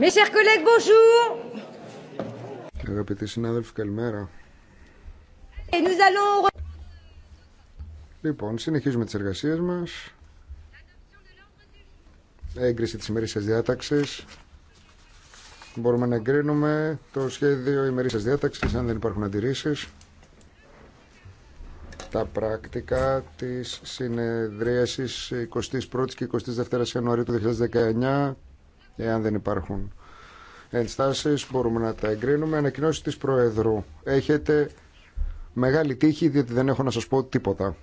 Mes chers collègues, bonjour. Αγαπητοί συνάδελφοι, καλημέρα. Et nous allons... Λοιπόν, συνεχίζουμε τις εργασίες μας. Έγκριση της ημερήσιας διάταξης. Μπορούμε να εγκρίνουμε το σχέδιο ημερήσιας διάταξης, αν δεν υπάρχουν αντιρρήσεις. Τα πρακτικά της συνεδρίασης 21ης και 22ης Ιανουαρίου του 2019 Εάν δεν υπάρχουν ενστάσεις μπορούμε να τα εγκρίνουμε. Ανακοινώσει της Προεδρού. Έχετε μεγάλη τύχη διότι δεν έχω να σας πω τίποτα.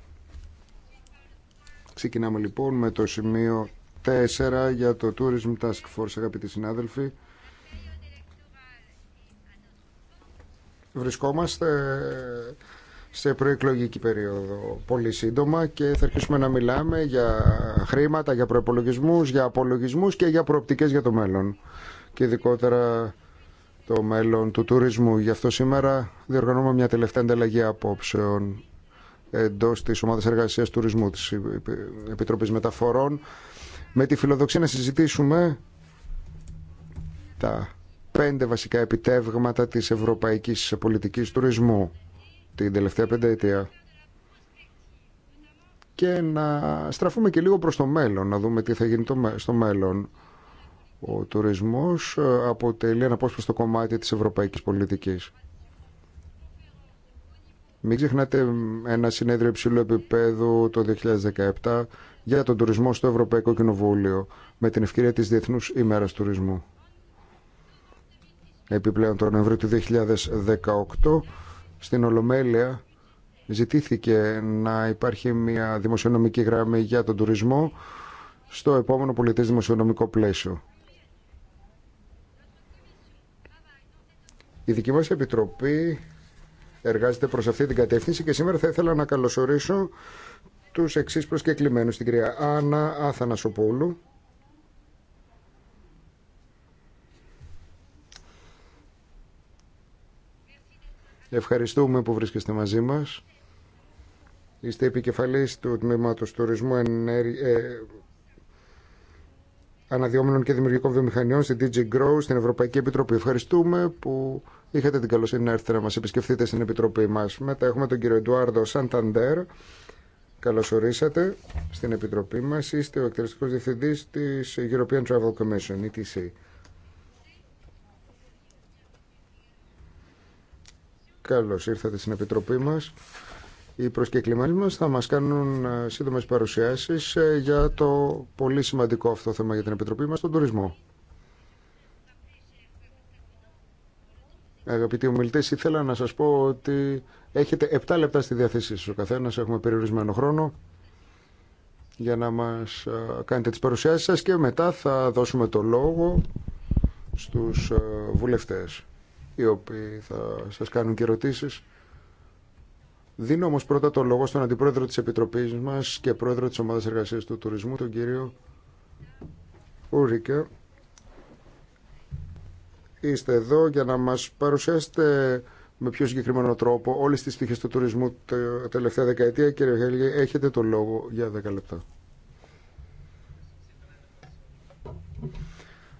Ξεκινάμε λοιπόν με το σημείο 4 για το Tourism Task Force αγαπητοί συνάδελφοι. Βρισκόμαστε σε προεκλογική περίοδο πολύ σύντομα και θα αρχίσουμε να μιλάμε για χρήματα, για προπολογισμού, για απολογισμούς και για προοπτικές για το μέλλον και ειδικότερα το μέλλον του τουρισμού. Γι' αυτό σήμερα διοργανώνουμε μια τελευταία ανταλλαγή απόψεων εντό τη Ομάδα Εργασία Τουρισμού τη Επιτροπή Μεταφορών με τη φιλοδοξία να συζητήσουμε τα πέντε βασικά επιτεύγματα της ευρωπαϊκής πολιτικής τουρισμού την τελευταία πενταετία και να στραφούμε και λίγο προς το μέλλον, να δούμε τι θα γίνει στο μέλλον. Ο τουρισμός ε, αποτελεί ένα απόσπαστο κομμάτι της ευρωπαϊκής πολιτικής. Μην ξεχνάτε ένα συνέδριο υψηλού επίπεδου το 2017 για τον τουρισμό στο Ευρωπαϊκό Κοινοβούλιο με την ευκαιρία της Διεθνούς ημέρας τουρισμού. Επιπλέον τον Νοέμβριο του 2018 στην Ολομέλεια ζητήθηκε να υπάρχει μια δημοσιονομική γραμμή για τον τουρισμό στο επόμενο πολιτές δημοσιονομικό πλαίσιο. Η δική μας Επιτροπή εργάζεται προς αυτή την κατεύθυνση και σήμερα θα ήθελα να καλωσορίσω τους εξής προσκεκλημένους, την κυρία Άννα Αθανασοπούλου, Ευχαριστούμε που βρίσκεστε μαζί μας. Είστε επικεφαλής του Τμήματος Τουρισμού ε, αναδιόμενων και Δημιουργικών Βιομηχανιών στην DG Grow, στην Ευρωπαϊκή Επιτροπή. Ευχαριστούμε που είχατε την καλοσύνη να έρθετε να μας επισκεφτείτε στην Επιτροπή μας. Μετά έχουμε τον κύριο Εντουάρδο Σανταντέρ. Καλώς ορίσατε στην Επιτροπή μας. Είστε ο εκτελεστικός διευθυντής της European Travel Commission, ETC. Καλώς ήρθατε στην Επιτροπή μας. Οι προσκεκλημένοι μα θα μας κάνουν ε, σύντομες παρουσιάσεις ε, για το πολύ σημαντικό αυτό θέμα για την Επιτροπή μας, τον τουρισμό. Αγαπητοί ομιλητέ, ήθελα να σας πω ότι έχετε 7 λεπτά στη διαθέσή σα ο καθένα. έχουμε περιορισμένο χρόνο για να μας ε, κάνετε τις παρουσιάσει σα και μετά θα δώσουμε το λόγο στους βουλευτές οι οποίοι θα σας κάνουν και ερωτήσει. Δίνω όμως πρώτα το λόγο στον Αντιπρόεδρο της Επιτροπής μας και Πρόεδρο της Ομάδας Εργασίας του Τουρισμού, τον κύριο Ούρικε. Είστε εδώ για να μας παρουσιάσετε με πιο συγκεκριμένο τρόπο όλες τις στοιχείες του τουρισμού τα τελευταία δεκαετία. Κύριε Χέλγε, έχετε το λόγο για 10 λεπτά.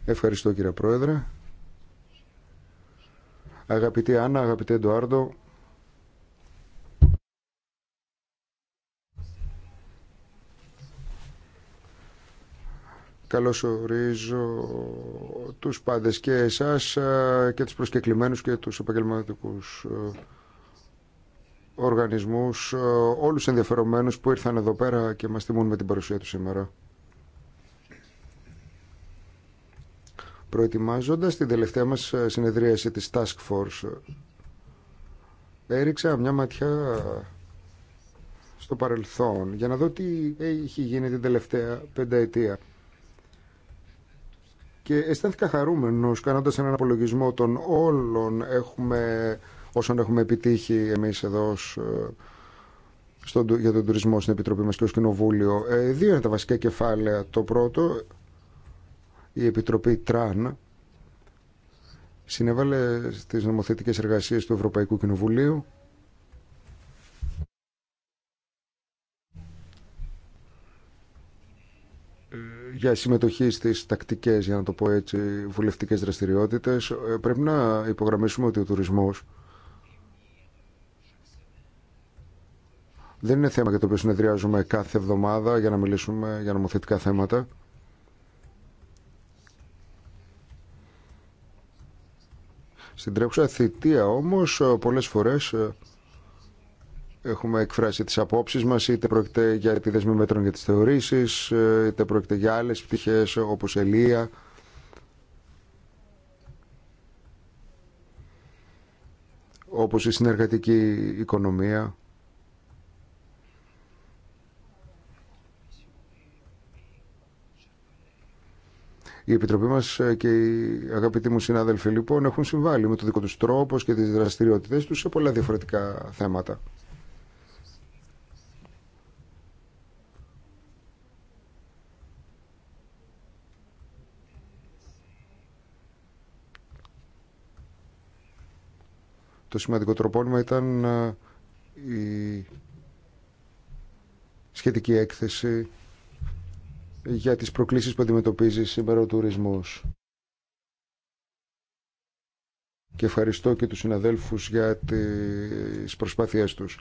Ευχαριστώ κύριε Πρόεδρε. Αγαπητή Άννα, αγαπητέ καλώς ορίζω τους πάντες και εσάς και τους προσκεκλημένους και τους επαγγελματικούς οργανισμούς, όλους ενδιαφερομένους που ήρθαν εδώ πέρα και μας θυμούν με την παρουσία τους σήμερα. Προετοιμάζοντας την τελευταία μας ε, συνεδρίαση της Task Force, έριξα μια ματιά στο παρελθόν για να δω τι έχει γίνει την τελευταία πενταετία. Και αισθάνθηκα χαρούμενος κάνοντας έναν απολογισμό των όλων έχουμε, όσων έχουμε επιτύχει εμείς εδώ ε, στο, για τον τουρισμό στην Επιτροπή μας και ως Κοινοβούλιο. Ε, δύο είναι τα βασικά κεφάλαια. Το πρώτο η Επιτροπή ΤΡΑΝ συνέβαλε στις νομοθετικές εργασίες του Ευρωπαϊκού Κοινοβουλίου ε, για συμμετοχή στις τακτικές, για να το πω έτσι, βουλευτικές δραστηριότητες. Ε, πρέπει να υπογραμμίσουμε ότι ο τουρισμός δεν είναι θέμα για το οποίο συνεδριάζουμε κάθε εβδομάδα για να μιλήσουμε για νομοθετικά θέματα. Στην τρέχουσα θητεία όμως ε, πολλές φορές ε, έχουμε εκφράσει τις απόψεις μας είτε πρόκειται για τη δεσμή μέτρων για τις θεωρήσεις ε, είτε πρόκειται για άλλες πτυχές όπως ελεία όπως η συνεργατική οικονομία Η Επιτροπή μας ε, και οι αγαπητοί μου συνάδελφοι λοιπόν έχουν συμβάλει με το δικό τους τρόπο και τις δραστηριότητες τους σε πολλά διαφορετικά θέματα. Το σημαντικό τροπόνημα ήταν ε, η σχετική έκθεση για τις προκλήσεις που αντιμετωπίζει σήμερα ο τουρισμός. Και ευχαριστώ και τους συναδέλφους για τις προσπάθειές τους.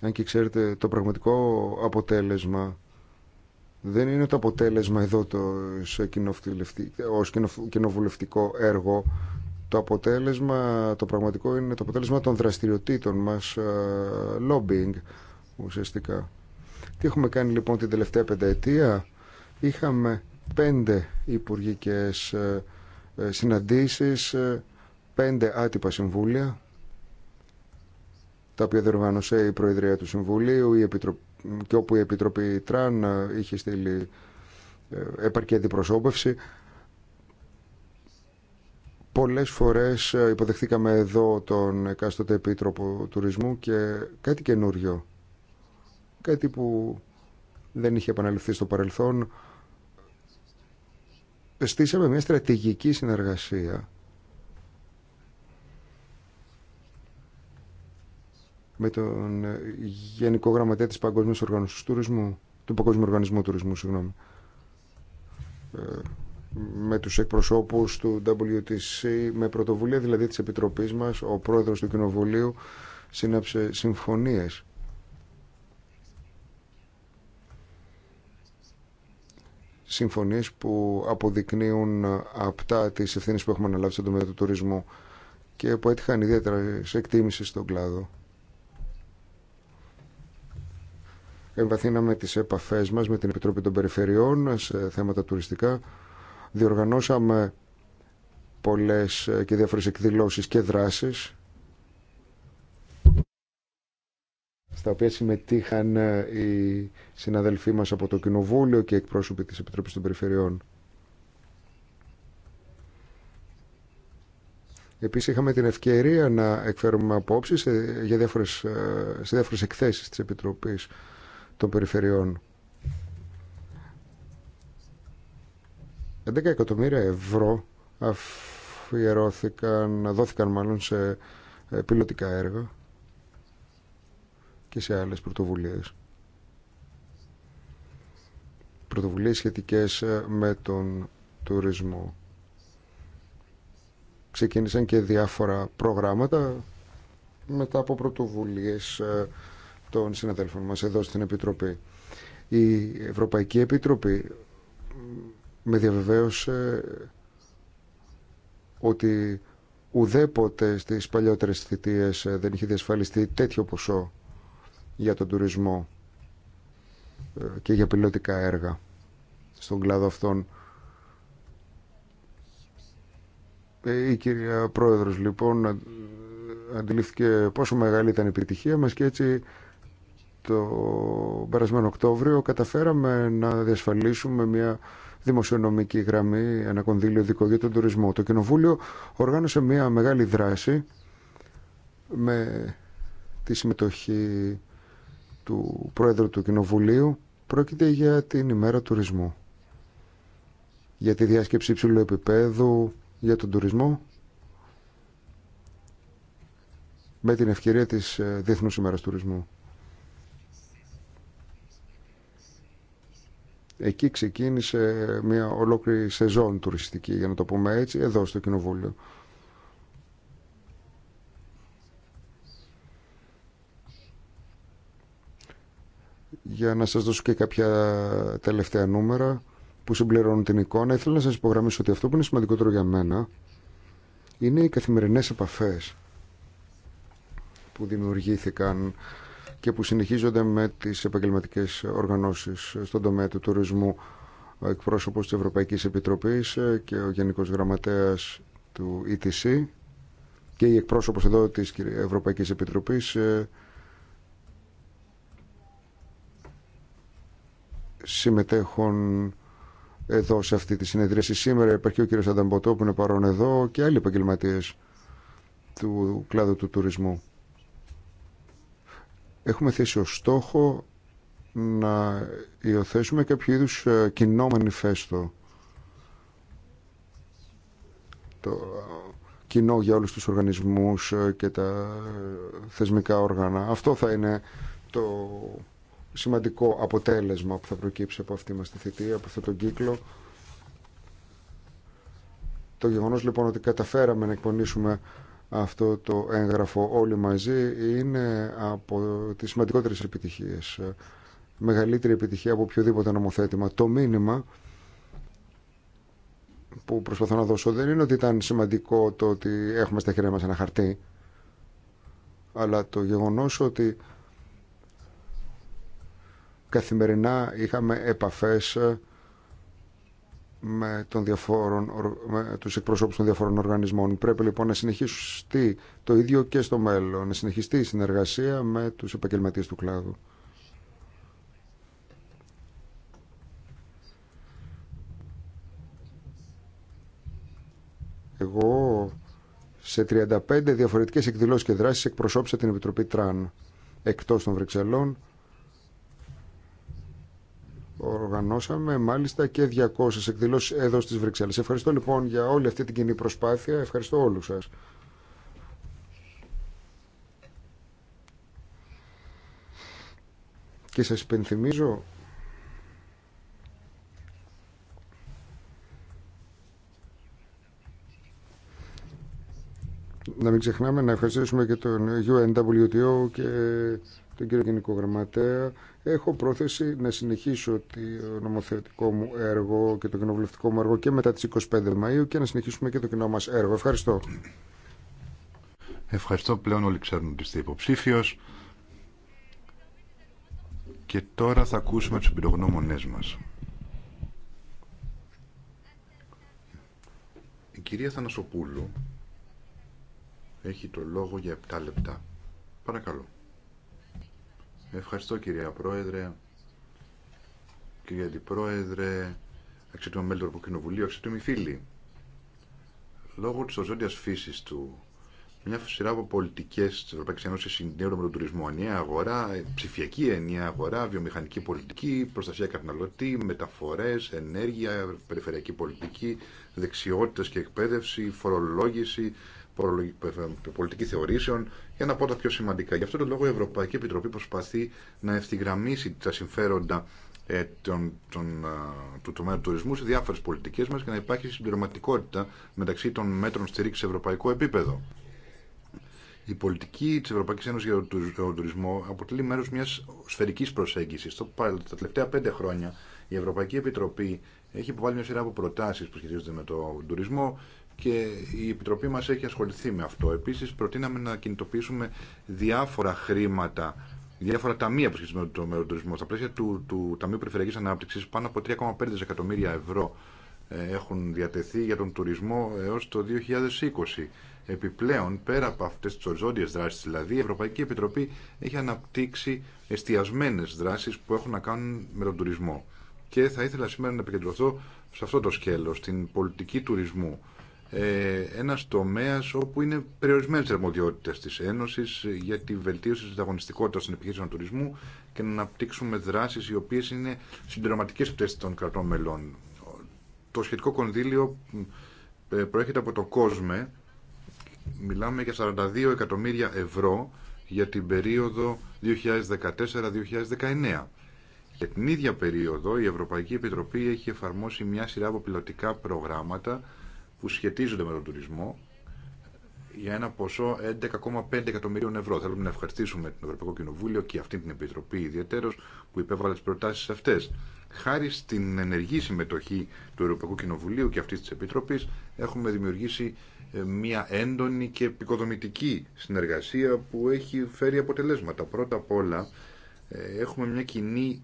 Αν και ξέρετε, το πραγματικό αποτέλεσμα δεν είναι το αποτέλεσμα εδώ το, ως κοινοβουλευτικό έργο. Το αποτέλεσμα, το πραγματικό είναι το αποτέλεσμα των δραστηριοτήτων μας, ε, lobbying ουσιαστικά. Τι έχουμε κάνει λοιπόν την τελευταία πενταετία. Είχαμε πέντε υπουργικές ε, ε, συναντήσεις, ε, πέντε άτυπα συμβούλια, τα οποία διοργάνωσε η Προεδρία του Συμβουλίου η και όπου η Επιτροπή Τραν είχε στείλει επαρκή αντιπροσώπευση. Πολλές φορές υποδεχθήκαμε εδώ τον εκάστοτε Επίτροπο Τουρισμού και κάτι καινούριο κάτι που δεν είχε επαναληφθεί στο παρελθόν. Στήσαμε μια στρατηγική συνεργασία με τον Γενικό Γραμματέα της Παγκόσμιας Τουρισμού, του Παγκόσμιου Οργανισμού Τουρισμού, ε, με τους εκπροσώπους του WTC, με πρωτοβουλία δηλαδή της Επιτροπής μας, ο πρόεδρος του Κοινοβουλίου σύναψε συμφωνίες συμφωνίες που αποδεικνύουν απτά τις ευθύνες που έχουμε αναλάβει στον τομέα του τουρισμού και που έτυχαν ιδιαίτερα σε εκτίμηση στον κλάδο. Εμβαθύναμε τις επαφές μας με την Επιτροπή των Περιφερειών σε θέματα τουριστικά. Διοργανώσαμε πολλές και διάφορες εκδηλώσεις και δράσεις στα οποία συμμετείχαν ε, οι συναδελφοί μας από το Κοινοβούλιο και εκπρόσωποι της Επιτροπής των Περιφερειών. Επίσης είχαμε την ευκαιρία να εκφέρουμε απόψεις σε, για διάφορες, ε, σε διάφορες εκθέσεις της Επιτροπής των Περιφερειών. 11 εκατομμύρια ευρώ αφιερώθηκαν, δόθηκαν μάλλον σε ε, πιλωτικά έργα και σε άλλες πρωτοβουλίες. Πρωτοβουλίες σχετικές ε, με τον τουρισμό. Ξεκίνησαν και διάφορα προγράμματα μετά από πρωτοβουλίες ε, των συναδέλφων μας εδώ στην Επιτροπή. Η Ευρωπαϊκή Επιτροπή με διαβεβαίωσε ε, ότι ουδέποτε στις παλιότερες θητείες δεν είχε διασφαλιστεί τέτοιο ποσό για τον τουρισμό ε, και για πιλωτικά έργα στον κλάδο αυτών. Ε, η κυρία Πρόεδρος λοιπόν ε, αντιλήφθηκε πόσο μεγάλη ήταν η επιτυχία μας και έτσι το περασμένο Οκτώβριο καταφέραμε να διασφαλίσουμε μια δημοσιονομική γραμμή, ένα κονδύλιο δικό για τον τουρισμό. Το Κοινοβούλιο οργάνωσε μια μεγάλη δράση με τη συμμετοχή του Πρόεδρου του Κοινοβουλίου πρόκειται για την ημέρα τουρισμού. Για τη διάσκεψη υψηλού επίπεδου για τον τουρισμό με την ευκαιρία της ε, Διεθνούς ημέρας τουρισμού. Εκεί ξεκίνησε μια ολόκληρη σεζόν τουριστική, για να το πούμε έτσι, εδώ στο Κοινοβούλιο. Για να σας δώσω και κάποια τελευταία νούμερα που συμπληρώνουν την εικόνα, ήθελα να σας υπογραμμίσω ότι αυτό που είναι σημαντικότερο για μένα είναι οι καθημερινές επαφές που δημιουργήθηκαν και που συνεχίζονται με τις επαγγελματικές οργανώσεις στον τομέα του τουρισμού. Ο εκπρόσωπος της Ευρωπαϊκής Επιτροπής και ο Γενικός Γραμματέας του ETC και η εκπρόσωπος εδώ της Ευρωπαϊκής Επιτροπής ε, συμμετέχουν εδώ σε αυτή τη συνεδρίαση σήμερα. Υπάρχει ο κύριος Ανταμποτό που είναι παρόν εδώ και άλλοι επαγγελματίε του κλάδου του τουρισμού. Έχουμε θέσει ως στόχο να υιοθέσουμε κάποιο είδους ε, κοινό μανιφέστο. Το ε, κοινό για όλους τους οργανισμούς ε, και τα θεσμικά όργανα. Αυτό θα είναι το σημαντικό αποτέλεσμα που θα προκύψει από αυτή μας τη θητεία, από αυτόν τον κύκλο. Το γεγονός λοιπόν ότι καταφέραμε να εκπονήσουμε αυτό το έγγραφο όλοι μαζί είναι από τις σημαντικότερες επιτυχίες. Μεγαλύτερη επιτυχία από οποιοδήποτε νομοθέτημα. Το μήνυμα που προσπαθώ να δώσω δεν είναι ότι ήταν σημαντικό το ότι έχουμε στα χέρια μας ένα χαρτί αλλά το γεγονός ότι Καθημερινά είχαμε επαφές ε, με, τον διαφόρων, τους εκπροσώπους των διαφορών οργανισμών. Πρέπει λοιπόν να συνεχιστεί το ίδιο και στο μέλλον, να συνεχιστεί η συνεργασία με τους επαγγελματίες του κλάδου. Εγώ σε 35 διαφορετικές εκδηλώσεις και δράσεις εκπροσώπησα την Επιτροπή Τραν εκτός των Βρυξελών Οργανώσαμε μάλιστα και 200 εκδηλώσεις εδώ στις Βρυξέλλες. Ευχαριστώ λοιπόν για όλη αυτή την κοινή προσπάθεια. Ευχαριστώ όλους σας. Και σας υπενθυμίζω να μην ξεχνάμε να ευχαριστήσουμε και τον UNWTO και τον κύριο Γενικό Γραμματέα. Έχω πρόθεση να συνεχίσω το ε, νομοθετικό μου έργο και το κοινοβουλευτικό μου έργο και μετά τις 25 Μαΐου και να συνεχίσουμε και το κοινό μας έργο. Ευχαριστώ. Ευχαριστώ. Πλέον όλοι ξέρουν ότι είστε υποψήφιο. Και τώρα θα ακούσουμε τους εμπειρογνώμονές μας. Η κυρία Θανασοπούλου έχει το λόγο για 7 λεπτά. Παρακαλώ. Ευχαριστώ κυρία Πρόεδρε, κυρία Αντιπρόεδρε, αξιότιμα μέλη του Ευρωπαϊκού Κοινοβουλίου, αξιότιμοι φίλοι. Λόγω τη οζόντια φύση του, μια σειρά από πολιτικέ τη Ευρωπαϊκή Ένωση συνδέονται με τον τουρισμό. Ενιαία αγορά, ψηφιακή ενιαία αγορά, βιομηχανική πολιτική, προστασία καταναλωτή, μεταφορέ, ενέργεια, περιφερειακή πολιτική, δεξιότητε και εκπαίδευση, φορολόγηση, πολιτική θεωρήσεων για να πω τα πιο σημαντικά. Γι' αυτό τον λόγο η Ευρωπαϊκή Επιτροπή προσπαθεί να ευθυγραμμίσει τα συμφέροντα ε, τον, τον, του τομέα του τουρισμού σε διάφορε πολιτικέ μα και να υπάρχει συμπληρωματικότητα μεταξύ των μέτρων στηρίξη σε ευρωπαϊκό επίπεδο. Η πολιτική τη Ευρωπαϊκή Ένωση για τον τουρισμό αποτελεί μέρο μια σφαιρική προσέγγιση. Τα τελευταία πέντε χρόνια η Ευρωπαϊκή Επιτροπή έχει υποβάλει μια σειρά από προτάσει που σχετίζονται με τον τουρισμό και η Επιτροπή μας έχει ασχοληθεί με αυτό. Επίσης προτείναμε να κινητοποιήσουμε διάφορα χρήματα, διάφορα ταμεία που σχετίζονται με, το, τον τουρισμό. Στα πλαίσια του, του Ταμείου Περιφερειακής Ανάπτυξης πάνω από 3,5 δισεκατομμύρια ευρώ ε, έχουν διατεθεί για τον τουρισμό έως το 2020. Επιπλέον, πέρα από αυτές τις οριζόντιες δράσεις, δηλαδή, η Ευρωπαϊκή Επιτροπή έχει αναπτύξει εστιασμένες δράσεις που έχουν να κάνουν με τον τουρισμό. Και θα ήθελα σήμερα να επικεντρωθώ σε αυτό το σκέλος, στην πολιτική τουρισμού ε, ένας τομέας όπου είναι περιορισμένε οι αρμοδιότητε της Ένωσης για τη βελτίωση της ανταγωνιστικότητας των επιχειρήσεων τουρισμού και να αναπτύξουμε δράσεις οι οποίες είναι συμπληρωματικές αυτές των κρατών μελών. Το σχετικό κονδύλιο ε, προέρχεται από το COSME. Μιλάμε για 42 εκατομμύρια ευρώ για την περίοδο 2014-2019. Για την ίδια περίοδο η Ευρωπαϊκή Επιτροπή έχει εφαρμόσει μια σειρά από πιλωτικά προγράμματα που σχετίζονται με τον τουρισμό για ένα ποσό 11,5 εκατομμυρίων ευρώ. Θέλουμε να ευχαριστήσουμε το Ευρωπαϊκό Κοινοβούλιο και αυτή την Επιτροπή ιδιαίτερως που υπέβαλε τις προτάσεις αυτές. Χάρη στην ενεργή συμμετοχή του Ευρωπαϊκού Κοινοβουλίου και αυτής της Επιτροπής έχουμε δημιουργήσει ε, μια έντονη και επικοδομητική συνεργασία που έχει φέρει αποτελέσματα. Πρώτα απ' όλα ε, έχουμε μια κοινή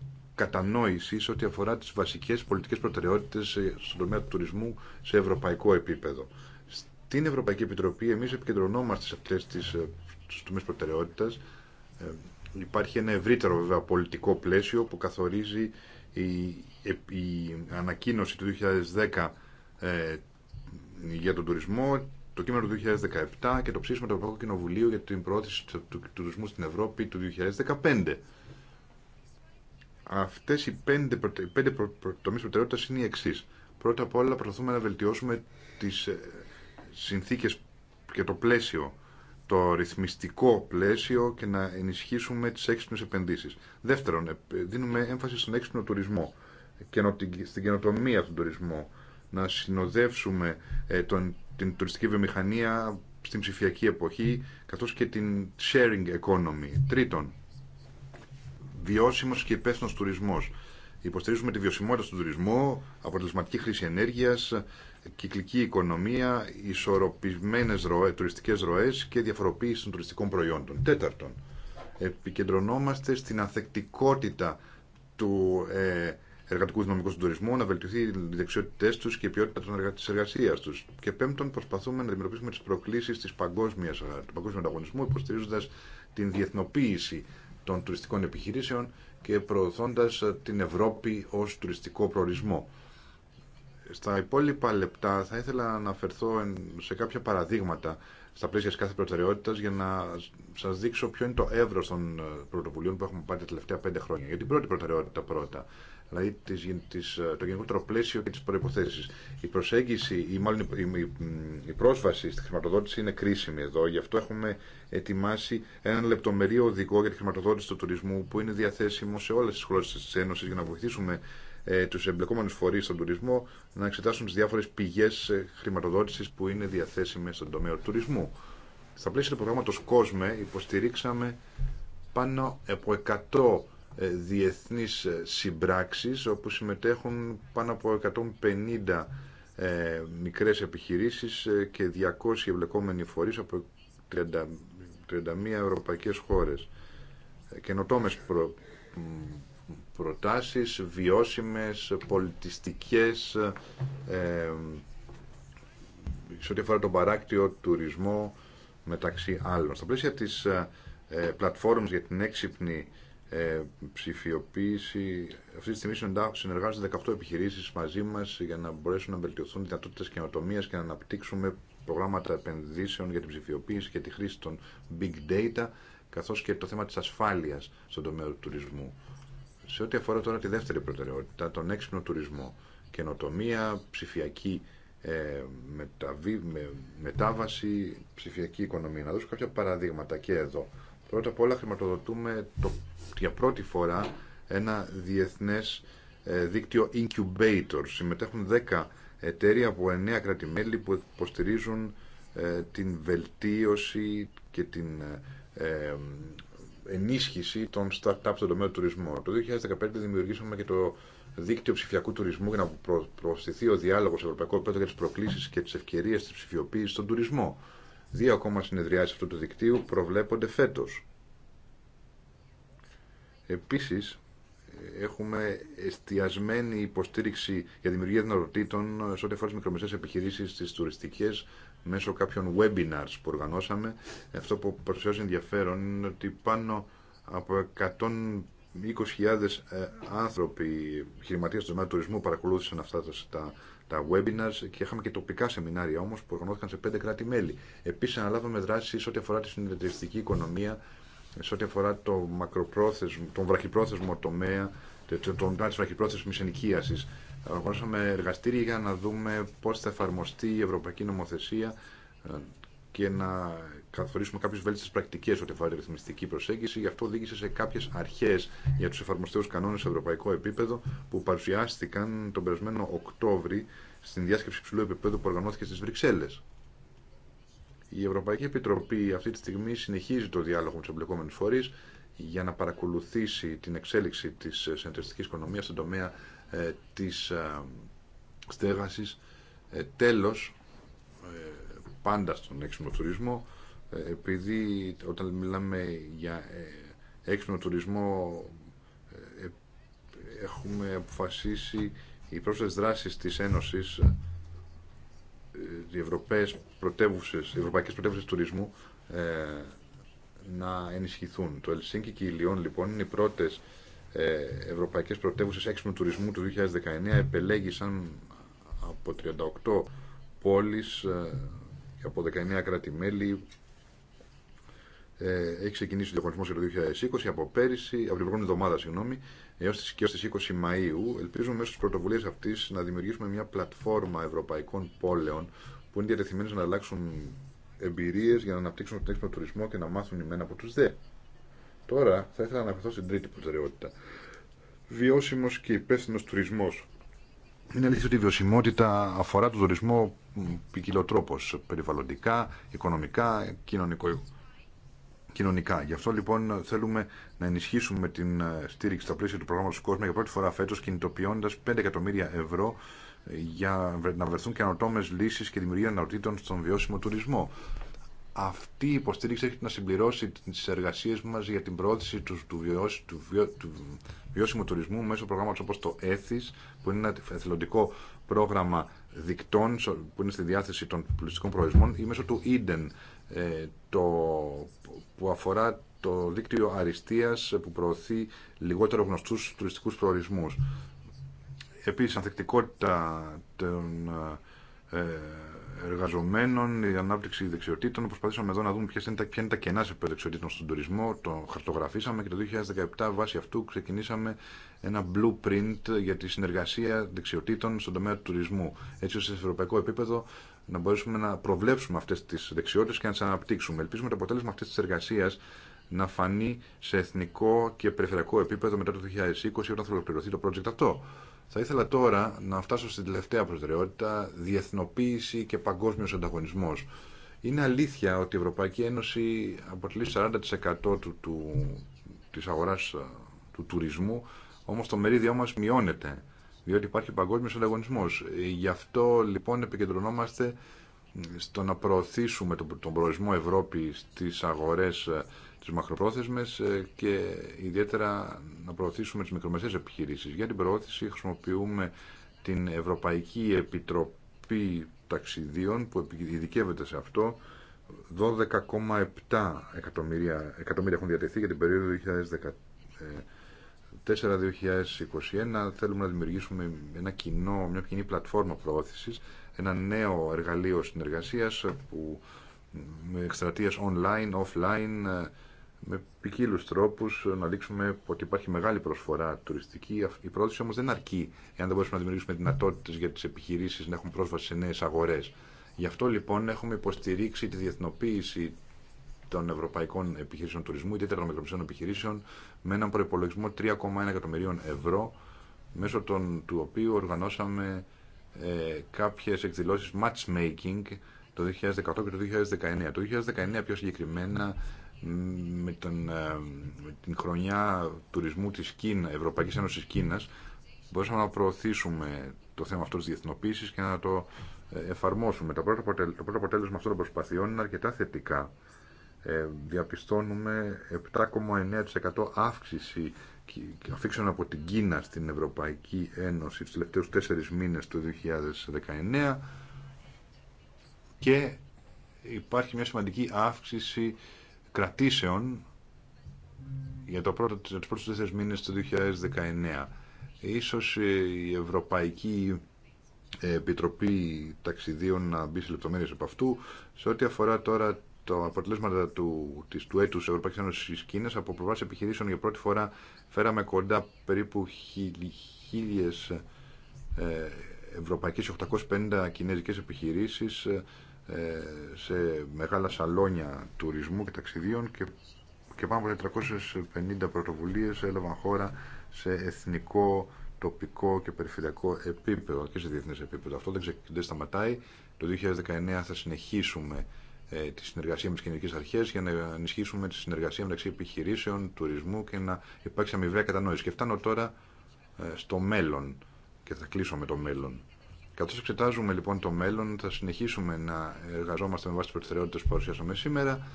σε ό,τι αφορά τι βασικέ πολιτικέ προτεραιότητε στον τομέα του τουρισμού σε ευρωπαϊκό επίπεδο. Στην Ευρωπαϊκή Επιτροπή εμεί επικεντρωνόμαστε σε αυτέ τι ε, τομέ προτεραιότητα, ε, Υπάρχει ένα ευρύτερο βέβαια πολιτικό πλαίσιο που καθορίζει η, ε, η ανακοίνωση του 2010 ε, για τον τουρισμό, το κείμενο του 2017 και το ψήφισμα του Ευρωπαϊκού Κοινοβουλίου για την προώθηση του τουρισμού στην Ευρώπη του 2015. Αυτέ οι πέντε, προτε... πέντε προ... είναι οι εξή. Πρώτα απ' όλα προσπαθούμε να βελτιώσουμε τις ε, συνθήκες και το πλαίσιο, το ρυθμιστικό πλαίσιο και να ενισχύσουμε τις έξυπνε επενδύσεις. Δεύτερον, ε, δίνουμε έμφαση στον έξυπνο τουρισμό, και στην καινοτομία του τουρισμού, να συνοδεύσουμε ε, τον, την τουριστική βιομηχανία στην ψηφιακή εποχή, καθώς και την sharing economy. Τρίτον, Βιώσιμο και υπεύθυνο τουρισμό. Υποστηρίζουμε τη βιωσιμότητα του τουρισμού, αποτελεσματική χρήση ενέργεια, κυκλική οικονομία, τουριστικέ ροέ, τουριστικές ροές και διαφοροποίηση των τουριστικών προϊόντων. Τέταρτον, επικεντρωνόμαστε στην ανθεκτικότητα του ε, εργατικού δυναμικού του τουρισμού, να βελτιωθεί οι δεξιότητέ του και η ποιότητα τη εργασία του. Και πέμπτον, προσπαθούμε να αντιμετωπίσουμε τι προκλήσει του παγκόσμιου ανταγωνισμού, υποστηρίζοντα την διεθνοποίηση των τουριστικών επιχειρήσεων και προωθώντας την Ευρώπη ως τουριστικό προορισμό. Στα υπόλοιπα λεπτά θα ήθελα να αναφερθώ σε κάποια παραδείγματα στα πλαίσια της κάθε προτεραιότητα για να σας δείξω ποιο είναι το εύρο των ε, πρωτοβουλίων που έχουμε πάρει τα τελευταία πέντε χρόνια. Για την πρώτη προτεραιότητα πρώτα, δηλαδή ε, το γενικότερο πλαίσιο και τις προϋποθέσεις. Η προσέγγιση ή μάλλον η πρόσβαση στη χρηματοδότηση είναι κρίσιμη εδώ, γι' αυτό έχουμε ετοιμάσει έναν λεπτομερή οδηγό για τη χρηματοδότηση του τουρισμού που είναι διαθέσιμο σε όλες τις χώρες της Ένωσης για να βοηθήσουμε ε, τους εμπλεκόμενους φορείς στον τουρισμό να εξετάσουν τις διάφορες πηγές ε, χρηματοδότησης που είναι διαθέσιμες στον τομέα του τουρισμού. Στα πλαίσια του προγράμματος COSME υποστηρίξαμε πάνω από 100 ε, διεθνής ε, συμπράξεις όπου συμμετέχουν πάνω από 150 ε, μικρές επιχειρήσεις και 200 ευλεκόμενοι φορείς από 31 ευρωπαϊκές χώρες. Καινοτόμες προ, προτάσεις, βιώσιμες, πολιτιστικές, ε, σε ό,τι αφορά τον παράκτιο τουρισμό μεταξύ άλλων. Στα πλαίσια της ε, πλατφόρμας για την έξυπνη ε, ψηφιοποίηση. Αυτή τη στιγμή συνεργάζονται 18 επιχειρήσει μαζί μα για να μπορέσουν να βελτιωθούν δυνατότητε καινοτομία και να αναπτύξουμε προγράμματα επενδύσεων για την ψηφιοποίηση και τη χρήση των big data, καθώ και το θέμα τη ασφάλεια στον τομέα του τουρισμού. Σε ό,τι αφορά τώρα τη δεύτερη προτεραιότητα, τον έξυπνο τουρισμό, καινοτομία, ψηφιακή ε, μεταβή, με, μετάβαση, ψηφιακή οικονομία. Να δώσω κάποια παραδείγματα και εδώ. Πρώτα απ' όλα χρηματοδοτούμε το, για πρώτη φορά ένα διεθνές ε, δίκτυο incubator. Συμμετέχουν 10 εταιρεία από 9 κρατημέλη που υποστηρίζουν ε, την βελτίωση και την ε, ενίσχυση των startup στον τομέα του τουρισμού. Το 2015 δημιουργήσαμε και το δίκτυο ψηφιακού τουρισμού για να προσθεθεί ο διάλογο ευρωπαϊκό επίπεδο για τι προκλήσεις και τι ευκαιρίε τη ψηφιοποίηση στον τουρισμό. Δύο ακόμα συνεδριάσεις αυτού του δικτύου προβλέπονται φέτος. Επίσης, έχουμε εστιασμένη υποστήριξη για δημιουργία δυνατοτήτων σε ό,τι αφορά τι μικρομεσαίε επιχειρήσει, τι τουριστικέ, μέσω κάποιων webinars που οργανώσαμε. Αυτό που παρουσιάζει ενδιαφέρον είναι ότι πάνω από 120.000 ε, άνθρωποι, επιχειρηματίε του τουρισμού, παρακολούθησαν αυτά τα τα webinars και είχαμε και τοπικά σεμινάρια όμως που οργανώθηκαν σε πέντε κράτη-μέλη. Επίσης αναλάβαμε δράσεις σε ό,τι αφορά τη συνεταιριστική οικονομία, σε ό,τι αφορά το μακροπρόθεσμο, τον βραχυπρόθεσμο τομέα, τον τομέα της βραχυπρόθεσμης ενοικίασης. Οργανώσαμε εργαστήρια για να δούμε πώς θα εφαρμοστεί η Ευρωπαϊκή Νομοθεσία και να καθορίσουμε κάποιε βέλτιστε πρακτικέ ό,τι αφορά τη ρυθμιστική προσέγγιση. Γι' αυτό οδήγησε σε κάποιε αρχέ για του εφαρμοστέου κανόνε σε ευρωπαϊκό επίπεδο που παρουσιάστηκαν τον περασμένο Οκτώβρη στην διάσκεψη ψηλού επίπεδου που οργανώθηκε στι Βρυξέλλε. Η Ευρωπαϊκή Επιτροπή αυτή τη στιγμή συνεχίζει το διάλογο με του εμπλεκόμενου φορεί για να παρακολουθήσει την εξέλιξη τη ε, συνεταιριστική οικονομία στον τομέα ε, τη ε, στέγαση. Ε, πάντα στον έξυπνο τουρισμό ε, επειδή όταν μιλάμε για ε, έξυπνο τουρισμό ε, έχουμε αποφασίσει οι πρόσφατες δράσεις της Ένωσης οι ευρωπαϊκές πρωτεύουσες, τουρισμού να ενισχυθούν. Το Ελσίνκι και η Λιόν λοιπόν είναι οι πρώτες ευρωπαϊκές πρωτεύουσες έξυπνου τουρισμού του 2019 επελέγησαν από 38 πόλεις από 19 κράτη-μέλη. Ε, έχει ξεκινήσει ο διαγωνισμό για το 2020 από πέρυσι, από την προηγούμενη εβδομάδα, συγγνώμη, έω τι 20 Μαου. Ελπίζουμε μέσω τη πρωτοβουλία αυτή να δημιουργήσουμε μια πλατφόρμα ευρωπαϊκών πόλεων που είναι διατεθειμένε να αλλάξουν εμπειρίε για να αναπτύξουν τον έξυπνο τουρισμό και να μάθουν οι μένα από του δε. Τώρα θα ήθελα να αναφερθώ στην τρίτη προτεραιότητα. Βιώσιμο και υπεύθυνο τουρισμό. Είναι αλήθεια ότι η βιωσιμότητα αφορά τον τουρισμό ποικιλοτρόπω, περιβαλλοντικά, οικονομικά, κοινωνικό, κοινωνικά. Γι' αυτό λοιπόν θέλουμε να ενισχύσουμε την ε, στήριξη στα πλαίσια του προγράμματο Κόσμου για πρώτη φορά φέτο, κινητοποιώντα 5 εκατομμύρια ευρώ ε, για να βρεθούν καινοτόμε λύσει και δημιουργία αναρωτήτων στον βιώσιμο τουρισμό αυτή η υποστήριξη έχει να συμπληρώσει τις εργασίες μας για την πρόθεση του, του, του, του βιώσιμου τουρισμού μέσω προγράμματος όπως το ΕΘΙΣ, που είναι ένα εθελοντικό πρόγραμμα δικτών που είναι στη διάθεση των πλουστικών προορισμών ή μέσω του Eden, ε, το, που αφορά το δίκτυο αριστείας που προωθεί λιγότερο γνωστούς τουριστικούς προορισμούς. Επίσης, ανθεκτικότητα των ε, εργαζομένων, η ανάπτυξη δεξιοτήτων. Προσπαθήσαμε εδώ να δούμε ποια είναι τα, ποια είναι τα κενά σε δεξιοτήτων στον τουρισμό. Το χαρτογραφήσαμε και το 2017 βάσει αυτού ξεκινήσαμε ένα blueprint για τη συνεργασία δεξιοτήτων στον τομέα του τουρισμού. Έτσι ώστε σε ευρωπαϊκό επίπεδο να μπορέσουμε να προβλέψουμε αυτέ τι δεξιότητε και να τι αναπτύξουμε. Ελπίζουμε το αποτέλεσμα αυτή τη εργασία να φανεί σε εθνικό και περιφερειακό επίπεδο μετά το 2020 όταν θα ολοκληρωθεί το project αυτό. Θα ήθελα τώρα να φτάσω στην τελευταία προτεραιότητα, διεθνοποίηση και παγκόσμιος ανταγωνισμός. Είναι αλήθεια ότι η Ευρωπαϊκή Ένωση αποτελεί 40% του, του, της αγοράς ε, του τουρισμού, όμως το μερίδιό μας μειώνεται, διότι υπάρχει παγκόσμιος ανταγωνισμός. Γι' αυτό λοιπόν επικεντρωνόμαστε στο να προωθήσουμε τον προορισμό Ευρώπη στις αγορές ε, τις μακροπρόθεσμες ε, και ιδιαίτερα να προωθήσουμε τις μικρομεσαίες επιχειρήσεις. Για την προώθηση χρησιμοποιούμε την Ευρωπαϊκή Επιτροπή Ταξιδίων που ειδικεύεται σε αυτό. 12,7 εκατομμύρια, εκατομμύρια έχουν διατεθεί για την περίοδο 2014-2021. Θέλουμε να δημιουργήσουμε ένα κοινό, μια κοινή πλατφόρμα προώθησης, ένα νέο εργαλείο συνεργασίας που με εκστρατείες online, offline, με ποικίλου τρόπου ε, να δείξουμε ότι υπάρχει μεγάλη προσφορά τουριστική. Η πρόθεση όμω δεν αρκεί εάν δεν μπορούμε να δημιουργήσουμε δυνατότητε για τι επιχειρήσει να έχουν πρόσβαση σε νέε αγορέ. Γι' αυτό λοιπόν έχουμε υποστηρίξει τη διεθνοποίηση των ευρωπαϊκών επιχειρήσεων τουρισμού, ιδιαίτερα των μικρομεσαίων επιχειρήσεων, με έναν προπολογισμό 3,1 εκατομμυρίων ευρώ, μέσω των, του οποίου οργανώσαμε ε, κάποιες εκδηλώσεις matchmaking το 2018 και το 2019. Το 2019 πιο συγκεκριμένα με, τον, ε, με την χρονιά τουρισμού της Κίνα, Ευρωπαϊκής Ένωσης Κίνας μπορούσαμε να προωθήσουμε το θέμα αυτό της διεθνοποίησης και να το ε, εφαρμόσουμε. Το πρώτο, αποτέλεσμα, το πρώτο αποτέλεσμα αυτών των προσπαθειών είναι αρκετά θετικά. Ε, διαπιστώνουμε 7,9% αύξηση αφήξεων από την Κίνα στην Ευρωπαϊκή Ένωση τους τελευταίους τέσσερις μήνες του 2019 και υπάρχει μια σημαντική αύξηση κρατήσεων για το πρώτο, τους πρώτους τέσσερις μήνες του 2019. Ίσως η Ευρωπαϊκή ε, Επιτροπή Ταξιδίων να μπει σε λεπτομέρειες από αυτού. Σε ό,τι αφορά τώρα τα αποτελέσματα του, της, του έτους Ένωση τη Κίνα από προβάσει επιχειρήσεων για πρώτη φορά φέραμε κοντά περίπου χίλιε ε, ευρωπαϊκές 850 κινέζικες επιχειρήσει, ε, ε, σε μεγάλα σαλόνια τουρισμού και ταξιδίων και, και πάνω από 450 πρωτοβουλίες έλαβαν χώρα σε εθνικό, τοπικό και περιφερειακό επίπεδο και σε διεθνές επίπεδο. Αυτό δεν, δεν σταματάει. Το 2019 θα συνεχίσουμε ε, τη συνεργασία με τις κοινωνικές αρχέ για να ενισχύσουμε τη συνεργασία μεταξύ επιχειρήσεων, τουρισμού και να υπάρξει αμοιβαία κατανόηση. Και φτάνω τώρα ε, στο μέλλον και θα κλείσω με το μέλλον. Καθώ εξετάζουμε λοιπόν το μέλλον, θα συνεχίσουμε να εργαζόμαστε με βάση τι προτεραιότητε που παρουσιάσαμε σήμερα.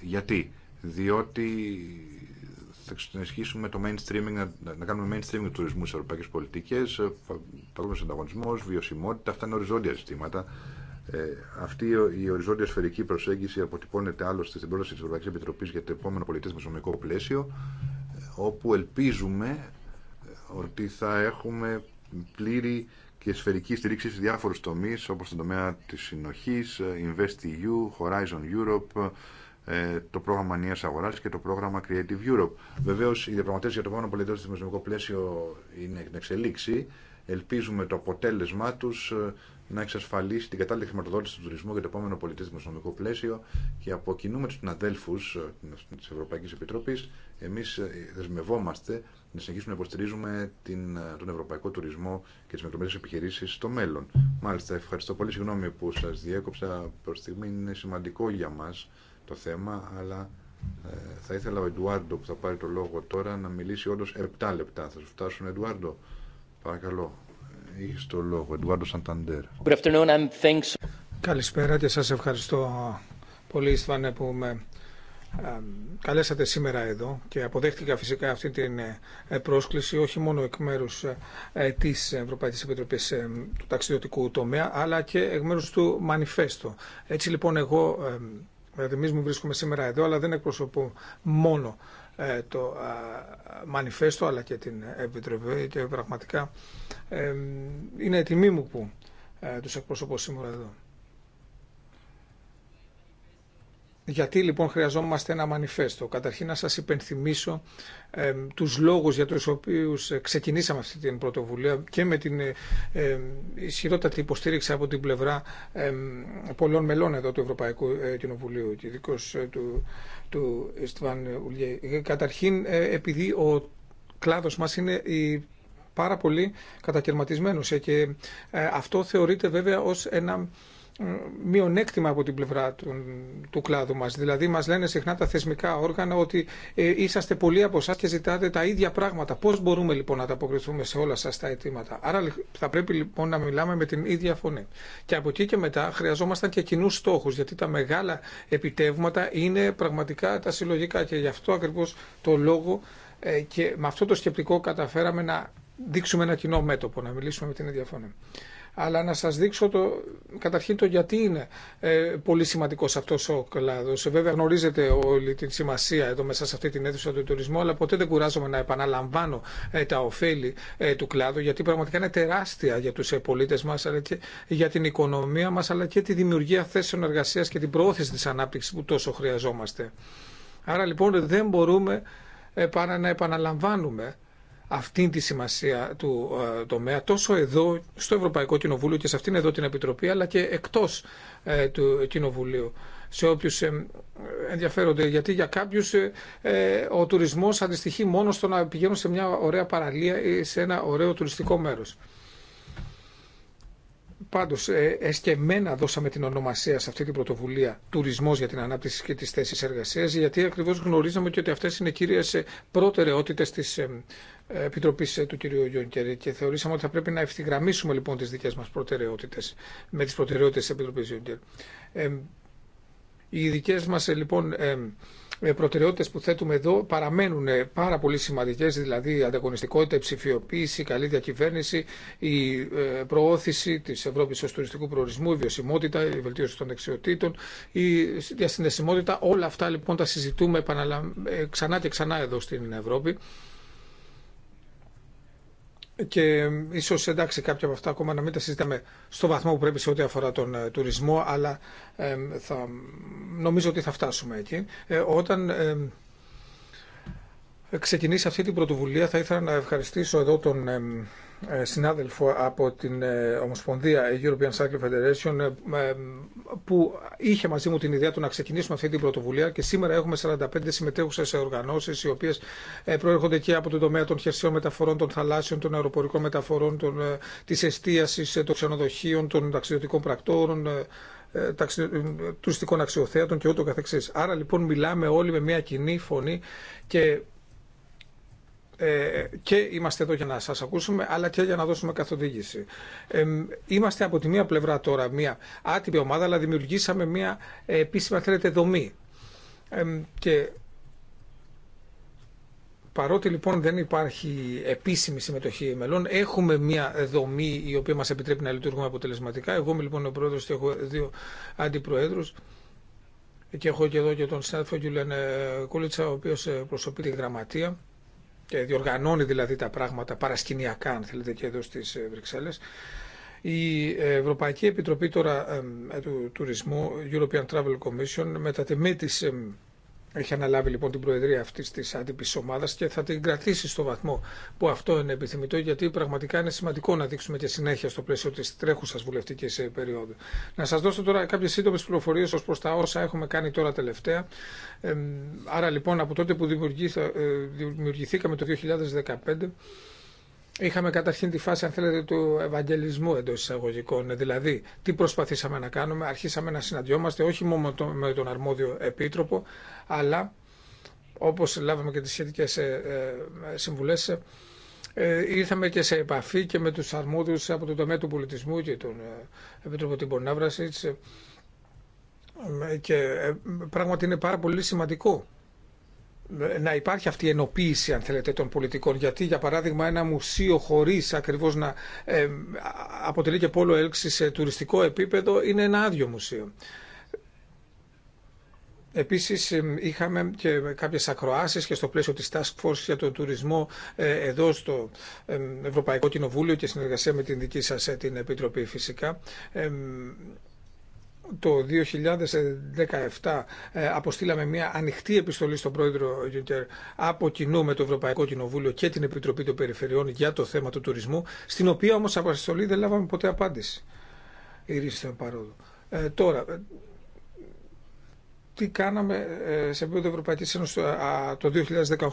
Γιατί? Διότι θα συνεχίσουμε το mainstreaming, να κάνουμε mainstreaming του τουρισμού στι ευρωπαϊκές Πολιτικέ, ε, παγκόσμιος ανταγωνισμό, βιωσιμότητα, αυτά είναι οριζόντια ζητήματα. Ε, αυτή η οριζόντια σφαιρική προσέγγιση αποτυπώνεται άλλωστε στην πρόταση τη Ευρωπαϊκή Επιτροπή για το επόμενο πολιτές μεσονομικό πλαίσιο, ε, όπου ελπίζουμε ότι θα έχουμε πλήρη και σφαιρική στηρίξη σε διάφορους τομείς όπως τον τομέα της συνοχής, ε, InvestEU, Horizon Europe, ε, το πρόγραμμα Νέα Αγορά και το πρόγραμμα Creative Europe. Βεβαίως οι διαπραγματεύσει για το πάνω πολιτικό δημοσιονομικό πλαίσιο είναι εξελίξη. Ελπίζουμε το αποτέλεσμά τους ε, να εξασφαλίσει την κατάλληλη χρηματοδότηση του τουρισμού για το επόμενο πολιτή δημοσιονομικό πλαίσιο και από κοινού με του συναδέλφου ε, τη Ευρωπαϊκή Επιτροπή, εμεί ε, δεσμευόμαστε να συνεχίσουμε να υποστηρίζουμε την, ε, τον ευρωπαϊκό τουρισμό και τι μικρομεσαίε επιχειρήσει στο μέλλον. Μάλιστα, ευχαριστώ πολύ. Συγγνώμη που σα διέκοψα προ στιγμή. Είναι σημαντικό για μα το θέμα, αλλά ε, θα ήθελα ο Εντουάρντο που θα πάρει το λόγο τώρα να μιλήσει όντω 7 λεπτά. Θα σου φτάσουν, Εντουάρντο. Παρακαλώ. Έχεις το λόγο, Εντουάρντο Σανταντέρ. Καλησπέρα και σας ευχαριστώ πολύ Ιστβάνε που με καλέσατε σήμερα εδώ και αποδέχτηκα φυσικά αυτή την ε, πρόσκληση όχι μόνο εκ μέρους ε, ε, της Ευρωπαϊκής Επιτροπής του ταξιδιωτικού τομέα αλλά και εκ μέρους του Μανιφέστο. Έτσι λοιπόν εγώ Δημής δηλαδή μου βρίσκομαι σήμερα εδώ αλλά δεν εκπροσωπώ μόνο ε, το μανιφέστο αλλά και την επιτροπή και πραγματικά είναι η τιμή μου που ε, τους εκπροσωπώ σήμερα εδώ. Γιατί λοιπόν χρειαζόμαστε ένα μανιφέστο. Καταρχήν να σας υπενθυμίσω ε, τους λόγους για τους οποίους ε, ξεκινήσαμε αυτή την πρωτοβουλία και με την ε, ισχυρότατη υποστήριξη από την πλευρά πολλών μελών εδώ του Ευρωπαϊκού ε, Κοινοβουλίου και ειδικώς ε, του, του Ιστβάν Ουλιέ. Καταρχήν επειδή ο κλάδος μας είναι η πάρα πολύ κατακαιρματισμένος και αυτό θεωρείται βέβαια ως ένα μειονέκτημα από την πλευρά του, του κλάδου μας. Δηλαδή μας λένε συχνά τα θεσμικά όργανα ότι ε, είσαστε πολλοί από εσά και ζητάτε τα ίδια πράγματα. Πώς μπορούμε λοιπόν να τα αποκριθούμε σε όλα σας τα αιτήματα. Άρα θα πρέπει λοιπόν να μιλάμε με την ίδια φωνή. Και από εκεί και μετά χρειαζόμασταν και κοινού στόχους γιατί τα μεγάλα επιτεύγματα είναι πραγματικά τα συλλογικά και γι' αυτό ακριβώς το λόγο ε, και με αυτό το σκεπτικό καταφέραμε να δείξουμε ένα κοινό μέτωπο, να μιλήσουμε με την ίδια φωνή αλλά να σας δείξω το, καταρχήν το γιατί είναι ε, πολύ σημαντικός αυτός ο κλάδος. Βέβαια γνωρίζετε όλη την σημασία εδώ μέσα σε αυτή την αίθουσα του τουρισμού, αλλά ποτέ δεν κουράζομαι να επαναλαμβάνω ε, τα ωφέλη ε, του κλάδου, γιατί πραγματικά είναι τεράστια για τους πολίτες μας, αλλά και για την οικονομία μας, αλλά και τη δημιουργία θέσεων εργασίας και την προώθηση της ανάπτυξης που τόσο χρειαζόμαστε. Άρα λοιπόν δεν μπορούμε παρά να επαναλαμβάνουμε αυτήν τη σημασία του ε, τομέα τόσο εδώ στο Ευρωπαϊκό Κοινοβούλιο και σε αυτήν εδώ την Επιτροπή αλλά και εκτός ε, του Κοινοβουλίου σε όποιους ε, ενδιαφέρονται γιατί για κάποιους ο τουρισμός αντιστοιχεί μόνο στο να πηγαίνουν σε μια ωραία παραλία ή σε ένα ωραίο τουριστικό μέρος. Πάντω, εσκεμένα δώσαμε την ονομασία σε αυτή την πρωτοβουλία τουρισμό για την ανάπτυξη και τι θέσει εργασία, γιατί ακριβώ γνωρίζαμε και ότι αυτέ είναι κύριε προτεραιότητε τη Επιτροπή ε, του κ. Γιόνκερ και θεωρήσαμε ότι θα πρέπει να ευθυγραμμίσουμε λοιπόν τι δικέ μα προτεραιότητε με τι προτεραιότητε τη Επιτροπή Γιόνκερ. Οι δικέ μα ε, λοιπόν ε, προτεραιότητες που θέτουμε εδώ παραμένουν πάρα πολύ σημαντικέ, δηλαδή η ανταγωνιστικότητα, η ψηφιοποίηση, η καλή διακυβέρνηση, η προώθηση τη Ευρώπη ω τουριστικού προορισμού, η βιωσιμότητα, η βελτίωση των δεξιοτήτων, η διασυνδεσιμότητα. Όλα αυτά λοιπόν τα συζητούμε ξανά και ξανά εδώ στην Ευρώπη και ίσω εντάξει κάποια από αυτά ακόμα να μην τα συζητάμε στο βαθμό που πρέπει σε ό,τι αφορά τον ε, τουρισμό, αλλά ε, νομίζω ότι θα φτάσουμε εκεί. Ε, όταν ε, ξεκινήσει αυτή την πρωτοβουλία θα ήθελα να ευχαριστήσω εδώ τον ε, συνάδελφο από την ε, Ομοσπονδία European Cycle Federation ε, που είχε μαζί μου την ιδέα του να ξεκινήσουμε αυτή την πρωτοβουλία και σήμερα έχουμε 45 συμμετέχουσες οργανώσεις οι οποίες προέρχονται και από τον τομέα των χερσαίων μεταφορών, των θαλάσσιων, των αεροπορικών μεταφορών, των, της εστίασης, των ξενοδοχείων, των ταξιδιωτικών πρακτόρων, τουριστικών αξιοθέατων και ούτω καθεξής. Άρα λοιπόν μιλάμε όλοι με μια κοινή φωνή και ε, και είμαστε εδώ για να σας ακούσουμε αλλά και για να δώσουμε καθοδήγηση. Ε, είμαστε από τη μία πλευρά τώρα μία άτυπη ομάδα αλλά δημιουργήσαμε μία επίσημα θέλετε δομή ε, και Παρότι λοιπόν δεν υπάρχει επίσημη συμμετοχή μελών, έχουμε μια δομή η οποία μας επιτρέπει να λειτουργούμε αποτελεσματικά. Εγώ είμαι λοιπόν ο πρόεδρος και έχω δύο αντιπροέδρους και έχω και εδώ και τον συνάδελφο Γιουλέν Κούλιτσα, ο οποίος προσωπεί τη γραμματεία και διοργανώνει δηλαδή τα πράγματα παρασκηνιακά αν θέλετε και εδώ στις ε, Βρυξέλλες. Η ε, Ευρωπαϊκή Επιτροπή τώρα ε, του τουρισμού, European Travel Commission, με τα τιμή έχει αναλάβει λοιπόν την προεδρία αυτή τη άτυπη ομάδα και θα την κρατήσει στο βαθμό που αυτό είναι επιθυμητό, γιατί πραγματικά είναι σημαντικό να δείξουμε και συνέχεια στο πλαίσιο τη τρέχουσα βουλευτική ε, περίοδου. Να σα δώσω τώρα κάποιε σύντομε πληροφορίε ω προ τα όσα έχουμε κάνει τώρα τελευταία. Άρα λοιπόν από τότε που ε, δημιουργηθήκαμε το 2015 Είχαμε καταρχήν τη φάση, αν θέλετε, του ευαγγελισμού εντό εισαγωγικών. Δηλαδή, τι προσπαθήσαμε να κάνουμε. Αρχίσαμε να συναντιόμαστε όχι μόνο με τον αρμόδιο επίτροπο, αλλά όπω λάβαμε και τι σχετικέ ε, ε, συμβουλέ, ε, ήρθαμε και σε επαφή και με τους αρμόδιους από το τομέα του πολιτισμού και τον Επίτροπο Τιμπον και πράγματι είναι πάρα πολύ σημαντικό να υπάρχει αυτή η ενοποίηση αν θέλετε των πολιτικών γιατί για παράδειγμα ένα μουσείο χωρίς ακριβώς να ε, αποτελεί και πόλο έλξη σε τουριστικό επίπεδο είναι ένα άδειο μουσείο. Επίσης είχαμε και κάποιες ακροάσεις και στο πλαίσιο της Task Force για τον τουρισμό ε, εδώ στο Ευρωπαϊκό Κοινοβούλιο και συνεργασία με την δική σας ε, την Επιτροπή φυσικά το 2017 ε, αποστήλαμε μια ανοιχτή επιστολή στον πρόεδρο Γιούντερ από κοινού με το Ευρωπαϊκό Κοινοβούλιο και την Επιτροπή των Περιφερειών για το θέμα του τουρισμού, στην οποία όμως από αποστολή δεν λάβαμε ποτέ απάντηση. παρόδο. Ε, τώρα, τι κάναμε ε, σε επίπεδο Ευρωπαϊκή Ένωση το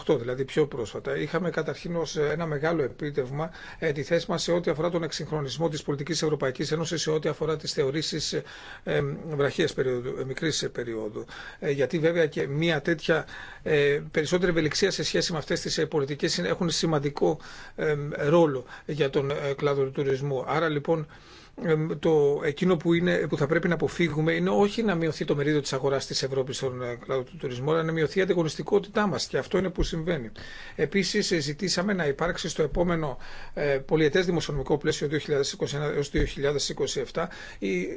2018, δηλαδή πιο πρόσφατα. Είχαμε καταρχήν ω ένα μεγάλο επίτευγμα ε, τη θέση μα σε ό,τι αφορά τον εξυγχρονισμό τη πολιτική Ευρωπαϊκή Ένωση, σε ό,τι αφορά τι θεωρήσει ε, βραχία περίοδου, μικρή περίοδου. Γιατί βέβαια και μια τέτοια περισσότερη ευελιξία σε σχέση με αυτέ τι πολιτικέ έχουν σημαντικό ρόλο για τον κλάδο του τουρισμού. Άρα λοιπόν το εκείνο που, είναι, που θα πρέπει να αποφύγουμε είναι όχι να μειωθεί το μερίδιο της αγοράς της Ευρώπης στον κλάδο ε, του τουρισμού, αλλά να μειωθεί η ανταγωνιστικότητά μας και αυτό είναι που συμβαίνει. Επίσης ε, ζητήσαμε να υπάρξει στο επόμενο ε, πολιετές δημοσιονομικό πλαίσιο 2021 έως 2027 η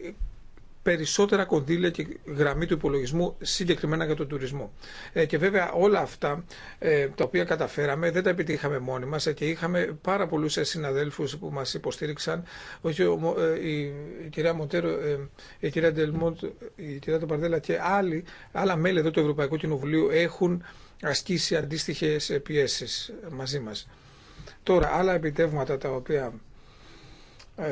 περισσότερα κονδύλια και γραμμή του υπολογισμού συγκεκριμένα για τον τουρισμό. Ε, και βέβαια όλα αυτά ε, τα οποία καταφέραμε δεν τα επιτύχαμε μόνοι μας ε, και είχαμε πάρα πολλούς συναδέλφους που μας υποστήριξαν. Όχι η κυρία Μοντέρο, η κυρία Ντελμόντ, η κυρία Τοπαρδέλα και άλλοι, άλλα μέλη εδώ του Ευρωπαϊκού Κοινοβουλίου έχουν ασκήσει αντίστοιχες πιέσεις μαζί μας. Τώρα, άλλα επιτεύγματα τα οποία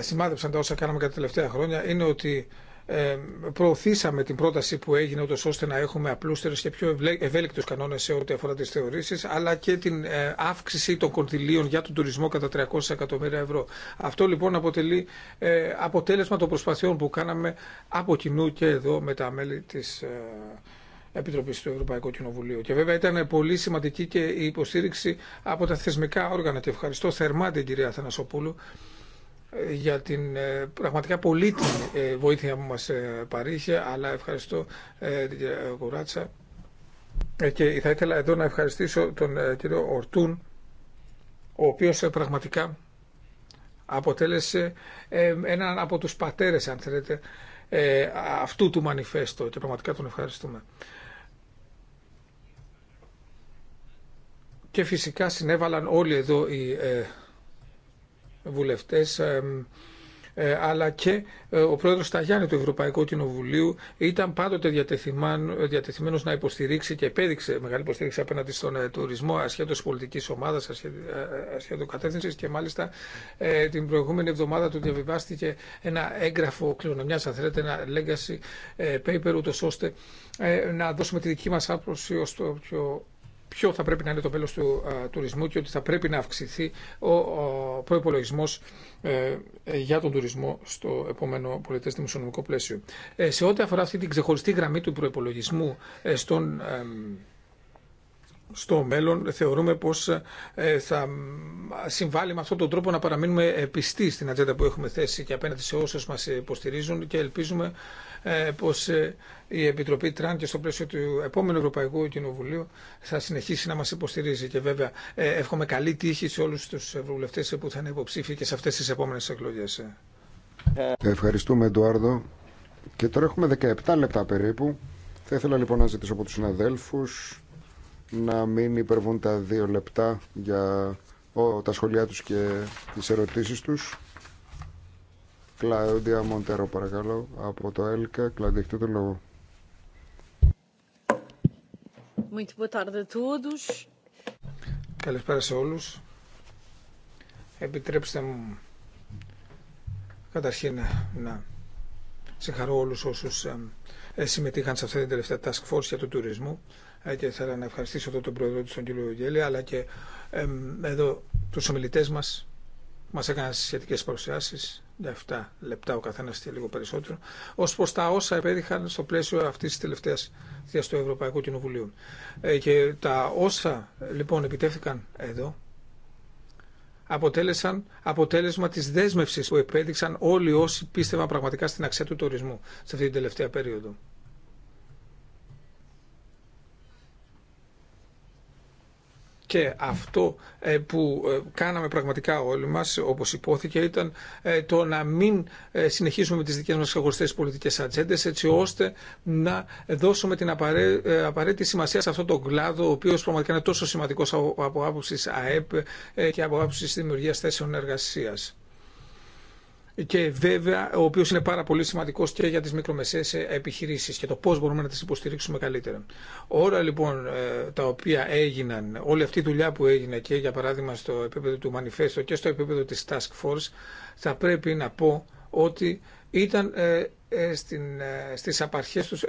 σημάδεψαν τα όσα κάναμε κατά τα τελευταία χρόνια είναι ότι ε, προωθήσαμε την πρόταση που έγινε ούτως ώστε να έχουμε απλούστερες και πιο ευέλικτους κανόνες σε ό,τι αφορά τις θεωρήσεις αλλά και την ε, αύξηση των κονδυλίων για τον τουρισμό κατά 300 εκατομμύρια ευρώ. Αυτό λοιπόν αποτελεί ε, αποτέλεσμα των προσπαθειών που κάναμε από κοινού και εδώ με τα μέλη της Επιτροπή του Ευρωπαϊκού Κοινοβουλίου. Και βέβαια ήταν πολύ σημαντική και η υποστήριξη από τα θεσμικά όργανα. Και ευχαριστώ θερμά την κυρία Θανασοπούλου για την ε, πραγματικά πολύτιμη ε, βοήθεια που μας ε, παρήχε, αλλά ευχαριστώ την κυρία Κουράτσα. Και θα ήθελα εδώ να ευχαριστήσω τον κύριο Ορτούν, ο οποίος πραγματικά αποτέλεσε έναν από τους πατέρες, αν θέλετε, αυτού του μανιφέστο και πραγματικά τον ευχαριστούμε. Και φυσικά συνέβαλαν όλοι εδώ οι βουλευτές ε, αλλά και ε, ο πρόεδρος Σταγιάννη του Ευρωπαϊκού Κοινοβουλίου ήταν πάντοτε διατεθειμένος να υποστηρίξει και επέδειξε μεγάλη υποστήριξη απέναντι στον ε, τουρισμό ασχέτως πολιτικής ομάδας, ασχέτως κατεύθυνσης και μάλιστα την προηγούμενη εβδομάδα του διαβιβάστηκε ένα έγγραφο κληρονομιάς, αν θέλετε, ένα legacy paper ούτως ώστε να δώσουμε τη δική μας άποψη ως το πιο ποιο θα πρέπει να είναι το μέλος του τουρισμού και ότι θα πρέπει να αυξηθεί ο, ο προϋπολογισμός ε, ε, για τον τουρισμό στο επόμενο πολιτές δημοσιονομικό πλαίσιο. Ε, σε ό,τι αφορά αυτή την ξεχωριστή γραμμή του προϋπολογισμού στον στο μέλλον θεωρούμε πως θα συμβάλλει με αυτόν τον τρόπο να παραμείνουμε πιστοί στην ατζέντα που έχουμε θέσει και απέναντι σε όσους μας υποστηρίζουν και ελπίζουμε ε, πως ε, η Επιτροπή Τραν και στο πλαίσιο του επόμενου Ευρωπαϊκού Κοινοβουλίου θα συνεχίσει να μας υποστηρίζει και βέβαια ε, εύχομαι καλή τύχη σε όλους τους ευρωβουλευτές που θα είναι υποψήφοι και σε αυτές τις επόμενες εκλογές. Ευχαριστούμε Εντουάρδο. Και τώρα έχουμε 17 λεπτά περίπου. Θα ήθελα λοιπόν να ζητήσω από του συναδέλφου να μην υπερβούν τα δύο λεπτά για τα σχολιά τους και τις ερωτήσεις τους. Κλάδια Μοντέρο, παρακαλώ, από το ΕΛΚΑ. Κλάδια, έχετε το λόγο. Καλησπέρα σε όλους. Επιτρέψτε μου καταρχήν να συγχαρώ όλους όσους ε, συμμετείχαν σε αυτή την τελευταία task force για τον τουρισμό ε, και θέλω να ευχαριστήσω εδώ τον πρόεδρο του τον κύριο Γέλη αλλά και εδώ τους ομιλητές μας μας έκαναν σχετικές παρουσιάσεις 7 λεπτά ο καθένα και λίγο περισσότερο, ω προ τα όσα επέδειχαν στο πλαίσιο αυτή τη τελευταία θεία του Ευρωπαϊκού Κοινοβουλίου. Ε, και τα όσα λοιπόν επιτέθηκαν εδώ αποτέλεσαν αποτέλεσμα της δέσμευσης που επέδειξαν όλοι όσοι πίστευαν πραγματικά στην αξία του τουρισμού σε αυτή την τελευταία περίοδο. Και αυτό ε, που ε, κάναμε πραγματικά όλοι μας, όπως υπόθηκε, ήταν ε, το να μην συνεχίσουμε με τις δικές μας χωριστέ πολιτικές ατζέντε, έτσι ώστε να δώσουμε την απαραίτητη σημασία σε αυτόν τον κλάδο, ο οποίος πραγματικά είναι τόσο σημαντικός από άποψη ΑΕΠ και από άποψη δημιουργία θέσεων εργασίας και βέβαια ο οποίος είναι πάρα πολύ σημαντικός και για τις μικρομεσαίες ε, επιχειρήσεις και το πώς μπορούμε να τις υποστηρίξουμε καλύτερα. Όλα λοιπόν ε, τα οποία έγιναν, όλη αυτή η δουλειά που έγινε και για παράδειγμα στο επίπεδο του Μανιφέστο και στο επίπεδο της Task Force θα πρέπει να πω ότι ήταν ε, στις απαρχές τους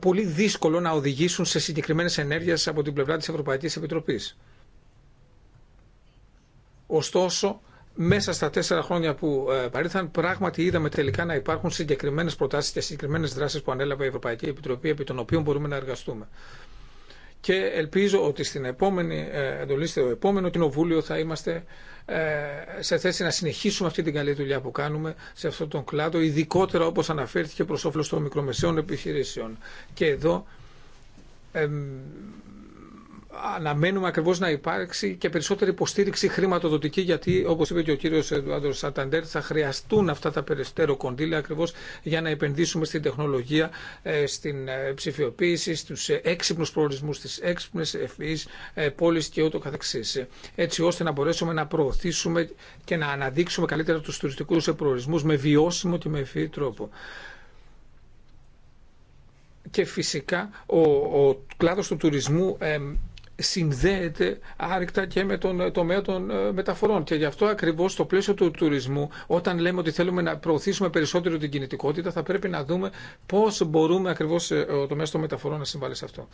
πολύ δύσκολο να οδηγήσουν σε συγκεκριμένες ενέργειες από την πλευρά της Ευρωπαϊκής Επιτροπής. Ωστόσο, μέσα στα τέσσερα χρόνια που ε, παρήθαν, πράγματι είδαμε τελικά να υπάρχουν συγκεκριμένε προτάσει και συγκεκριμένε δράσει που ανέλαβε η Ευρωπαϊκή Επιτροπή, επί των οποίων μπορούμε να εργαστούμε. Και ελπίζω ότι στην επόμενη ε, εντολή, στο επόμενο κοινοβούλιο, θα είμαστε ε, σε θέση να συνεχίσουμε αυτή την καλή δουλειά που κάνουμε σε αυτόν τον κλάδο, ειδικότερα όπω αναφέρθηκε προ όφελο των μικρομεσαίων επιχειρήσεων. Και εδώ αναμένουμε ακριβώ να υπάρξει και περισσότερη υποστήριξη χρηματοδοτική, γιατί όπω είπε και ο κύριο Εντουάντο Σανταντέρ, θα χρειαστούν αυτά τα περιστέρω κονδύλια ακριβώ για να επενδύσουμε στην τεχνολογία, ε, στην ε, ψηφιοποίηση, στου ε, έξυπνου προορισμού, στι έξυπνε ευφυεί πόλει και ούτω καθεξή. Έτσι ώστε να μπορέσουμε να προωθήσουμε και να αναδείξουμε καλύτερα του τουριστικού προορισμού με βιώσιμο και με ευφυή τρόπο και φυσικά ο, ο κλάδος του τουρισμού συνδέεται άρρηκτα και με τον ε, τομέα των ε, μεταφορών. Και γι' αυτό ακριβώς στο πλαίσιο του τουρισμού, όταν λέμε ότι θέλουμε να προωθήσουμε περισσότερο την κινητικότητα, θα πρέπει να δούμε πώς μπορούμε ακριβώς ε, ο τομέα των μεταφορών να συμβάλλει σε αυτό.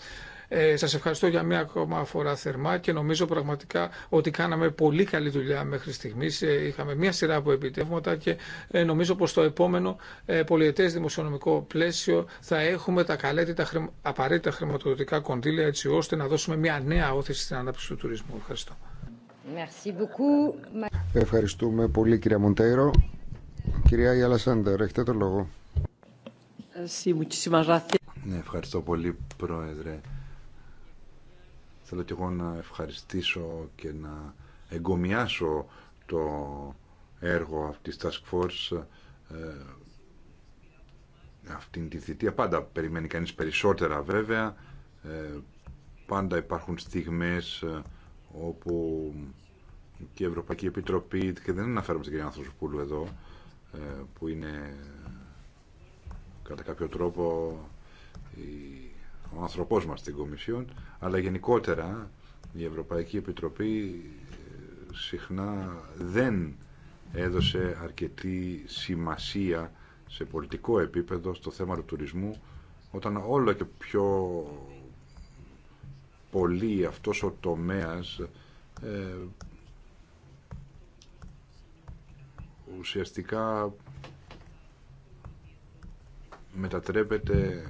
Ε, σας ευχαριστώ για μία ακόμα φορά θερμά και νομίζω πραγματικά ότι κάναμε πολύ καλή δουλειά μέχρι στιγμής. Ε, είχαμε μία σειρά από επιτεύγματα και ε, νομίζω πως το επόμενο ε, πολιετές δημοσιονομικό πλαίσιο θα έχουμε τα καλέτητα απαραίτητα χρηματοδοτικά κονδύλια έτσι ώστε να δώσουμε μία νέα όθηση στην ανάπτυξη του τουρισμού. Ευχαριστώ. Ευχαριστούμε πολύ κυρία Μοντέιρο. Κυρία Ιάλα Σάντερ, έχετε το λόγο. Ναι, ευχαριστώ πολύ, Πρόεδρε. Θέλω και εγώ να ευχαριστήσω και να εγκομιάσω το έργο αυτής Task Force ε, αυτήν τη θητεία. Πάντα περιμένει κανείς περισσότερα βέβαια. Ε, πάντα υπάρχουν στιγμές ε, όπου και η Ευρωπαϊκή Επιτροπή και δεν αναφέρομαι στην κυρία Ανθρωσοπούλου εδώ που είναι κατά κάποιο τρόπο η ο ανθρωπός μας στην Κομισιόν, αλλά γενικότερα η Ευρωπαϊκή Επιτροπή ε, συχνά δεν έδωσε αρκετή σημασία σε πολιτικό επίπεδο στο θέμα του τουρισμού όταν όλο και πιο πολύ αυτός ο τομέας ε, ουσιαστικά μετατρέπεται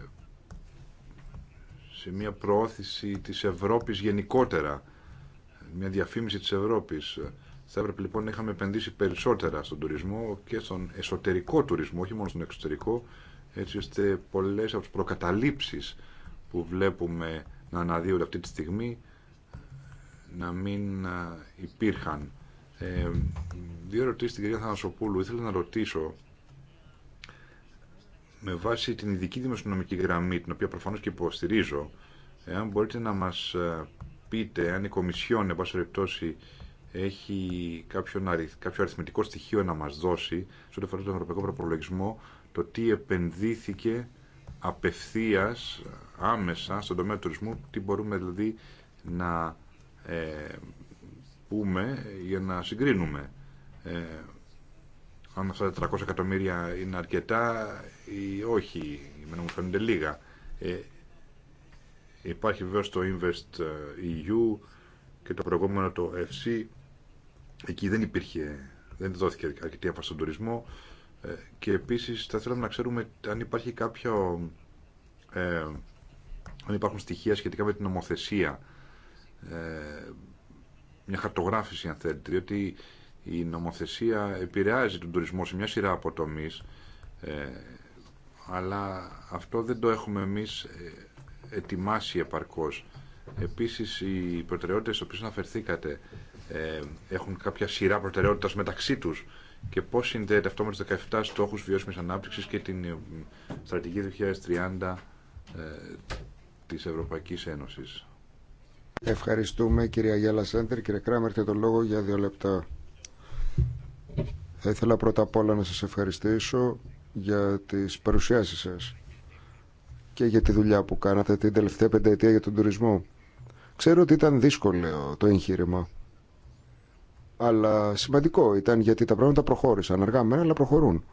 σε μια προώθηση της Ευρώπης γενικότερα, μια διαφήμιση της Ευρώπης. Θα έπρεπε λοιπόν να είχαμε επενδύσει περισσότερα στον τουρισμό και στον εσωτερικό τουρισμό, όχι μόνο στον εξωτερικό, έτσι ώστε πολλές από τις προκαταλήψεις που βλέπουμε να αναδύονται αυτή τη στιγμή να μην υπήρχαν. Ε, δύο ερωτήσεις στην κυρία Θανασοπούλου. Ήθελα να ρωτήσω με βάση την ειδική δημοσιονομική γραμμή, την οποία προφανώς και υποστηρίζω, εάν μπορείτε να μας ε, πείτε αν η Κομισιόν, εν πάση έχει κάποιο, κάποιο αριθμητικό στοιχείο να μας δώσει σε ό,τι αφορά τον ευρωπαϊκό προπολογισμό το τι επενδύθηκε απευθεία ε, άμεσα στον τομέα του τουρισμού, τι μπορούμε δηλαδή να ε, πούμε για να συγκρίνουμε. Ε, αν αυτά τα 400 εκατομμύρια είναι αρκετά ή όχι, εμένα μου φαίνονται λίγα. Ε, υπάρχει βέβαια το Invest ε, EU και το προηγούμενο το FC. Εκεί δεν υπήρχε, δεν δόθηκε αρκετή έμφαση στον τουρισμό. Ε, και επίσης θα θέλαμε να ξέρουμε αν υπάρχει κάποιο, ε, αν υπάρχουν στοιχεία σχετικά με την νομοθεσία, ε, μια χαρτογράφηση αν θέλετε, διότι η νομοθεσία επηρεάζει τον τουρισμό σε μια σειρά από τομείς, ε, αλλά αυτό δεν το έχουμε εμείς ε, ετοιμάσει επαρκώς. Επίσης, οι προτεραιότητες στις οποίες αναφερθήκατε ε, έχουν κάποια σειρά προτεραιότητας μεταξύ τους και πώς συνδέεται αυτό με τους 17 στόχους βιώσιμης ανάπτυξης και την στρατηγική 2030 της Ευρωπαϊκής Ένωσης. Ευχαριστούμε κυρία Γιάλα Σέντερ. Κύριε Κράμερ, το λόγο για δύο λεπτά. Θα ήθελα πρώτα απ' όλα να σας ευχαριστήσω για τις παρουσιάσεις σας και για τη δουλειά που κάνατε την τελευταία πενταετία για τον τουρισμό. Ξέρω ότι ήταν δύσκολο το εγχείρημα, αλλά σημαντικό ήταν γιατί τα πράγματα προχώρησαν αργά μένα, αλλά προχωρούν.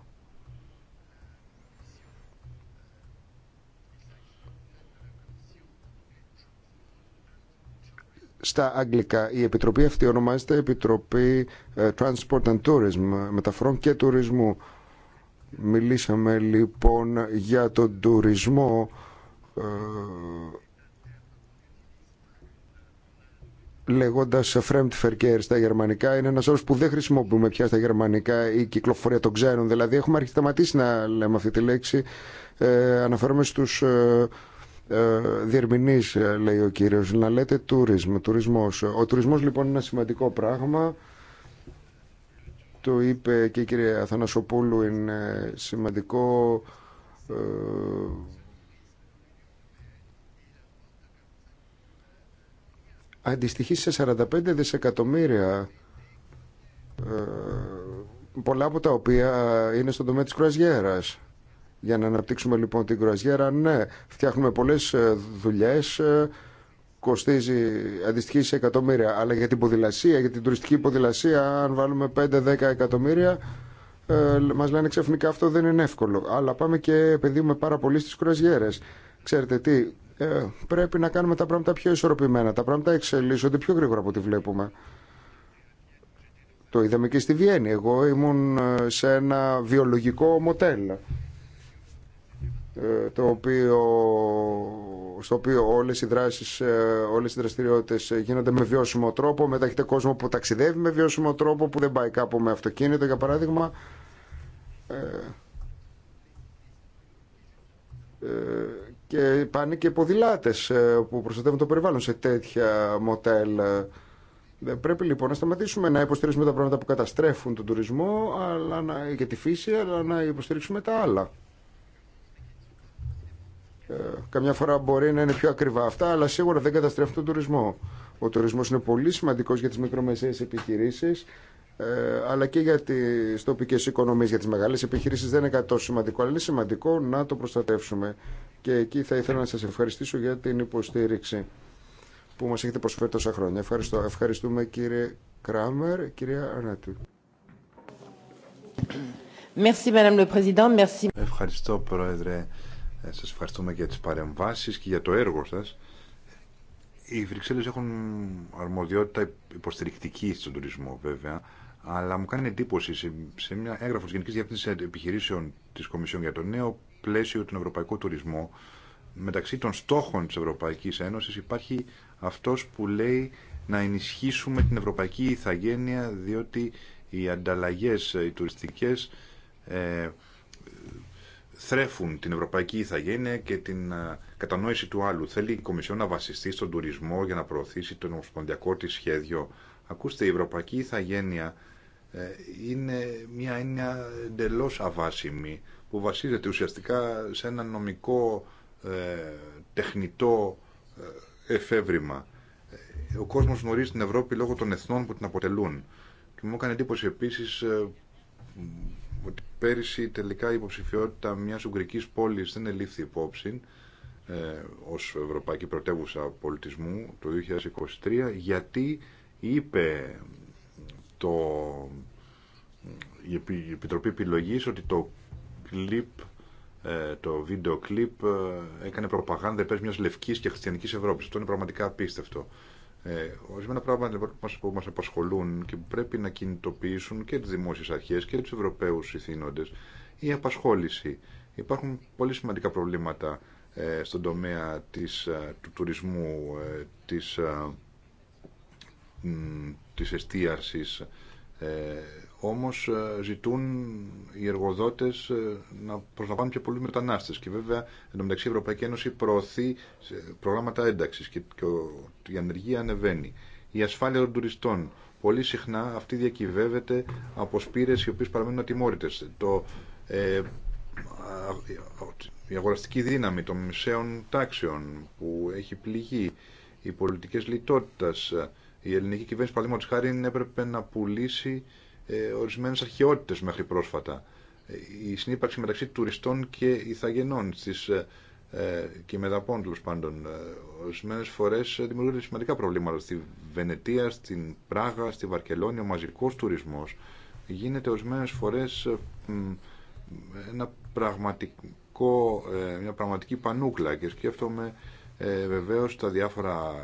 στα αγγλικά. Η επιτροπή αυτή ονομάζεται Επιτροπή ε, Transport and Tourism, μεταφορών και τουρισμού. Μιλήσαμε λοιπόν για τον τουρισμό. Ε, Λέγοντα «fremdverkehr» στα γερμανικά, είναι ένα όρο που δεν χρησιμοποιούμε πια στα γερμανικά η κυκλοφορία των ξένων. Δηλαδή, έχουμε σταματήσει να λέμε αυτή τη λέξη. Ε, αναφέρομαι στου ε, διερμηνής ε, λέει ο κύριος να λέτε τουρισμός ο τουρισμός λοιπόν είναι ένα σημαντικό πράγμα το είπε και η κυρία Αθανασοπούλου είναι σημαντικό ε, αντιστοιχεί σε 45 δισεκατομμύρια ε, πολλά από τα οποία είναι στον τομέα της κρουαζιέρας για να αναπτύξουμε λοιπόν την κρουαζιέρα, ναι, φτιάχνουμε πολλέ ε, δουλειέ, ε, κοστίζει αντιστοιχεί σε εκατομμύρια. Αλλά για την ποδηλασία, για την τουριστική ποδηλασία, αν βάλουμε 5-10 εκατομμύρια, ε, μα λένε ξαφνικά αυτό δεν είναι εύκολο. Αλλά πάμε και επενδύουμε πάρα πολύ στι κρουαζιέρε. Ξέρετε τι, ε, πρέπει να κάνουμε τα πράγματα πιο ισορροπημένα. Τα πράγματα εξελίσσονται πιο γρήγορα από ό,τι βλέπουμε. Το είδαμε και στη Βιέννη. Εγώ ήμουν ε, σε ένα βιολογικό μοντέλο. Ε, το οποίο, στο οποίο όλες οι δράσεις, ε, όλες οι δραστηριότητες γίνονται με βιώσιμο τρόπο. Μετά έχετε κόσμο που ταξιδεύει με βιώσιμο τρόπο, που δεν πάει κάπου με αυτοκίνητο, για παράδειγμα. Ε, και πάνε και ποδηλάτες που προστατεύουν το περιβάλλον σε τέτοια μοτέλ. Πρέπει λοιπόν να σταματήσουμε να υποστηρίζουμε τα πράγματα που καταστρέφουν τον τουρισμό αλλά να, και τη φύση, αλλά να υποστηρίξουμε τα άλλα. Ε, καμιά φορά μπορεί να είναι πιο ακριβά αυτά, αλλά σίγουρα δεν καταστρέφουν τον τουρισμό. Ο τουρισμό είναι πολύ σημαντικό για τι μικρομεσαίες επιχειρήσει, ε, αλλά και για τι τοπικέ οικονομίε για τι μεγάλε επιχείρησει δεν είναι κάτι τόσο σημαντικό, αλλά είναι σημαντικό να το προστατεύσουμε. Και εκεί θα ήθελα να σα ευχαριστήσω για την υποστήριξη που μα έχετε προσφέρει τόσα χρόνια. Ευχαριστώ. Ευχαριστούμε κύριε Κράμερ, κυρία Ανάτου. Merci, Madame le Président. Merci. Ευχαριστώ, Πρόεδρε. Ε, σας ευχαριστούμε για τις παρεμβάσεις και για το έργο σας. Οι Βρυξέλλες έχουν αρμοδιότητα υποστηρικτική στον τουρισμό βέβαια, αλλά μου κάνει εντύπωση σε, μια έγγραφος Γενικής Διεύθυνσης Επιχειρήσεων της Κομισιόν για το νέο πλαίσιο του ευρωπαϊκού τουρισμού, μεταξύ των στόχων της Ευρωπαϊκής Ένωσης υπάρχει αυτός που λέει να ενισχύσουμε την ευρωπαϊκή ηθαγένεια διότι οι ανταλλαγές οι τουριστικές ε, θρέφουν την ευρωπαϊκή ηθαγένεια και την ε, κατανόηση του άλλου. Θέλει η Κομισιό να βασιστεί στον τουρισμό για να προωθήσει το νομοσπονδιακό τη σχέδιο. Ακούστε, η ευρωπαϊκή ηθαγένεια ε, είναι μια έννοια εντελώ αβάσιμη που βασίζεται ουσιαστικά σε ένα νομικό ε, τεχνητό ε, εφεύρημα. Ο κόσμος γνωρίζει την Ευρώπη λόγω των εθνών που την αποτελούν. Και μου έκανε εντύπωση επίσης ότι πέρυσι τελικά η υποψηφιότητα μιας ουγγρικής πόλης δεν ελήφθη υπόψη ε, ως Ευρωπαϊκή Πρωτεύουσα Πολιτισμού το 2023 γιατί είπε το, η Επιτροπή Επιλογής ότι το κλιπ ε, το βίντεο κλιπ ε, έκανε προπαγάνδα υπέρ μιας λευκής και χριστιανικής Ευρώπης. Αυτό είναι πραγματικά απίστευτο. Ε, ορισμένα πράγματα λοιπόν, που μας απασχολούν και που πρέπει να κινητοποιήσουν και τις δημόσιες αρχές και τους Ευρωπαίους συθήνοντες. η απασχόληση. Υπάρχουν πολύ σημαντικά προβλήματα ε, στον τομέα της, ε, του τουρισμού, ε, της, ε, της εστίασης όμως ε, ζητούν οι εργοδότες ε, να προσλαμβάνουν πιο πολλούς μετανάστες και βέβαια ενώ μεταξύ η Ευρωπαϊκή Ένωση προωθεί ε, προγράμματα ένταξης και η ανεργία ανεβαίνει. Η ασφάλεια των τουριστών πολύ συχνά αυτή διακυβεύεται από σπήρες οι οποίες παραμένουν ατιμόρυτες. Το, η αγοραστική δύναμη των μισέων τάξεων που έχει πληγεί, οι πολιτικές λιτότητας, η ελληνική κυβέρνηση παραδείγματος χάρη έπρεπε να πουλήσει ε, ορισμένες αρχαιότητες μέχρι πρόσφατα. Ε, η συνύπαρξη μεταξύ τουριστών και ηθαγενών στις, ε, και μεταπών τέλο πάντων. Ορισμένε φορέ δημιουργούνται σημαντικά προβλήματα στη Βενετία, στην Πράγα, στη Βαρκελόνη. Ο μαζικό τουρισμό γίνεται ορισμένε φορέ ένα πραγματικό, μια πραγματική πανούκλα και σκέφτομαι ε, τα διάφορα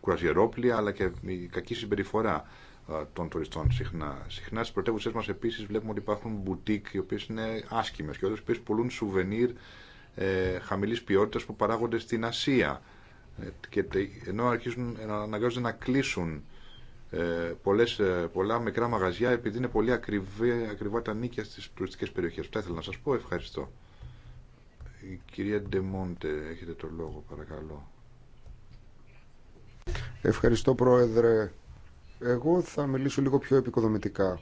κουρασιερόπλια αλλά και η κακή συμπεριφορά. Ε, των τουριστών συχνά. Συχνά στι πρωτεύουσέ μα επίση βλέπουμε ότι υπάρχουν μπουτίκ οι οποίε είναι άσχημε και όλε οι οποίε πουλούν σουβενίρ ε, χαμηλή ποιότητα που παράγονται στην Ασία. Ε, και ενώ αρχίζουν να ε, αναγκάζονται να κλείσουν ε, πολλές, πολλά μικρά μαγαζιά επειδή είναι πολύ ακριβή, ακριβά τα νίκια στις τουριστικέ περιοχές. Αυτά ήθελα να σα πω. Ευχαριστώ. Η κυρία Ντεμόντε, έχετε το λόγο παρακαλώ. Ευχαριστώ Πρόεδρε. Εγώ θα μιλήσω λίγο πιο επικοδομητικά.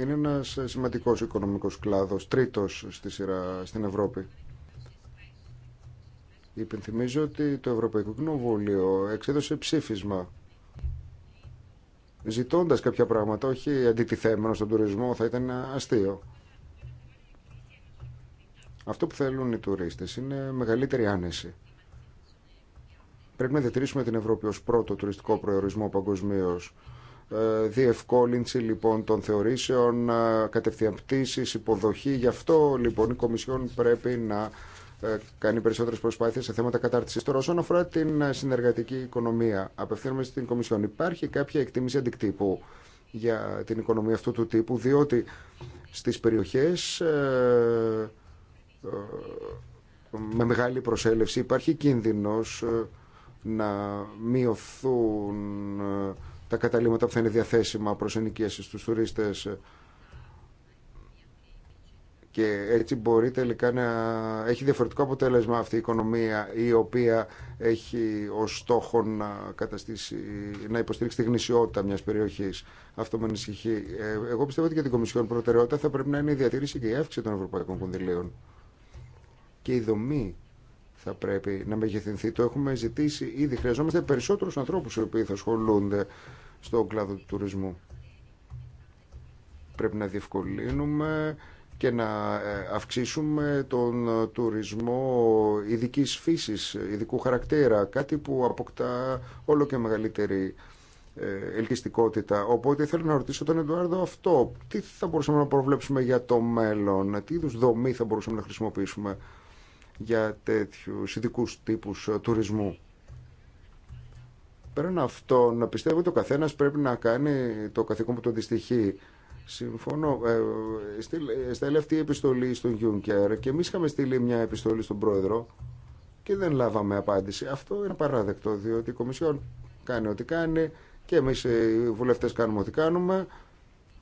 Είναι ένας σημαντικός οικονομικός κλάδος, τρίτος στη σειρά στην Ευρώπη. Υπενθυμίζω ότι το Ευρωπαϊκό Κοινοβούλιο εξέδωσε ψήφισμα ζητώντα κάποια πράγματα, όχι αντιτιθέμενο στον τουρισμό, θα ήταν αστείο. Αυτό που θέλουν οι τουρίστες είναι μεγαλύτερη άνεση. Πρέπει να διατηρήσουμε την Ευρώπη ως πρώτο τουριστικό προορισμό παγκοσμίω. Ε, διευκόλυνση λοιπόν των θεωρήσεων, ε, κατευθείαν πτήσει, υποδοχή. Γι' αυτό λοιπόν η Κομισιόν πρέπει να ε, κάνει περισσότερε προσπάθειε σε θέματα κατάρτιση. Τώρα, όσον αφορά την συνεργατική οικονομία, απευθύνομαι στην Κομισιόν. Υπάρχει κάποια εκτίμηση αντικτύπου για την οικονομία αυτού του τύπου, διότι στις περιοχές με μεγάλη προσέλευση υπάρχει κίνδυνος να μειωθούν ε, τα καταλήμματα που θα είναι διαθέσιμα προς ενοικίαση στους τουρίστες και έτσι μπορεί τελικά να έχει διαφορετικό αποτέλεσμα αυτή η οικονομία η οποία έχει ως στόχο να, καταστήσει, να υποστηρίξει τη γνησιότητα μιας περιοχής. Αυτό με ανησυχεί. Ε, εγώ πιστεύω ότι για την Κομισιόν προτεραιότητα θα πρέπει να είναι η διατήρηση και η αύξηση των ευρωπαϊκών κονδυλίων. Και η δομή θα πρέπει να μεγεθυνθεί. Το έχουμε ζητήσει ήδη. Χρειαζόμαστε περισσότερους ανθρώπους οι οποίοι θα ασχολούνται στον κλάδο του τουρισμού. Πρέπει να διευκολύνουμε και να ε, αυξήσουμε τον ε, τουρισμό ειδική φύσης, ειδικού χαρακτήρα, κάτι που αποκτά όλο και μεγαλύτερη ε, ελκυστικότητα. Οπότε θέλω να ρωτήσω τον Εντουάρδο αυτό. Τι θα μπορούσαμε να προβλέψουμε για το μέλλον, τι είδου δομή θα μπορούσαμε να χρησιμοποιήσουμε για τέτοιου ειδικού τύπου ε, τουρισμού. Πέραν αυτό, να πιστεύω ότι ο καθένας πρέπει να κάνει το καθήκον που τον δυστυχεί. Συμφωνώ. Ε, ε αυτή η επιστολή στον Γιούνκερ και εμεί είχαμε στείλει μια επιστολή στον πρόεδρο και δεν λάβαμε απάντηση. Αυτό είναι παράδεκτο, διότι η Κομισιόν κάνει ό,τι κάνει και εμεί ε, οι βουλευτέ κάνουμε ό,τι κάνουμε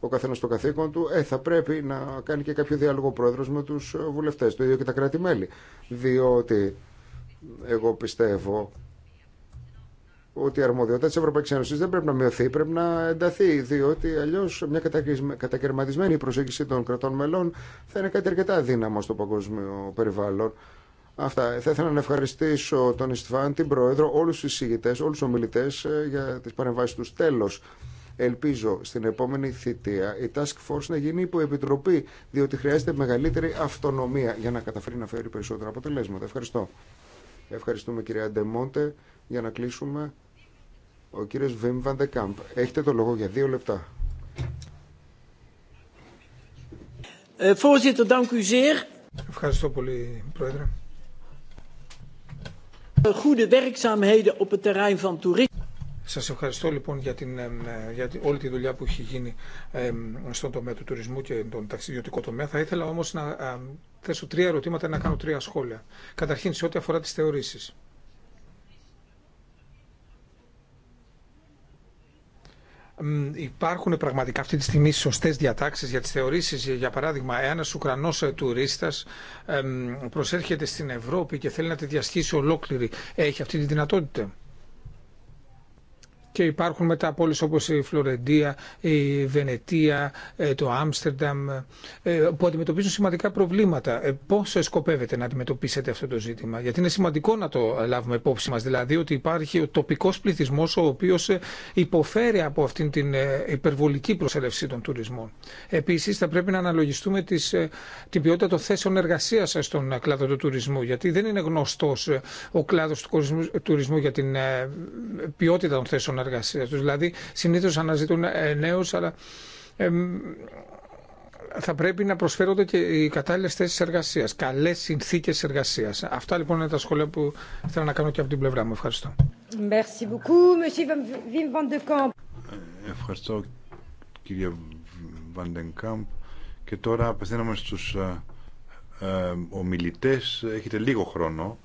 ο καθένα το καθήκον του, ε, θα πρέπει να κάνει και κάποιο διάλογο ο πρόεδρο με του βουλευτέ. Το ίδιο και τα κράτη-μέλη. Διότι εγώ πιστεύω ότι η αρμοδιότητα τη Ευρωπαϊκή Ένωση δεν πρέπει να μειωθεί, πρέπει να ενταθεί. Διότι αλλιώ μια κατακαιρματισμένη προσέγγιση των κρατών μελών θα είναι κάτι αρκετά αδύναμο στο παγκόσμιο περιβάλλον. Αυτά. Θα ήθελα να ευχαριστήσω τον Ιστφάν, την Πρόεδρο, όλου του συζητητέ, όλου του ομιλητέ ε, για τι παρεμβάσει του. Τέλο, Ελπίζω στην επόμενη θητεία η Task Force να γίνει υποεπιτροπή, διότι χρειάζεται μεγαλύτερη αυτονομία για να καταφέρει να φέρει περισσότερα αποτελέσματα. Ευχαριστώ. Ευχαριστούμε κυρία Ντεμόντε. Για να κλείσουμε, ο κύριος Βιμ Βαντεκάμπ. Έχετε το λόγο για δύο λεπτά. Ε, Ευχαριστώ πολύ, Πρόεδρε. Σας ευχαριστώ λοιπόν για, την, όλη τη δουλειά που έχει γίνει στον τομέα του τουρισμού και τον ταξιδιωτικό τομέα. Θα ήθελα όμως να θέσω τρία ερωτήματα να κάνω τρία σχόλια. Καταρχήν σε ό,τι αφορά τις θεωρήσεις. Υπάρχουν πραγματικά αυτή τη στιγμή σωστέ διατάξει για τι θεωρήσει. Για παράδειγμα, ένα Ουκρανό ε, τουρίστα προσέρχεται στην Ευρώπη και θέλει να τη διασχίσει ολόκληρη. Έχει αυτή τη δυνατότητα και υπάρχουν μετά πόλεις όπως η Φλωρεντία, η Βενετία, ε, το Άμστερνταμ ε, που αντιμετωπίζουν σημαντικά προβλήματα. Ε, πώς σκοπεύετε να αντιμετωπίσετε αυτό το ζήτημα, γιατί είναι σημαντικό να το λάβουμε υπόψη μας, δηλαδή ότι υπάρχει ο τοπικός πληθυσμός ο οποίος υποφέρει από αυτήν την υπερβολική προσέλευση των τουρισμών. Επίσης θα πρέπει να αναλογιστούμε τις, την ποιότητα των θέσεων εργασίας στον κλάδο του τουρισμού, γιατί δεν είναι γνωστός ο κλάδος του τουρισμού για την ποιότητα των θέσεων εργασία του. Δηλαδή, συνήθω αναζητούν ε, νέου, αλλά θα πρέπει να προσφέρονται και οι κατάλληλε θέσει εργασία, καλέ συνθήκε εργασία. Αυτά λοιπόν είναι τα σχόλια που θέλω να κάνω και από την πλευρά μου. Ευχαριστώ. Merci beaucoup, ε, Ευχαριστώ, κύριε Βαντενκάμπ. Και τώρα απευθύνομαι στου ε, ε ομιλητέ. Έχετε λίγο χρόνο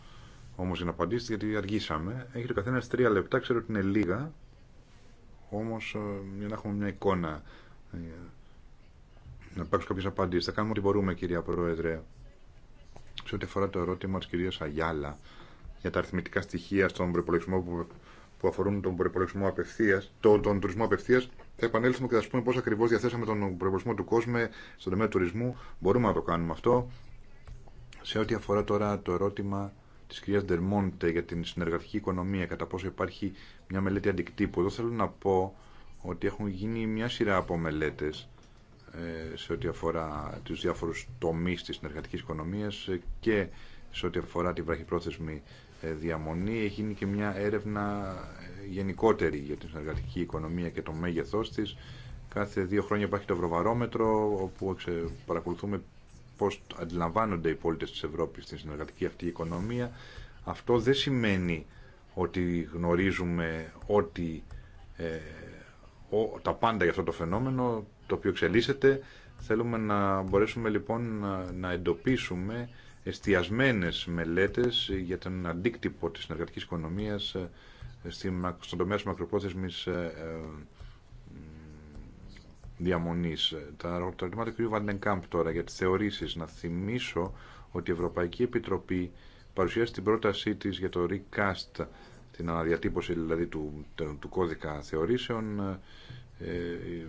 όμω για να απαντήσετε, γιατί αργήσαμε. Έχετε καθένα τρία λεπτά, ξέρω ότι είναι λίγα όμως ε, για να έχουμε μια εικόνα ε, να υπάρξουν κάποιες απαντήσεις. Θα κάνουμε ό,τι μπορούμε κυρία Πρόεδρε σε ό,τι αφορά το ερώτημα της κυρίας Αγιάλα για τα αριθμητικά στοιχεία στον προπολογισμό που, που αφορούν τον τον τουρισμό απευθεία. Θα επανέλθουμε και θα σας πούμε πώ ακριβώ διαθέσαμε τον προπολογισμό του κόσμου στον τομέα του τουρισμού. Μπορούμε να το κάνουμε αυτό. Σε ό,τι αφορά τώρα το ερώτημα Τη κύρια Ντερμόντε για την συνεργατική οικονομία, κατά πόσο υπάρχει μια μελέτη αντικτύπου. Εδώ θέλω να πω ότι έχουν γίνει μια σειρά από μελέτες ε, σε ό,τι αφορά τους διάφορους τομείς της συνεργατικής οικονομίας και σε ό,τι αφορά τη βραχυπρόθεσμη ε, διαμονή. Έχει γίνει και μια έρευνα ε, γενικότερη για την συνεργατική οικονομία και το μέγεθός της. Κάθε δύο χρόνια υπάρχει το ευρωβαρόμετρο όπου παρακολουθούμε πώς αντιλαμβάνονται οι πολίτες της Ευρώπης στην συνεργατική αυτή οικονομία. Αυτό δεν σημαίνει ότι γνωρίζουμε ότι ε, τα πάντα για αυτό το φαινόμενο το οποίο εξελίσσεται. Θέλουμε να μπορέσουμε λοιπόν να, εντοπίσουμε εστιασμένες μελέτες για τον αντίκτυπο της συνεργατικής οικονομίας ε, ε, στην, στον τομέα της μακροπρόθεσμης διαμονής. Ε, τα ερωτήματα του κ. Κάμπ τώρα για τι θεωρήσει Να θυμίσω ότι η Ευρωπαϊκή Επιτροπή παρουσιάσει την πρότασή τη για το recast, την αναδιατύπωση δηλαδή του, του κώδικα θεωρήσεων. Ε, ε,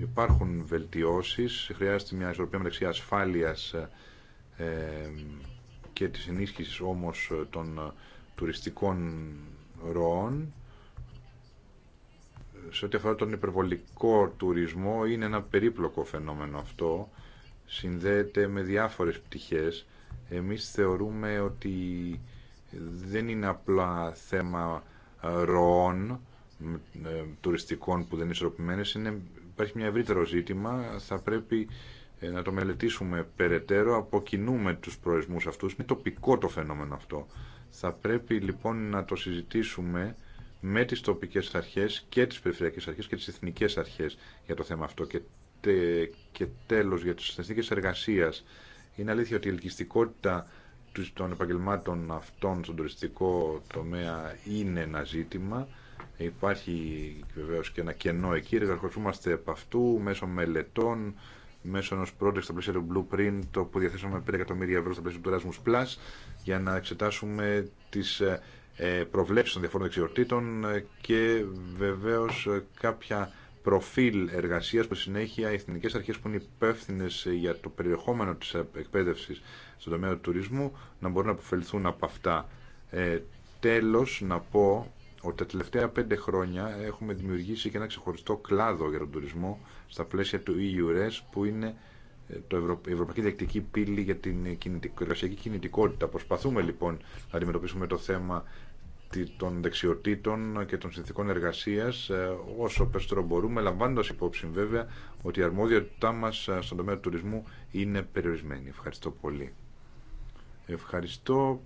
υπάρχουν βελτιώσεις, χρειάζεται μια ισορροπία μεταξύ ασφάλειας και της ενίσχυση όμως των τουριστικών ροών σε ό,τι αφορά τον υπερβολικό τουρισμό είναι ένα περίπλοκο φαινόμενο αυτό συνδέεται με διάφορες πτυχές εμείς θεωρούμε ότι δεν είναι απλά θέμα ε, ροών ε, τουριστικών που δεν είναι ισορροπημένες είναι, υπάρχει μια ευρύτερο ζήτημα θα πρέπει ε, να το μελετήσουμε περαιτέρω αποκινούμε τους προορισμούς αυτούς είναι τοπικό το φαινόμενο αυτό θα πρέπει λοιπόν να το συζητήσουμε με τις τοπικές αρχές και τις περιφερειακές αρχές και τις εθνικές αρχές για το θέμα αυτό και, τε, τέλος για τις εθνικές εργασίες είναι αλήθεια ότι η ελκυστικότητα των επαγγελμάτων αυτών στον τουριστικό τομέα είναι ένα ζήτημα υπάρχει βεβαίω και ένα κενό εκεί εργαζόμαστε από αυτού μέσω μελετών μέσω ενό project στα πλαίσια του Blueprint, που διαθέσαμε 5 εκατομμύρια ευρώ στα πλαίσια του Erasmus Plus, για να εξετάσουμε τι ε, ε, προβλέψεις των διαφόρων δεξιοτήτων ε, και βεβαίως ε, κάποια προφίλ εργασίας που συνέχεια οι εθνικές αρχές που είναι υπεύθυνε για το περιεχόμενο της εκπαίδευσης στον τομέα του τουρισμού να μπορούν να αποφελθούν από αυτά. Ε, τέλος να πω ότι τα τελευταία πέντε χρόνια έχουμε δημιουργήσει και ένα ξεχωριστό κλάδο για τον τουρισμό στα πλαίσια του EURES που είναι το Ευρω... η Ευρωπαϊκή Διεκτική Πύλη για την εργασιακή κινητικότητα. Προσπαθούμε λοιπόν να αντιμετωπίσουμε το θέμα των δεξιοτήτων και των συνθήκων εργασίας ε, όσο περισσότερο μπορούμε, λαμβάνοντας υπόψη βέβαια ότι η αρμόδιότητά μας ε, στον τομέα του τουρισμού είναι περιορισμένη. Ευχαριστώ πολύ. Ευχαριστώ.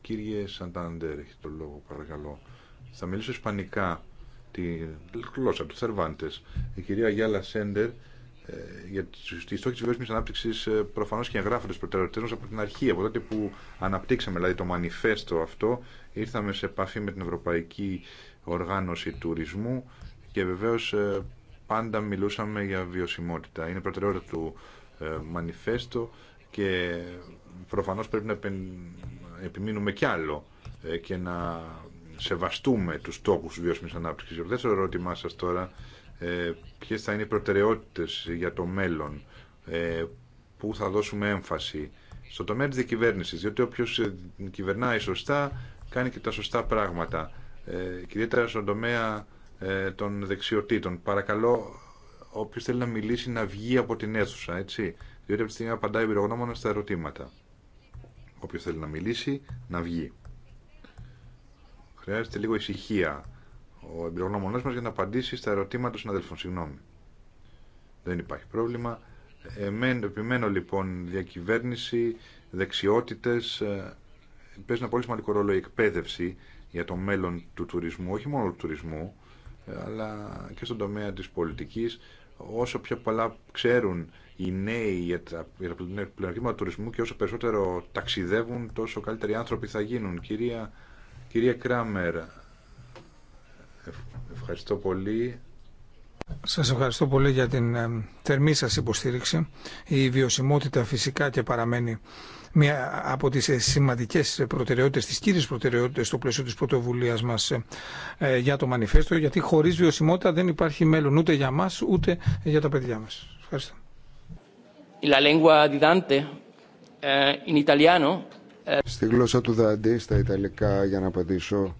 Κύριε Σαντάντερ, έχει το λόγο παρακαλώ. Θα μιλήσω ισπανικά τη γλώσσα του Θερβάντες. Η κυρία Γιάλα Σέντερ ε, για τη στόχη τη βιώσιμη ανάπτυξη ε, προφανώ και εγγράφονται στι προτεραιότητέ μα από την αρχή. Από τότε που αναπτύξαμε δηλαδή το μανιφέστο αυτό, ήρθαμε σε επαφή με την Ευρωπαϊκή Οργάνωση Τουρισμού και βεβαίω ε, πάντα μιλούσαμε για βιωσιμότητα. Είναι προτεραιότητα του μανιφέστο και προφανώς πρέπει να επιμείνουμε κι άλλο και να σεβαστούμε τους στόχους βιώσιμης ανάπτυξης. Το δεύτερο ερώτημά σας τώρα ε, ποιες θα είναι οι προτεραιότητες για το μέλλον, ε, που θα δώσουμε έμφαση στο τομέα της διακυβέρνησης, διότι όποιος ε, κυβερνάει σωστά κάνει και τα σωστά πράγματα, ε, στον τομέα ε, των δεξιοτήτων. Παρακαλώ, όποιο θέλει να μιλήσει να βγει από την αίθουσα, έτσι, διότι από τη στιγμή απαντάει πυρογνώμονα στα ερωτήματα. Όποιο θέλει να μιλήσει, να βγει. Χρειάζεται λίγο ησυχία ο εμπειρογνώμονό μα για να απαντήσει στα ερωτήματα των συναδέλφων. Συγγνώμη. Δεν υπάρχει πρόβλημα. Εμέν, επιμένω λοιπόν διακυβέρνηση, δεξιότητες, ε, παίζει ένα πολύ σημαντικό ρόλο η εκπαίδευση για το μέλλον του τουρισμού, όχι μόνο του τουρισμού, ε, αλλά και στον τομέα τη πολιτική, Όσο πιο πολλά ξέρουν οι νέοι για τα, για του τουρισμού και όσο περισσότερο ταξιδεύουν, τόσο καλύτεροι άνθρωποι θα γίνουν. Κυρία, κυρία Κράμερ, Ευχαριστώ πολύ. Σας ευχαριστώ πολύ για την ε, θερμή σας υποστήριξη. Η βιωσιμότητα φυσικά και παραμένει μία από τις ε, σημαντικές προτεραιότητες, τις κύριες προτεραιότητες στο πλαίσιο της πρωτοβουλία μας ε, για το μανιφέστο, γιατί χωρίς βιωσιμότητα δεν υπάρχει μέλλον ούτε για μας ούτε για τα παιδιά μας. Ευχαριστώ. Στη γλώσσα του Δάντη, στα Ιταλικά, για να απαντήσω,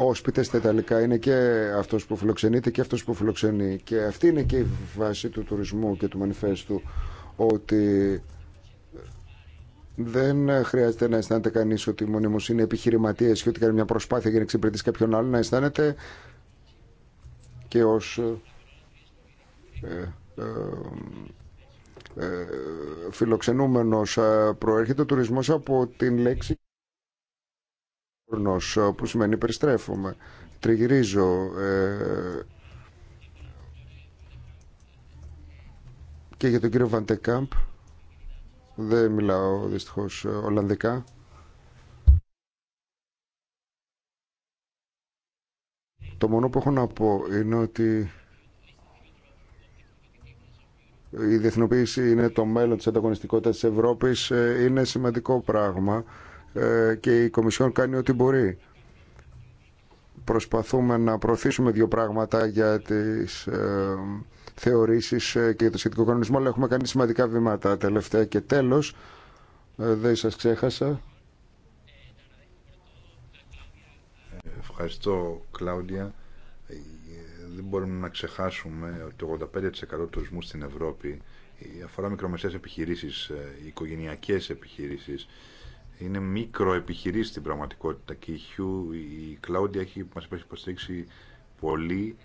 ο στα Ιταλικά είναι και αυτός που φιλοξενείται και αυτός που φιλοξενεί και αυτή είναι και η βάση του τουρισμού και του μανιφέστου ότι δεν χρειάζεται να αισθάνεται κανεί ότι μονίμω είναι επιχειρηματίε και ότι κάνει μια προσπάθεια για να εξυπηρετήσει κάποιον άλλον να αισθάνεται και ως ε, ε, ε, ε φιλοξενούμενος προέρχεται ο τουρισμός από την λέξη ε, που σημαίνει περιστρέφουμε, τριγυρίζω ε, και για τον κύριο Βαντεκάμπ δεν μιλάω δυστυχώς ε, Ολλανδικά το μόνο που έχω να πω είναι ότι η διεθνοποίηση είναι το μέλλον της ανταγωνιστικότητας της Ευρώπης είναι σημαντικό πράγμα ε, και η Κομισιόν κάνει ό,τι μπορεί. Προσπαθούμε να προωθήσουμε δύο πράγματα για τις ε, θεωρήσεις ε, και για το σχετικό κανονισμό, αλλά έχουμε κάνει σημαντικά βήματα τελευταία και τέλος. Δεν σας ξέχασα. Ευχαριστώ, Κλάουντια. Δεν μπορούμε να ξεχάσουμε ότι το 85% του τουρισμού στην Ευρώπη αφορά μικρομεσαίες επιχειρήσεις, οικογενειακές επιχειρήσεις είναι μικροεπιχειρήσει στην πραγματικότητα και η, Χιου, η Κλάουντια έχει, μας έχει υποστηρίξει πολύ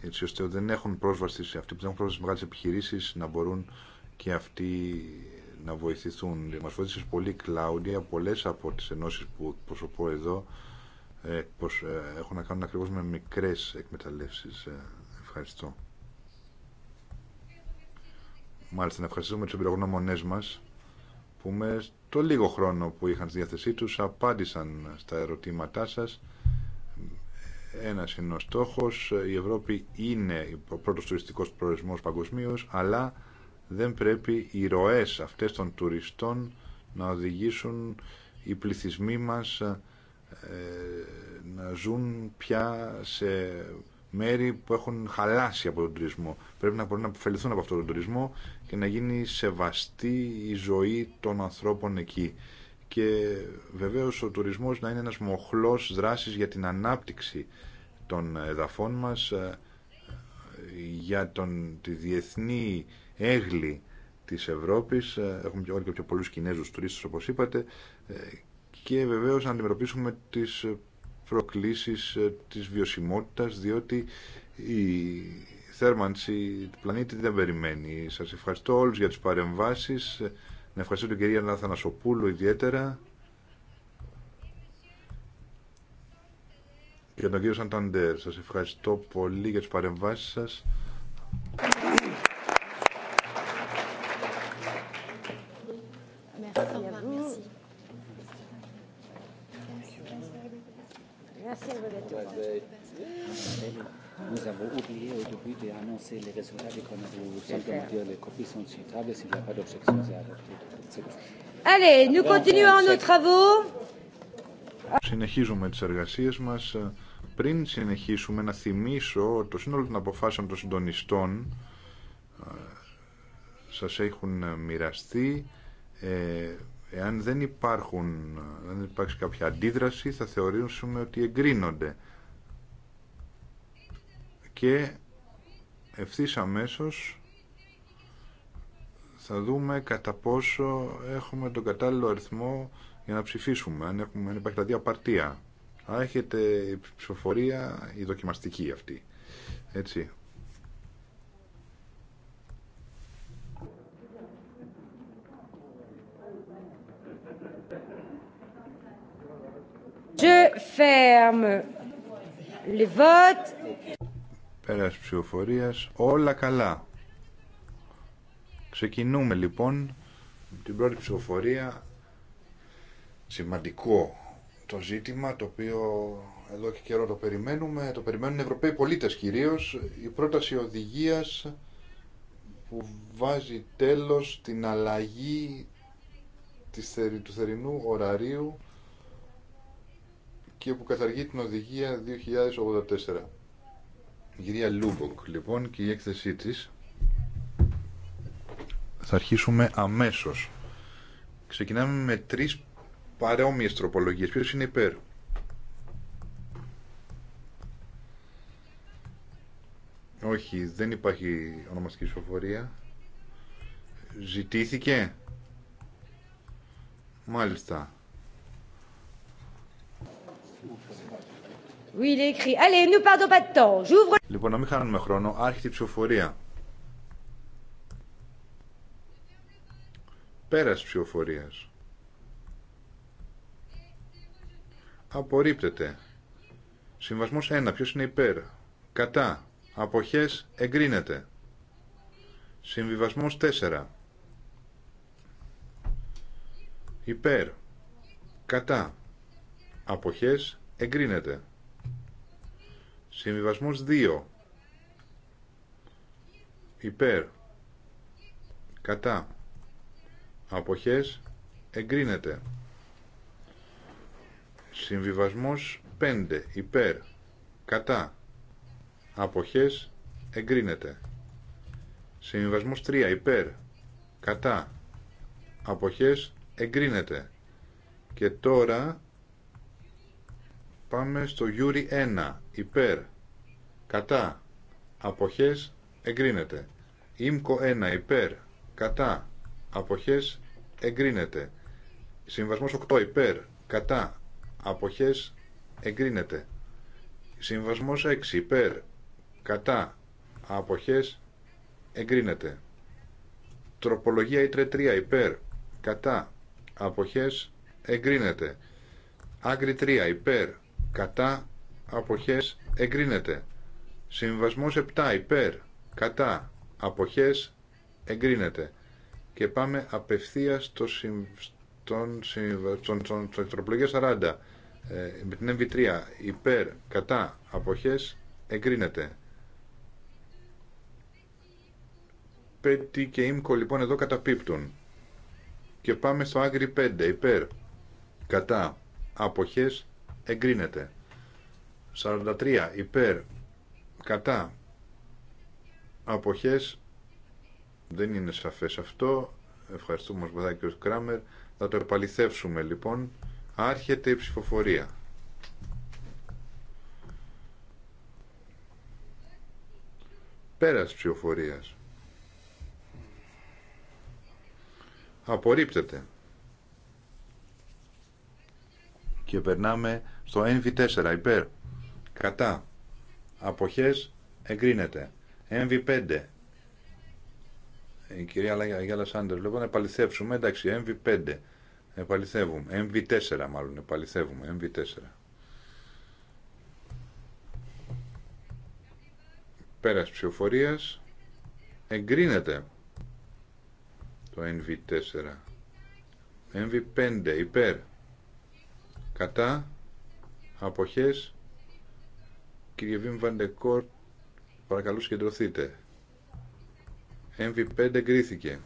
έτσι ώστε δεν έχουν πρόσβαση σε αυτοί που δεν έχουν πρόσβαση σε μεγάλες επιχειρήσεις να μπορούν και αυτοί να βοηθηθούν. Μας βοήθησε πολύ η Κλάουντια, πολλές από τις ενώσεις που προσωπώ εδώ ε, ε, έχουν να κάνουν ακριβώς με μικρές εκμεταλλεύσεις. Ε, ευχαριστώ. Μάλιστα, να ευχαριστούμε τους εμπειρογνώμονές μας που με το λίγο χρόνο που είχαν στη διάθεσή τους απάντησαν στα ερωτήματά σας. Ένας είναι ο στόχος, η Ευρώπη είναι ο πρώτος τουριστικός προορισμός παγκοσμίω, αλλά δεν πρέπει οι ροές αυτές των τουριστών να οδηγήσουν οι πληθυσμοί μας ε, να ζουν πια σε μέρη που έχουν χαλάσει από τον τουρισμό. Πρέπει να μπορούν να αποφεληθούν από αυτόν τον τουρισμό και να γίνει σεβαστή η ζωή των ανθρώπων εκεί. Και βεβαίως ο τουρισμός να είναι ένας μοχλός δράσης για την ανάπτυξη των εδαφών μας, ε, για τον, τη διεθνή έγλη της Ευρώπης, ε, έχουμε και, και πιο πολλούς Κινέζους τουρίστες όπως είπατε, ε, και βεβαίως να αντιμετωπίσουμε τις προκλήσεις της βιωσιμότητας, διότι η θέρμανση του πλανήτη δεν περιμένει. Σας ευχαριστώ όλους για τις παρεμβάσει Να ευχαριστώ την κυρία Σοπούλου ιδιαίτερα. Και τον κύριο Σανταντέρ. Σας ευχαριστώ πολύ για τις παρεμβάσεις σας. annoncer les résultats dès qu'on a vous dire les copies sont sur table. S'il n'y a pas d'objection, c'est adopté. Allez, nous continuons nos travaux. Συνεχίζουμε τις εργασίες μας. Ε, πριν συνεχίσουμε να θυμίσω το σύνολο των αποφάσεων των συντονιστών ε, σας έχουν ε, μοιραστεί. Ε, εάν δεν υπάρχουν, δεν υπάρχει κάποια αντίδραση, θα θεωρήσουμε ότι εγκρίνονται. Και ευθύς αμέσως θα δούμε κατά πόσο έχουμε τον κατάλληλο αριθμό για να ψηφίσουμε, αν, έχουμε, αν υπάρχει δηλαδή απαρτία. Αν έχετε η ψηφοφορία, η δοκιμαστική αυτή. Έτσι. Je ferme les Πέρας ψηφοφορίας. Όλα καλά. Ξεκινούμε λοιπόν την πρώτη ψηφοφορία. Σημαντικό το ζήτημα το οποίο εδώ και καιρό το περιμένουμε. Το περιμένουν οι Ευρωπαίοι πολίτες κυρίως. Η πρόταση οδηγίας που βάζει τέλος την αλλαγή του θερινού ωραρίου και που καταργεί την οδηγία 2084. Η κυρία Λούμποκ, λοιπόν, και η έκθεσή της. Θα αρχίσουμε αμέσως. Ξεκινάμε με τρεις παρόμοιε τροπολογίε. Ποιος είναι υπέρ. Όχι, δεν υπάρχει ονομαστική ψηφοφορία. Ζητήθηκε. Μάλιστα il écrit. Λοιπόν, να μην χάνουμε χρόνο. Άρχεται ψηφοφορία. Πέρας ψηφοφορίας. Απορρίπτεται. Συμβασμός 1. Ποιος είναι υπέρ. Κατά. Αποχές εγκρίνεται. Συμβιβασμός 4. Υπέρ. Κατά. Αποχές εγκρίνεται. Συμβιβασμό 2. Υπέρ. Κατά. Αποχές εγκρίνεται. Συμβιβασμό 5. Υπέρ. Κατά. Αποχές εγκρίνεται. Συμβιβασμό 3. Υπέρ. Κατά. Αποχές εγκρίνεται. Και τώρα Πάμε στο Γιούρι 1. Υπέρ. Κατά. Αποχές. Εγκρίνεται. Ήμκο 1. Υπέρ. Κατά. Αποχές. Εγκρίνεται. Συμβασμός 8. Υπέρ. Κατά. Αποχές. Εγκρίνεται. Συμβασμός 6. Υπέρ. Κατά. Αποχές. Εγκρίνεται. Τροπολογία ΙΤΡΕ 3. Υπέρ. Κατά. Αποχές. Εγκρίνεται. Άγκρι 3. Υπέρ κατά αποχές εγκρίνεται συμβασμός 7 υπέρ κατά αποχές εγκρίνεται και πάμε απευθείας στο συμ... στον, στον, στον, 40 ε, με την MV3 υπέρ κατά αποχές εγκρίνεται Πέττη και Ήμκο λοιπόν εδώ καταπίπτουν και πάμε στο Άγρι 5 υπέρ κατά αποχές εγκρίνεται 43 υπέρ κατά αποχές δεν είναι σαφές αυτό ευχαριστούμε μας βοηθάει Κράμερ θα το επαληθεύσουμε λοιπόν άρχεται η ψηφοφορία πέρας ψηφοφορίας απορρίπτεται και περνάμε στο NV4 υπέρ κατά αποχές εγκρίνεται. NV5 η κυρία Γιάλα Σάντερ λοιπόν επαληθεύσουμε εντάξει NV5 επαληθεύουμε NV4 μάλλον επαληθεύουμε NV4 πέρας ψηφοφορίας εγκρίνεται το NV4 NV5 υπέρ κατά αποχές κύριε Βίμ Βαντεκόρ παρακαλώ συγκεντρωθείτε MV5 εγκρίθηκε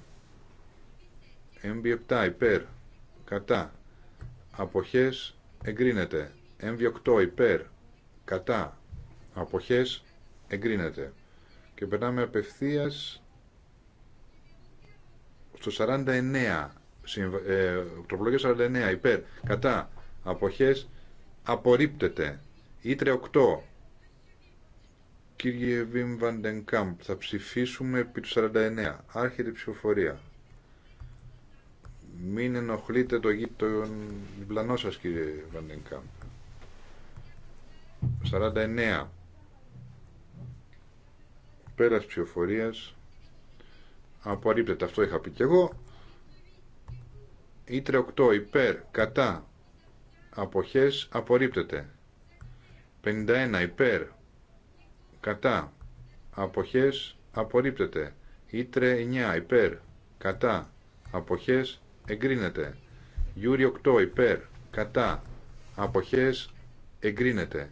MV7 υπέρ κατά αποχές εγκρίνεται MV8 υπέρ κατά αποχές εγκρίνεται και περνάμε απευθείας στο 49 ε, τροπολογία 49 υπέρ κατά αποχές απορρίπτεται. Ήτρε 8. Κύριε Βιμ Βαντενκάμπ, θα ψηφίσουμε επί του 49. Άρχεται η ψηφοφορία. Μην ενοχλείτε το τον πλανό σας κύριε Βαντενκάμπ. 49. Πέρας ψηφοφορίας. Απορρίπτεται. Αυτό είχα πει και εγώ. Ήτρε 8. Υπέρ. Κατά αποχές απορρίπτεται 51 υπέρ κατά αποχές απορρίπτεται Ήτρε 9 υπέρ κατά αποχές εγκρίνεται Γιούρι 8 υπέρ κατά αποχές εγκρίνεται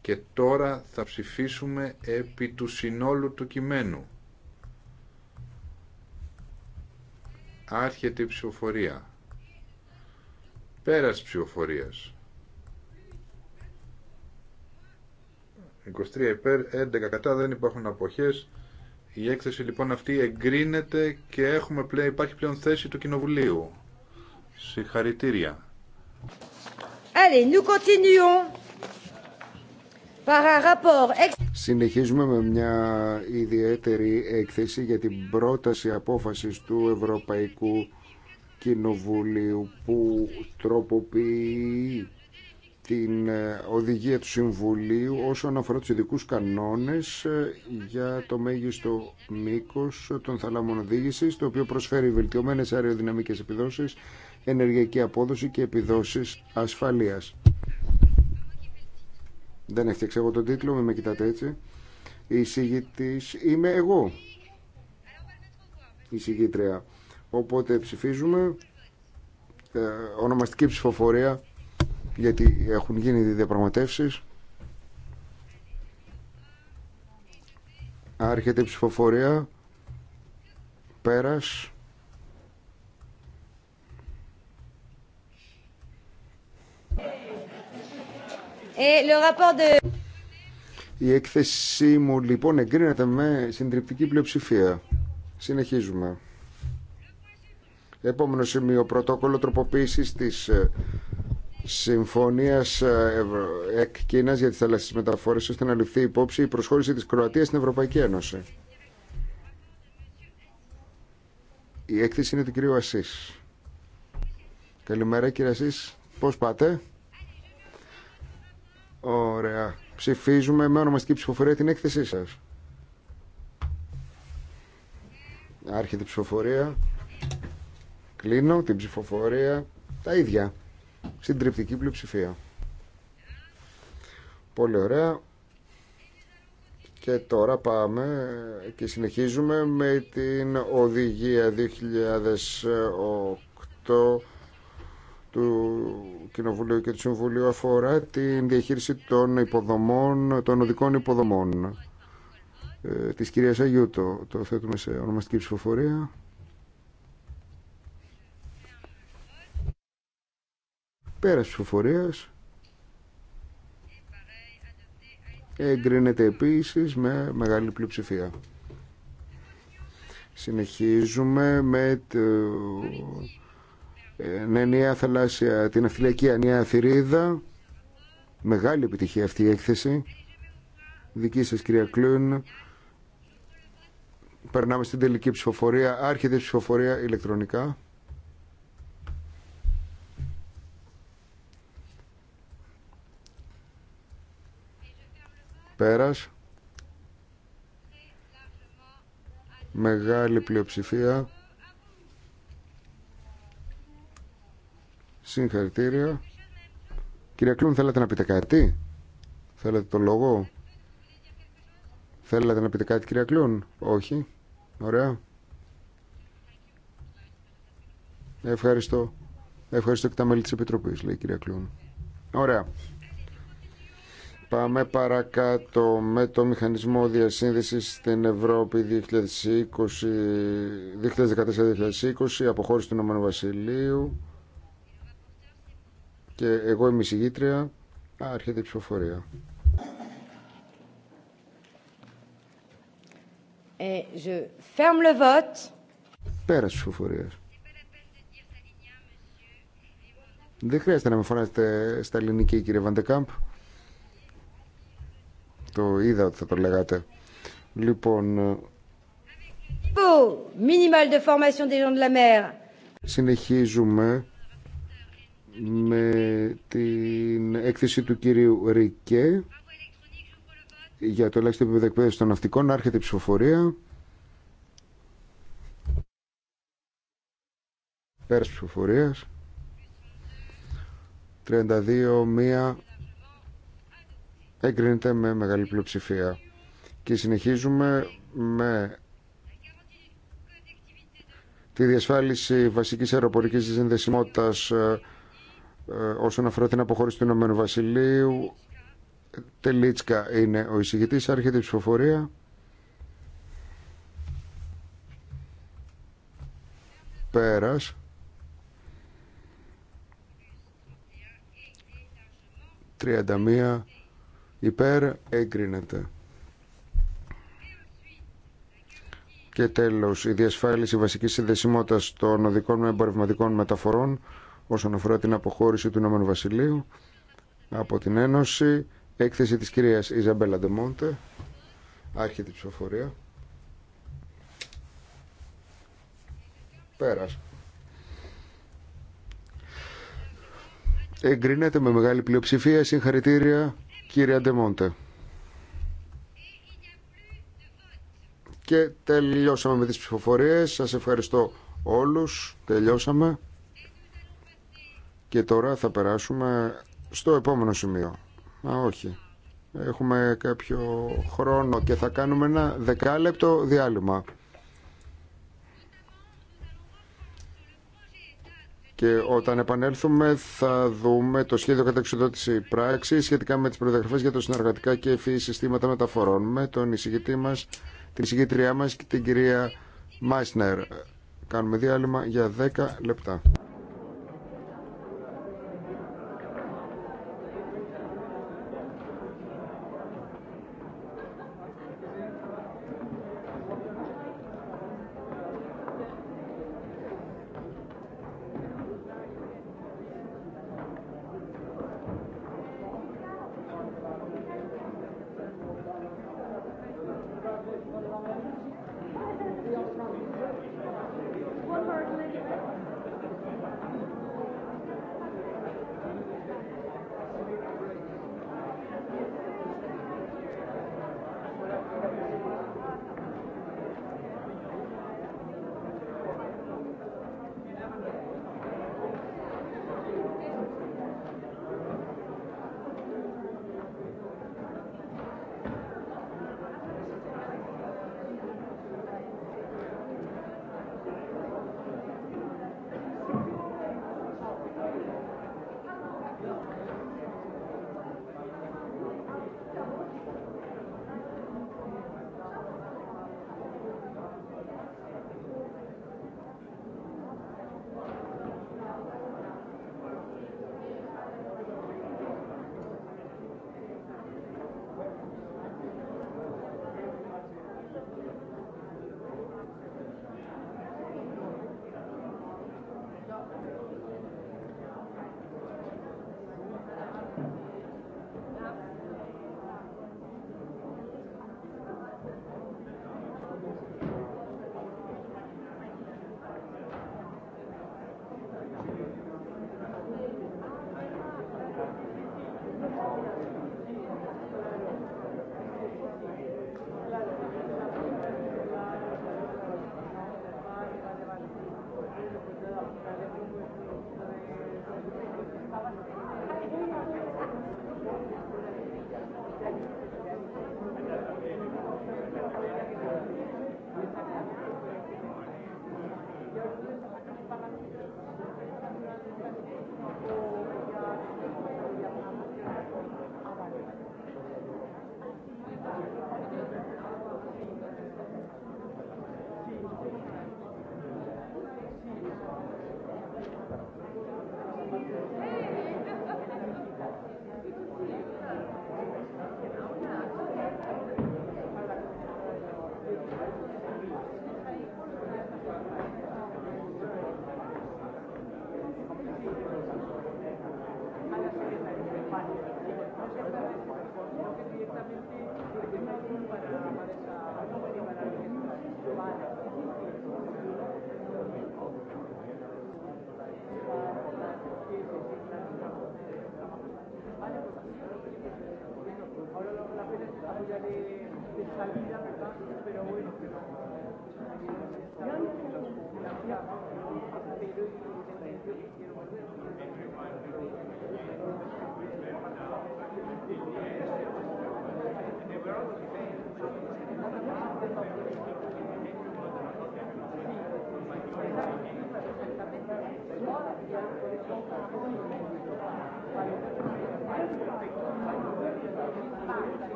και τώρα θα ψηφίσουμε επί του συνόλου του κειμένου άρχεται η ψηφοφορία Πέρας ψηφοφορίας. 23 υπέρ, 11 κατά, δεν υπάρχουν αποχές. Η έκθεση λοιπόν αυτή εγκρίνεται και έχουμε πλέον, υπάρχει πλέον θέση του Κοινοβουλίου. Συγχαρητήρια. Allez, nous continuons. Συνεχίζουμε με μια ιδιαίτερη έκθεση για την πρόταση απόφασης του Ευρωπαϊκού Κοινοβουλίου που τροποποιεί την ε, οδηγία του Συμβουλίου όσον αφορά τους ειδικού κανόνες ε, για το μέγιστο μήκος των θαλάμων οδήγησης, το οποίο προσφέρει βελτιωμένες αεροδυναμικές επιδόσεις, ενεργειακή απόδοση και επιδόσεις ασφαλείας. Δεν έφτιαξα εγώ τον τίτλο, μην με κοιτάτε έτσι. Η εισηγητής είμαι εγώ, η εισηγήτρια. Οπότε ψηφίζουμε ε, ονομαστική ψηφοφορία γιατί έχουν γίνει διαπραγματεύσεις. Άρχεται η ψηφοφορία. Πέρας. Η έκθεση μου λοιπόν εγκρίνεται με συντριπτική πλειοψηφία. Συνεχίζουμε. Επόμενο σημείο, πρωτόκολλο τροποποίησης της ε, Συμφωνίας ε, εκ για τις θαλασσιέ μεταφορές ώστε να ληφθεί υπόψη η προσχώρηση τη Κροατία στην Ευρωπαϊκή Ένωση. Η έκθεση είναι του κυρίου ασή. Καλημέρα κύριε Ασή. Πώς πάτε? Ωραία. Ψηφίζουμε με ονομαστική ψηφοφορία την έκθεσή σας. Άρχεται η ψηφοφορία. Κλείνω την ψηφοφορία τα ίδια. τριπτική πλειοψηφία. Πολύ ωραία. Και τώρα πάμε και συνεχίζουμε με την οδηγία 2008 του Κοινοβουλίου και του Συμβουλίου αφορά την διαχείριση των υποδομών, των οδικών υποδομών ε, της κυρίας Αγιούτο. Το θέτουμε σε ονομαστική ψηφοφορία. Πέρας ψηφοφορίας εγκρίνεται επίσης με μεγάλη πλειοψηφία. Συνεχίζουμε με το... ενιαία θαλάσσια, την αυθυλιακή Ανία Αθυρίδα. Μεγάλη επιτυχία αυτή η έκθεση. Δική σας κυρία Κλούν. Περνάμε στην τελική ψηφοφορία. Άρχεται η ψηφοφορία ηλεκτρονικά. Πέρας. Μεγάλη πλειοψηφία. Συγχαρητήρια. Κυρία Κλούν, θέλατε να πείτε κάτι. Θέλετε το λόγο. Θέλετε να πείτε κάτι, κυρία Κλούν. Όχι. Ωραία. Ευχαριστώ. Ευχαριστώ και τα μέλη τη Επιτροπή, λέει η κυρία Κλούν. Ωραία. Πάμε παρακάτω με το μηχανισμό διασύνδεσης στην Ευρώπη 2014-2020, αποχώρηση του Ηνωμένου Βασιλείου και εγώ είμαι συγγήτρια, άρχεται η ψηφοφορία. Ε, je Πέρας ψηφοφορίας. Δεν χρειάζεται να με φωνάσετε στα ελληνική, κύριε Βαντεκάμπ. Το είδα ότι θα το λέγατε. Λοιπόν... Ε, συνεχίζουμε με την έκθεση του κυρίου Ρικέ για το ελάχιστο επίπεδο εκπαίδευση των ναυτικών. Άρχεται η ψηφοφορία. ψηφοφορία. ψηφοφορίας. 32-1 εγκρίνεται με μεγάλη πλειοψηφία. Και συνεχίζουμε με τη διασφάλιση βασικής αεροπορικής συνδεσιμότητας ε, ε, όσον αφορά την αποχώρηση του Ηνωμένου Βασιλείου. Τελίτσκα είναι ο εισηγητής, άρχεται η ψηφοφορία. Πέρας. 31 υπέρ εγκρίνεται. Και τέλος, η διασφάλιση βασικής συνδεσιμότητας των οδικών με εμπορευματικών μεταφορών όσον αφορά την αποχώρηση του Ηνωμένου Βασιλείου από την Ένωση. Έκθεση της κυρίας Ιζαμπέλα Ντεμόντε, της ψηφοφορία. Πέρας. Εγκρίνεται με μεγάλη πλειοψηφία. Συγχαρητήρια Κύριε Αντεμόντε. Και τελειώσαμε με τις ψηφοφορίες. Σας ευχαριστώ όλους. Τελειώσαμε. Και τώρα θα περάσουμε στο επόμενο σημείο. Α, όχι. Έχουμε κάποιο χρόνο και θα κάνουμε ένα δεκάλεπτο διάλειμμα. Και όταν επανέλθουμε θα δούμε το σχέδιο καταξιδότηση πράξη σχετικά με τις προδιαγραφές για τα συνεργατικά και ευφύ συστήματα μεταφορών με τον εισηγητή μας, την εισηγήτριά μας και την κυρία Μάισνερ. Κάνουμε διάλειμμα για 10 λεπτά.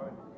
Arbeit.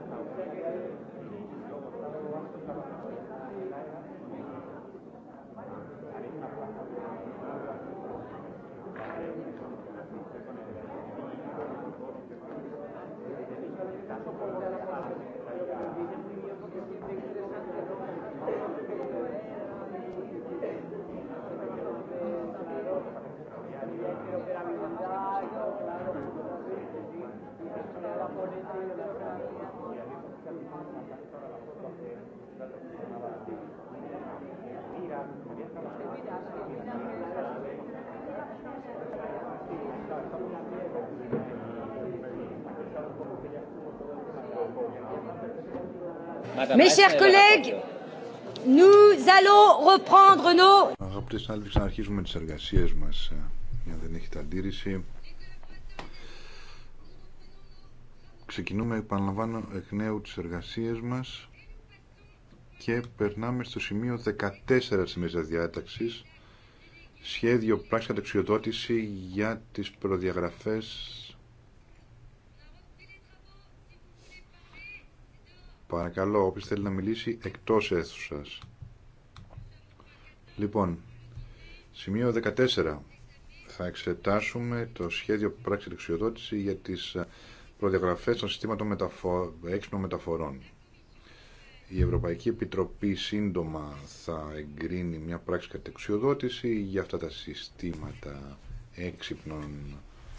Thank you. chers collègues, nous allons reprendre nos... Αγαπητοί συνάδελφοι, ξαναρχίζουμε τι εργασίε μα. Ε, για δεν έχετε αντίρρηση. Ξεκινούμε, επαναλαμβάνω, εκ νέου τι εργασίε μα και περνάμε στο σημείο 14 τη μέσα διάταξη. σχέδιο πράξη κατεξιοδότηση για τι προδιαγραφέ. Παρακαλώ, όποιος θέλει να μιλήσει εκτός αίθουσας. Λοιπόν, σημείο 14. Θα εξετάσουμε το σχέδιο πράξη δεξιοδότηση για τις ε, προδιαγραφές των συστήματων έξυπνων μεταφορών. Η Ευρωπαϊκή Επιτροπή σύντομα θα εγκρίνει μια πράξη κατεξιοδότηση για αυτά τα συστήματα έξυπνων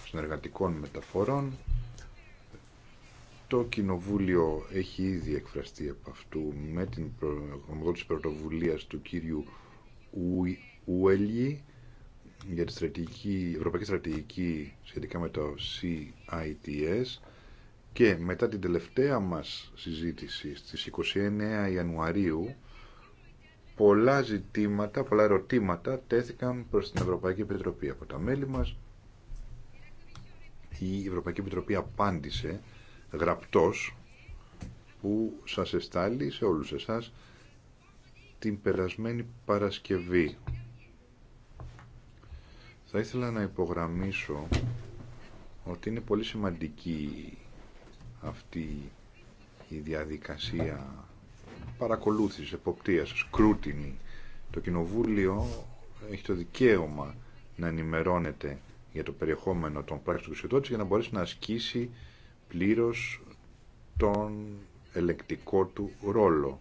συνεργατικών μεταφορών το Κοινοβούλιο έχει ήδη εκφραστεί από αυτού με την της πρωτοβουλία του κύριου Ουέλγη για τη στρατηγική, ευρωπαϊκή στρατηγική σχετικά με το CITS και μετά την τελευταία μας συζήτηση στις 29 Ιανουαρίου πολλά ζητήματα, πολλά ερωτήματα τέθηκαν προς την Ευρωπαϊκή Επιτροπή από τα μέλη μας η Ευρωπαϊκή Επιτροπή απάντησε γραπτός που σας εστάλει σε όλους εσάς την περασμένη Παρασκευή. Θα ήθελα να υπογραμμίσω ότι είναι πολύ σημαντική αυτή η διαδικασία παρακολούθησης, εποπτείας, σκρούτινη. Το Κοινοβούλιο έχει το δικαίωμα να ενημερώνεται για το περιεχόμενο των πράξεων του για να μπορέσει να ασκήσει πλήρως τον ελεκτικό του ρόλο.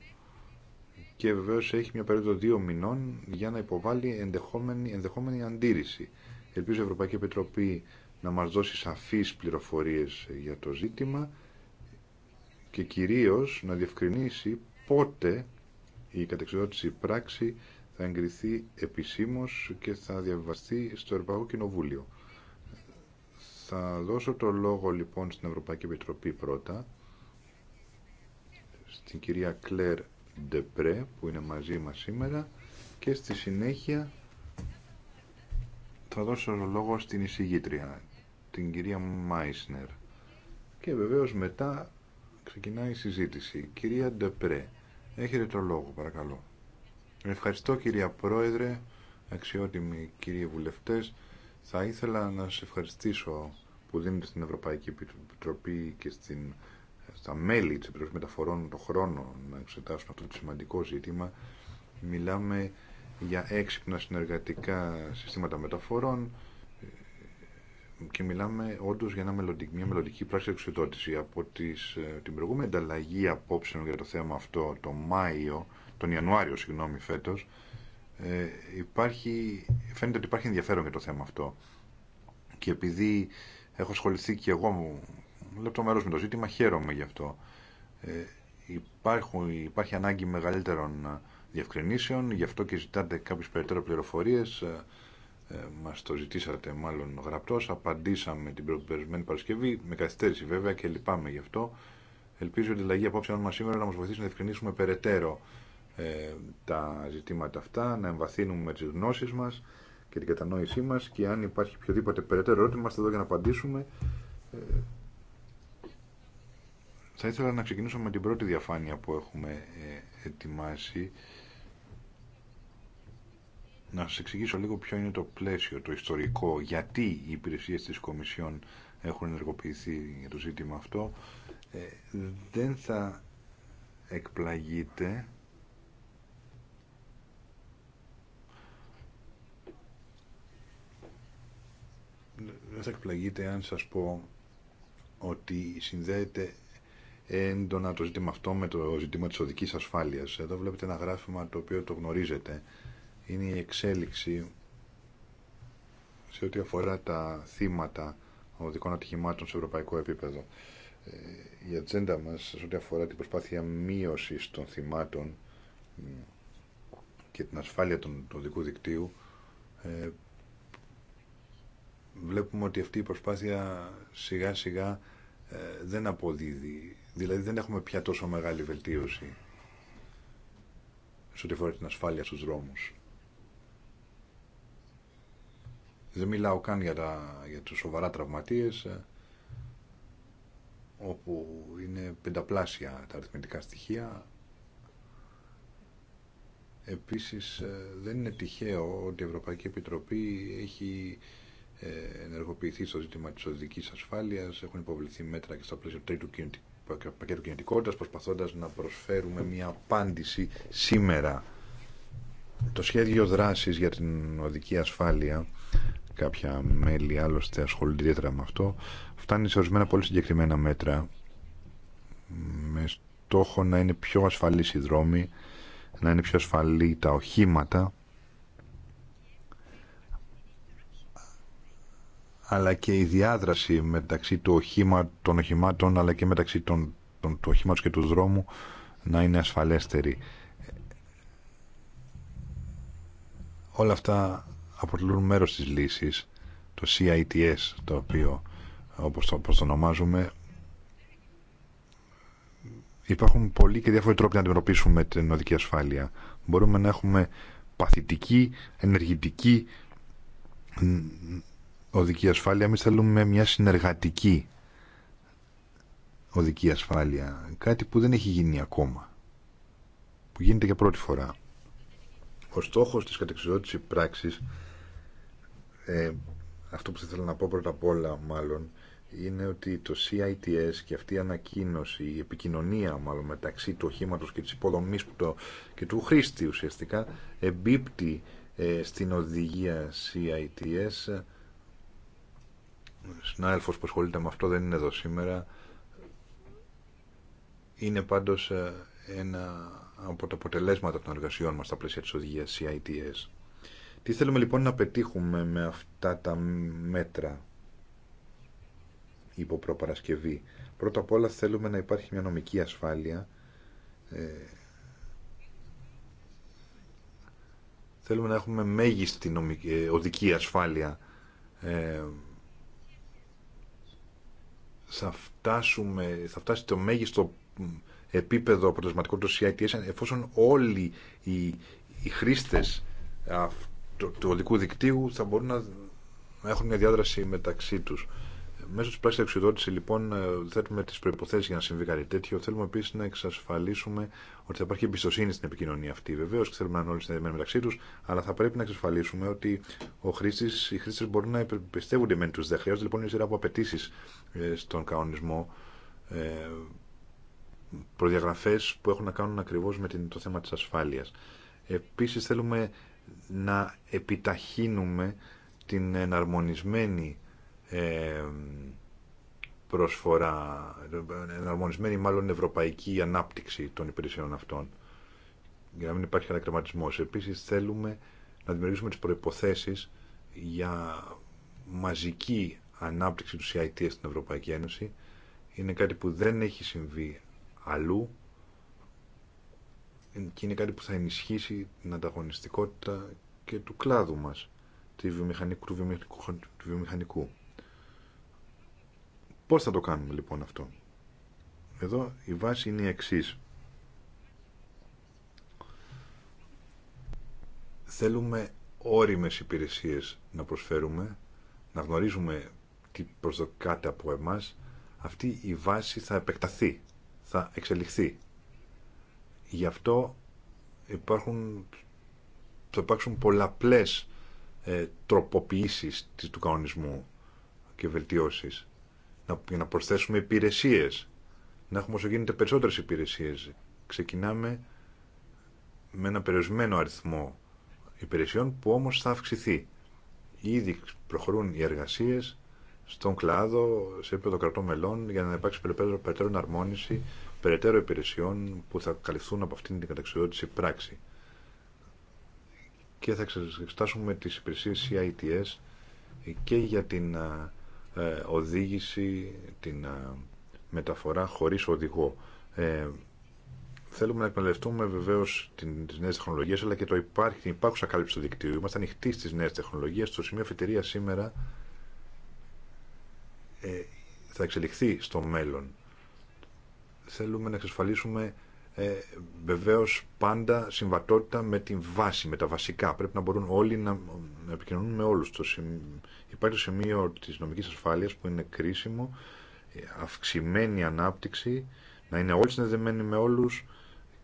Και βεβαίως έχει μια περίοδο δύο μηνών για να υποβάλει ενδεχόμενη, ενδεχόμενη αντίρρηση. Ελπίζω η Ευρωπαϊκή Επιτροπή να μας δώσει σαφείς πληροφορίες για το ζήτημα και κυρίως να διευκρινίσει πότε η κατεξοδότηση πράξη θα εγκριθεί επισήμως και θα διαβαστεί στο Ευρωπαϊκό Κοινοβούλιο. Θα δώσω το λόγο λοιπόν στην Ευρωπαϊκή Επιτροπή πρώτα, στην κυρία Κλέρ Ντεπρέ που είναι μαζί μας σήμερα και στη συνέχεια θα δώσω το λόγο στην εισηγήτρια, την κυρία Μάισνερ. Και βεβαίως μετά ξεκινάει η συζήτηση. Κυρία Ντεπρέ, έχετε το λόγο παρακαλώ. Ευχαριστώ κυρία Πρόεδρε, αξιότιμοι κύριοι βουλευτές. Θα ήθελα να σας ευχαριστήσω που δίνεται στην Ευρωπαϊκή Επιτροπή και στην, στα μέλη τη Επιτροπής Μεταφορών το χρόνο να εξετάσουν αυτό το σημαντικό ζήτημα. Μιλάμε για έξυπνα συνεργατικά συστήματα μεταφορών ε, και μιλάμε όντω για ένα μελλοντική, μια μελλοντική πράξη εξουδότηση. Από τις, ε, την προηγούμενη ανταλλαγή απόψεων για το θέμα αυτό το Μάιο, τον Ιανουάριο συγγνώμη φέτο, ε, υπάρχει, φαίνεται ότι υπάρχει ενδιαφέρον για το θέμα αυτό. Και επειδή έχω ασχοληθεί και εγώ μου λεπτομερώς με το ζήτημα, χαίρομαι γι' αυτό. Ε, υπάρχουν, υπάρχει ανάγκη μεγαλύτερων ε, διευκρινήσεων, γι' αυτό και ζητάτε κάποιες περαιτέρω πληροφορίες. Ε, ε μας το ζητήσατε μάλλον γραπτός, απαντήσαμε την προηγουμένη Παρασκευή, με καθυστέρηση βέβαια και λυπάμαι γι' αυτό. Ελπίζω ότι η λαγή απόψεων μας σήμερα να μας βοηθήσει να διευκρινίσουμε περαιτέρω ε, τα ζητήματα αυτά, να εμβαθύνουμε τις γνώσεις μας και την κατανόησή μας και αν υπάρχει οποιοδήποτε περαιτέρω ερώτημα είμαστε εδώ για να απαντήσουμε. Ε, θα ήθελα να ξεκινήσω με την πρώτη διαφάνεια που έχουμε ε, ετοιμάσει. Να σας εξηγήσω λίγο ποιο είναι το πλαίσιο, το ιστορικό, γιατί οι υπηρεσίε της Κομισιόν έχουν ενεργοποιηθεί για το ζήτημα αυτό. Ε, δεν θα εκπλαγείτε δεν θα εκπλαγείτε αν σας πω ότι συνδέεται έντονα το ζήτημα αυτό με το ζήτημα της οδικής ασφάλειας. Εδώ βλέπετε ένα γράφημα το οποίο το γνωρίζετε. Είναι η εξέλιξη σε ό,τι αφορά τα θύματα οδικών ατυχημάτων σε ευρωπαϊκό επίπεδο. Ε, η ατζέντα μας σε ό,τι αφορά την προσπάθεια μείωσης των θυμάτων και την ασφάλεια των οδικού δικτύου ε, βλέπουμε ότι αυτή η προσπάθεια σιγά σιγά ε, δεν αποδίδει. Δηλαδή δεν έχουμε πια τόσο μεγάλη βελτίωση σε ό,τι αφορά την ασφάλεια στους δρόμους. Δεν μιλάω καν για, τα, για τους σοβαρά τραυματίες ε, όπου είναι πενταπλάσια τα αριθμητικά στοιχεία. Επίσης ε, δεν είναι τυχαίο ότι η Ευρωπαϊκή Επιτροπή έχει ε, ενεργοποιηθεί στο ζήτημα τη οδικής ασφάλειας, έχουν υποβληθεί μέτρα και στα πλαίσια του τρίτου πακέτου κινητικότητα, προσπαθώντα να προσφέρουμε μια απάντηση σήμερα. Το σχέδιο δράσης για την οδική ασφάλεια, κάποια μέλη άλλωστε ασχολούνται ιδιαίτερα με αυτό, φτάνει σε ορισμένα πολύ συγκεκριμένα μέτρα, με στόχο να είναι πιο ασφαλή οι δρόμοι, να είναι πιο ασφαλή τα οχήματα, αλλά και η διάδραση μεταξύ του οχήμα, των οχημάτων αλλά και μεταξύ των, των, του και του δρόμου να είναι ασφαλέστερη. Όλα αυτά αποτελούν μέρος της λύσης. Το CITS, το οποίο όπως το, ονομάζουμε, υπάρχουν πολλοί και διάφοροι τρόποι να αντιμετωπίσουμε την οδική ασφάλεια. Μπορούμε να έχουμε παθητική, ενεργητική οδική ασφάλεια. Εμεί θέλουμε μια συνεργατική οδική ασφάλεια. Κάτι που δεν έχει γίνει ακόμα. Που γίνεται για πρώτη φορά. Ο στόχος της κατεξοδότησης πράξης ε, αυτό που θα ήθελα να πω πρώτα απ' όλα μάλλον είναι ότι το CITS και αυτή η ανακοίνωση, η επικοινωνία μάλλον μεταξύ του οχήματο και της υποδομής που το, και του χρήστη ουσιαστικά εμπίπτει ε, στην οδηγία CITS συνάδελφος που ασχολείται με αυτό δεν είναι εδώ σήμερα. Είναι πάντως ε, ένα από τα αποτελέσματα των εργασιών μας στα πλαίσια της οδηγίας CITS. Τι θέλουμε λοιπόν να πετύχουμε με αυτά τα μέτρα υπό προπαρασκευή. Πρώτα απ' όλα θέλουμε να υπάρχει μια νομική ασφάλεια. Ε, θέλουμε να έχουμε μέγιστη νομική, ε, οδική ασφάλεια θα φτάσουμε, θα φτάσει το μέγιστο επίπεδο αποτελεσματικό του CITS εφόσον όλοι οι, οι χρήστες του οδικού δικτύου θα μπορούν να, να έχουν μια διάδραση μεταξύ τους. Μέσω τη πράξη εξουδότηση, λοιπόν, ε, θέτουμε τι προποθέσει για να συμβεί κάτι τέτοιο. Θέλουμε επίση να εξασφαλίσουμε ότι θα υπάρχει εμπιστοσύνη στην επικοινωνία αυτή. Βεβαίω και θέλουμε να είναι όλοι συνδεδεμένοι μεταξύ του, αλλά θα πρέπει να εξασφαλίσουμε ότι ο χρήστης, οι χρήστε μπορούν να πιστεύονται μεν του. Δεν χρειάζονται λοιπόν μια σειρά από απαιτήσει ε, στον κανονισμό, ε, προδιαγραφέ που έχουν να κάνουν ακριβώ με το θέμα τη ασφάλεια. Επίση θέλουμε να επιταχύνουμε την εναρμονισμένη προσφορά, εναρμονισμένη μάλλον ευρωπαϊκή ανάπτυξη των υπηρεσιών αυτών για να μην υπάρχει κατακρεματισμός. Επίσης θέλουμε να δημιουργήσουμε τις προϋποθέσεις για μαζική ανάπτυξη του CIT στην Ευρωπαϊκή Ένωση. Είναι κάτι που δεν έχει συμβεί αλλού και είναι κάτι που θα ενισχύσει την ανταγωνιστικότητα και του κλάδου μας, του βιομηχανικού. Του βιομηχανικού. Πώς θα το κάνουμε λοιπόν αυτό. Εδώ η βάση είναι η εξής. Θέλουμε όριμες υπηρεσίες να προσφέρουμε, να γνωρίζουμε τι προσδοκάται από εμάς. Αυτή η βάση θα επεκταθεί, θα εξελιχθεί. Γι' αυτό υπάρχουν, θα υπάρξουν πολλαπλές ε, τροποποιήσεις του κανονισμού και βελτιώσεις για να προσθέσουμε υπηρεσίε Να έχουμε όσο γίνεται περισσότερε υπηρεσίε. Ξεκινάμε με ένα περιορισμένο αριθμό υπηρεσιών που όμως θα αυξηθεί. Ήδη προχωρούν οι εργασίες στον κλάδο, σε επίπεδο κρατών μελών, για να υπάρξει περαιτέρω εναρμόνιση περαιτέρω υπηρεσιών που θα καλυφθούν από αυτήν την καταξιδότηση πράξη. Και θα εξετάσουμε τις υπηρεσίες CITS και για την ε, οδήγηση, την ε, μεταφορά χωρίς οδηγό. Ε, θέλουμε να εκμελευτούμε βεβαίω τι νέε τεχνολογίε, αλλά και το υπάρχει, την υπάρχουσα κάλυψη του δικτύου. Είμαστε ανοιχτοί στι νέε τεχνολογίε. Το σημείο αφιτηρία σήμερα ε, θα εξελιχθεί στο μέλλον. Θέλουμε να εξασφαλίσουμε ε, βεβαίω πάντα συμβατότητα με την βάση, με τα βασικά. Πρέπει να μπορούν όλοι να να επικοινωνούν με όλους. Υπάρχει το σημείο της νομικής ασφάλειας που είναι κρίσιμο, ε, αυξημένη ανάπτυξη, να είναι όλοι συνδεδεμένοι με όλους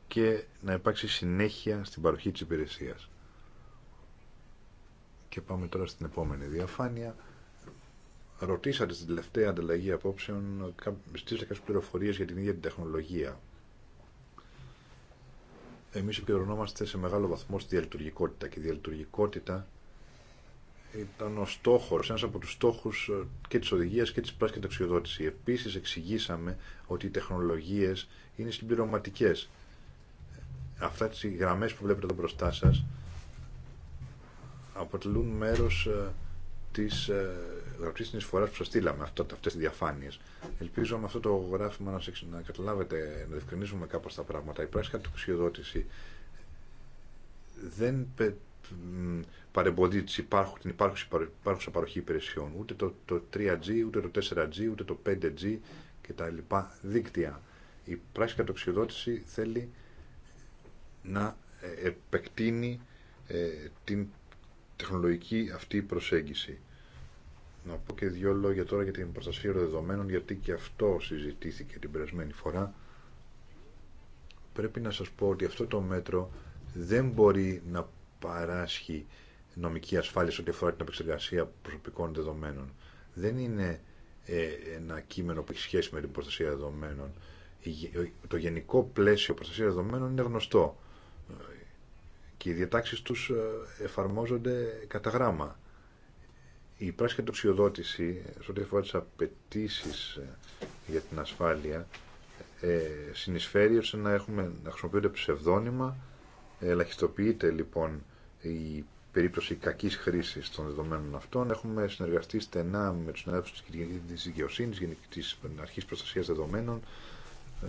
και να υπάρξει συνέχεια στην παροχή της υπηρεσίας. Και πάμε τώρα στην επόμενη διαφάνεια. Ρωτήσατε στην τελευταία ανταλλαγή απόψεων, στήσατε κάποιες πληροφορίες για την ίδια την τεχνολογία. Εμείς επικεντρωνόμαστε σε μεγάλο βαθμό στη διαλειτουργικότητα και η διαλειτουργικότητα ήταν ο στόχο ένα από του στόχου ε, και τη οδηγία και τη πράσινης ταξιοδότηση. Επίση εξηγήσαμε ότι οι τεχνολογίε είναι συμπληρωματικέ. Αυτά τις γραμμέ που βλέπετε εδώ μπροστά σα αποτελούν μέρος ε, της ε, γραψής συνεισφορά που σα στείλαμε, αυτέ αυτές διαφάνειε. Ελπίζω με αυτό το γράφημα να, να καταλάβετε, να διευκρινίσουμε κάπως τα πράγματα. Η πράσινη αξιοδότηση δεν παρεμποδίζει την υπάρχουσα παροχή υπηρεσιών. Ούτε το, το 3G, ούτε το 4G, ούτε το 5G και τα λοιπά δίκτυα. Η πράξη κατοξιδότηση θέλει να ε, επεκτείνει ε, την τεχνολογική αυτή προσέγγιση. Να πω και δύο λόγια τώρα για την προστασία των δεδομένων, γιατί και αυτό συζητήθηκε την περασμένη φορά. Πρέπει να σας πω ότι αυτό το μέτρο δεν μπορεί να παράσχει νομική ασφάλεια σε ό,τι αφορά την επεξεργασία προσωπικών δεδομένων. Δεν είναι ε, ένα κείμενο που έχει σχέση με την προστασία δεδομένων. Το γενικό πλαίσιο προστασία δεδομένων είναι γνωστό και οι διατάξεις τους ε, εφαρμόζονται κατά γράμμα. Η πράσινη τοξιοδότηση, σε ό,τι αφορά τις απαιτήσει ε, για την ασφάλεια, ε, συνεισφέρει ώστε να, έχουμε, να χρησιμοποιούνται ψευδόνυμα Ελαχιστοποιείται λοιπόν η περίπτωση κακής χρήσης των δεδομένων αυτών. Έχουμε συνεργαστεί στενά με τους συναδέλφους της δικαιοσύνη της αρχής προστασίας δεδομένων, ε,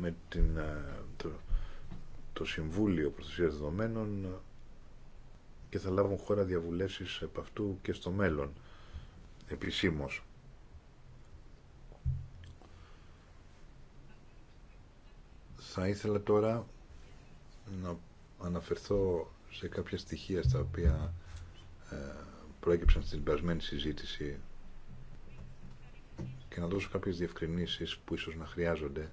με την, ε, το, το Συμβούλιο Προστασίας Δεδομένων ε, και θα λάβουν χώρα διαβουλεύσεις επ' αυτού και στο μέλλον, επισήμως. Θα ήθελα τώρα να αναφερθώ σε κάποια στοιχεία στα οποία ε, προέκυψαν στην περασμένη συζήτηση και να δώσω κάποιες διευκρινήσεις που ίσως να χρειάζονται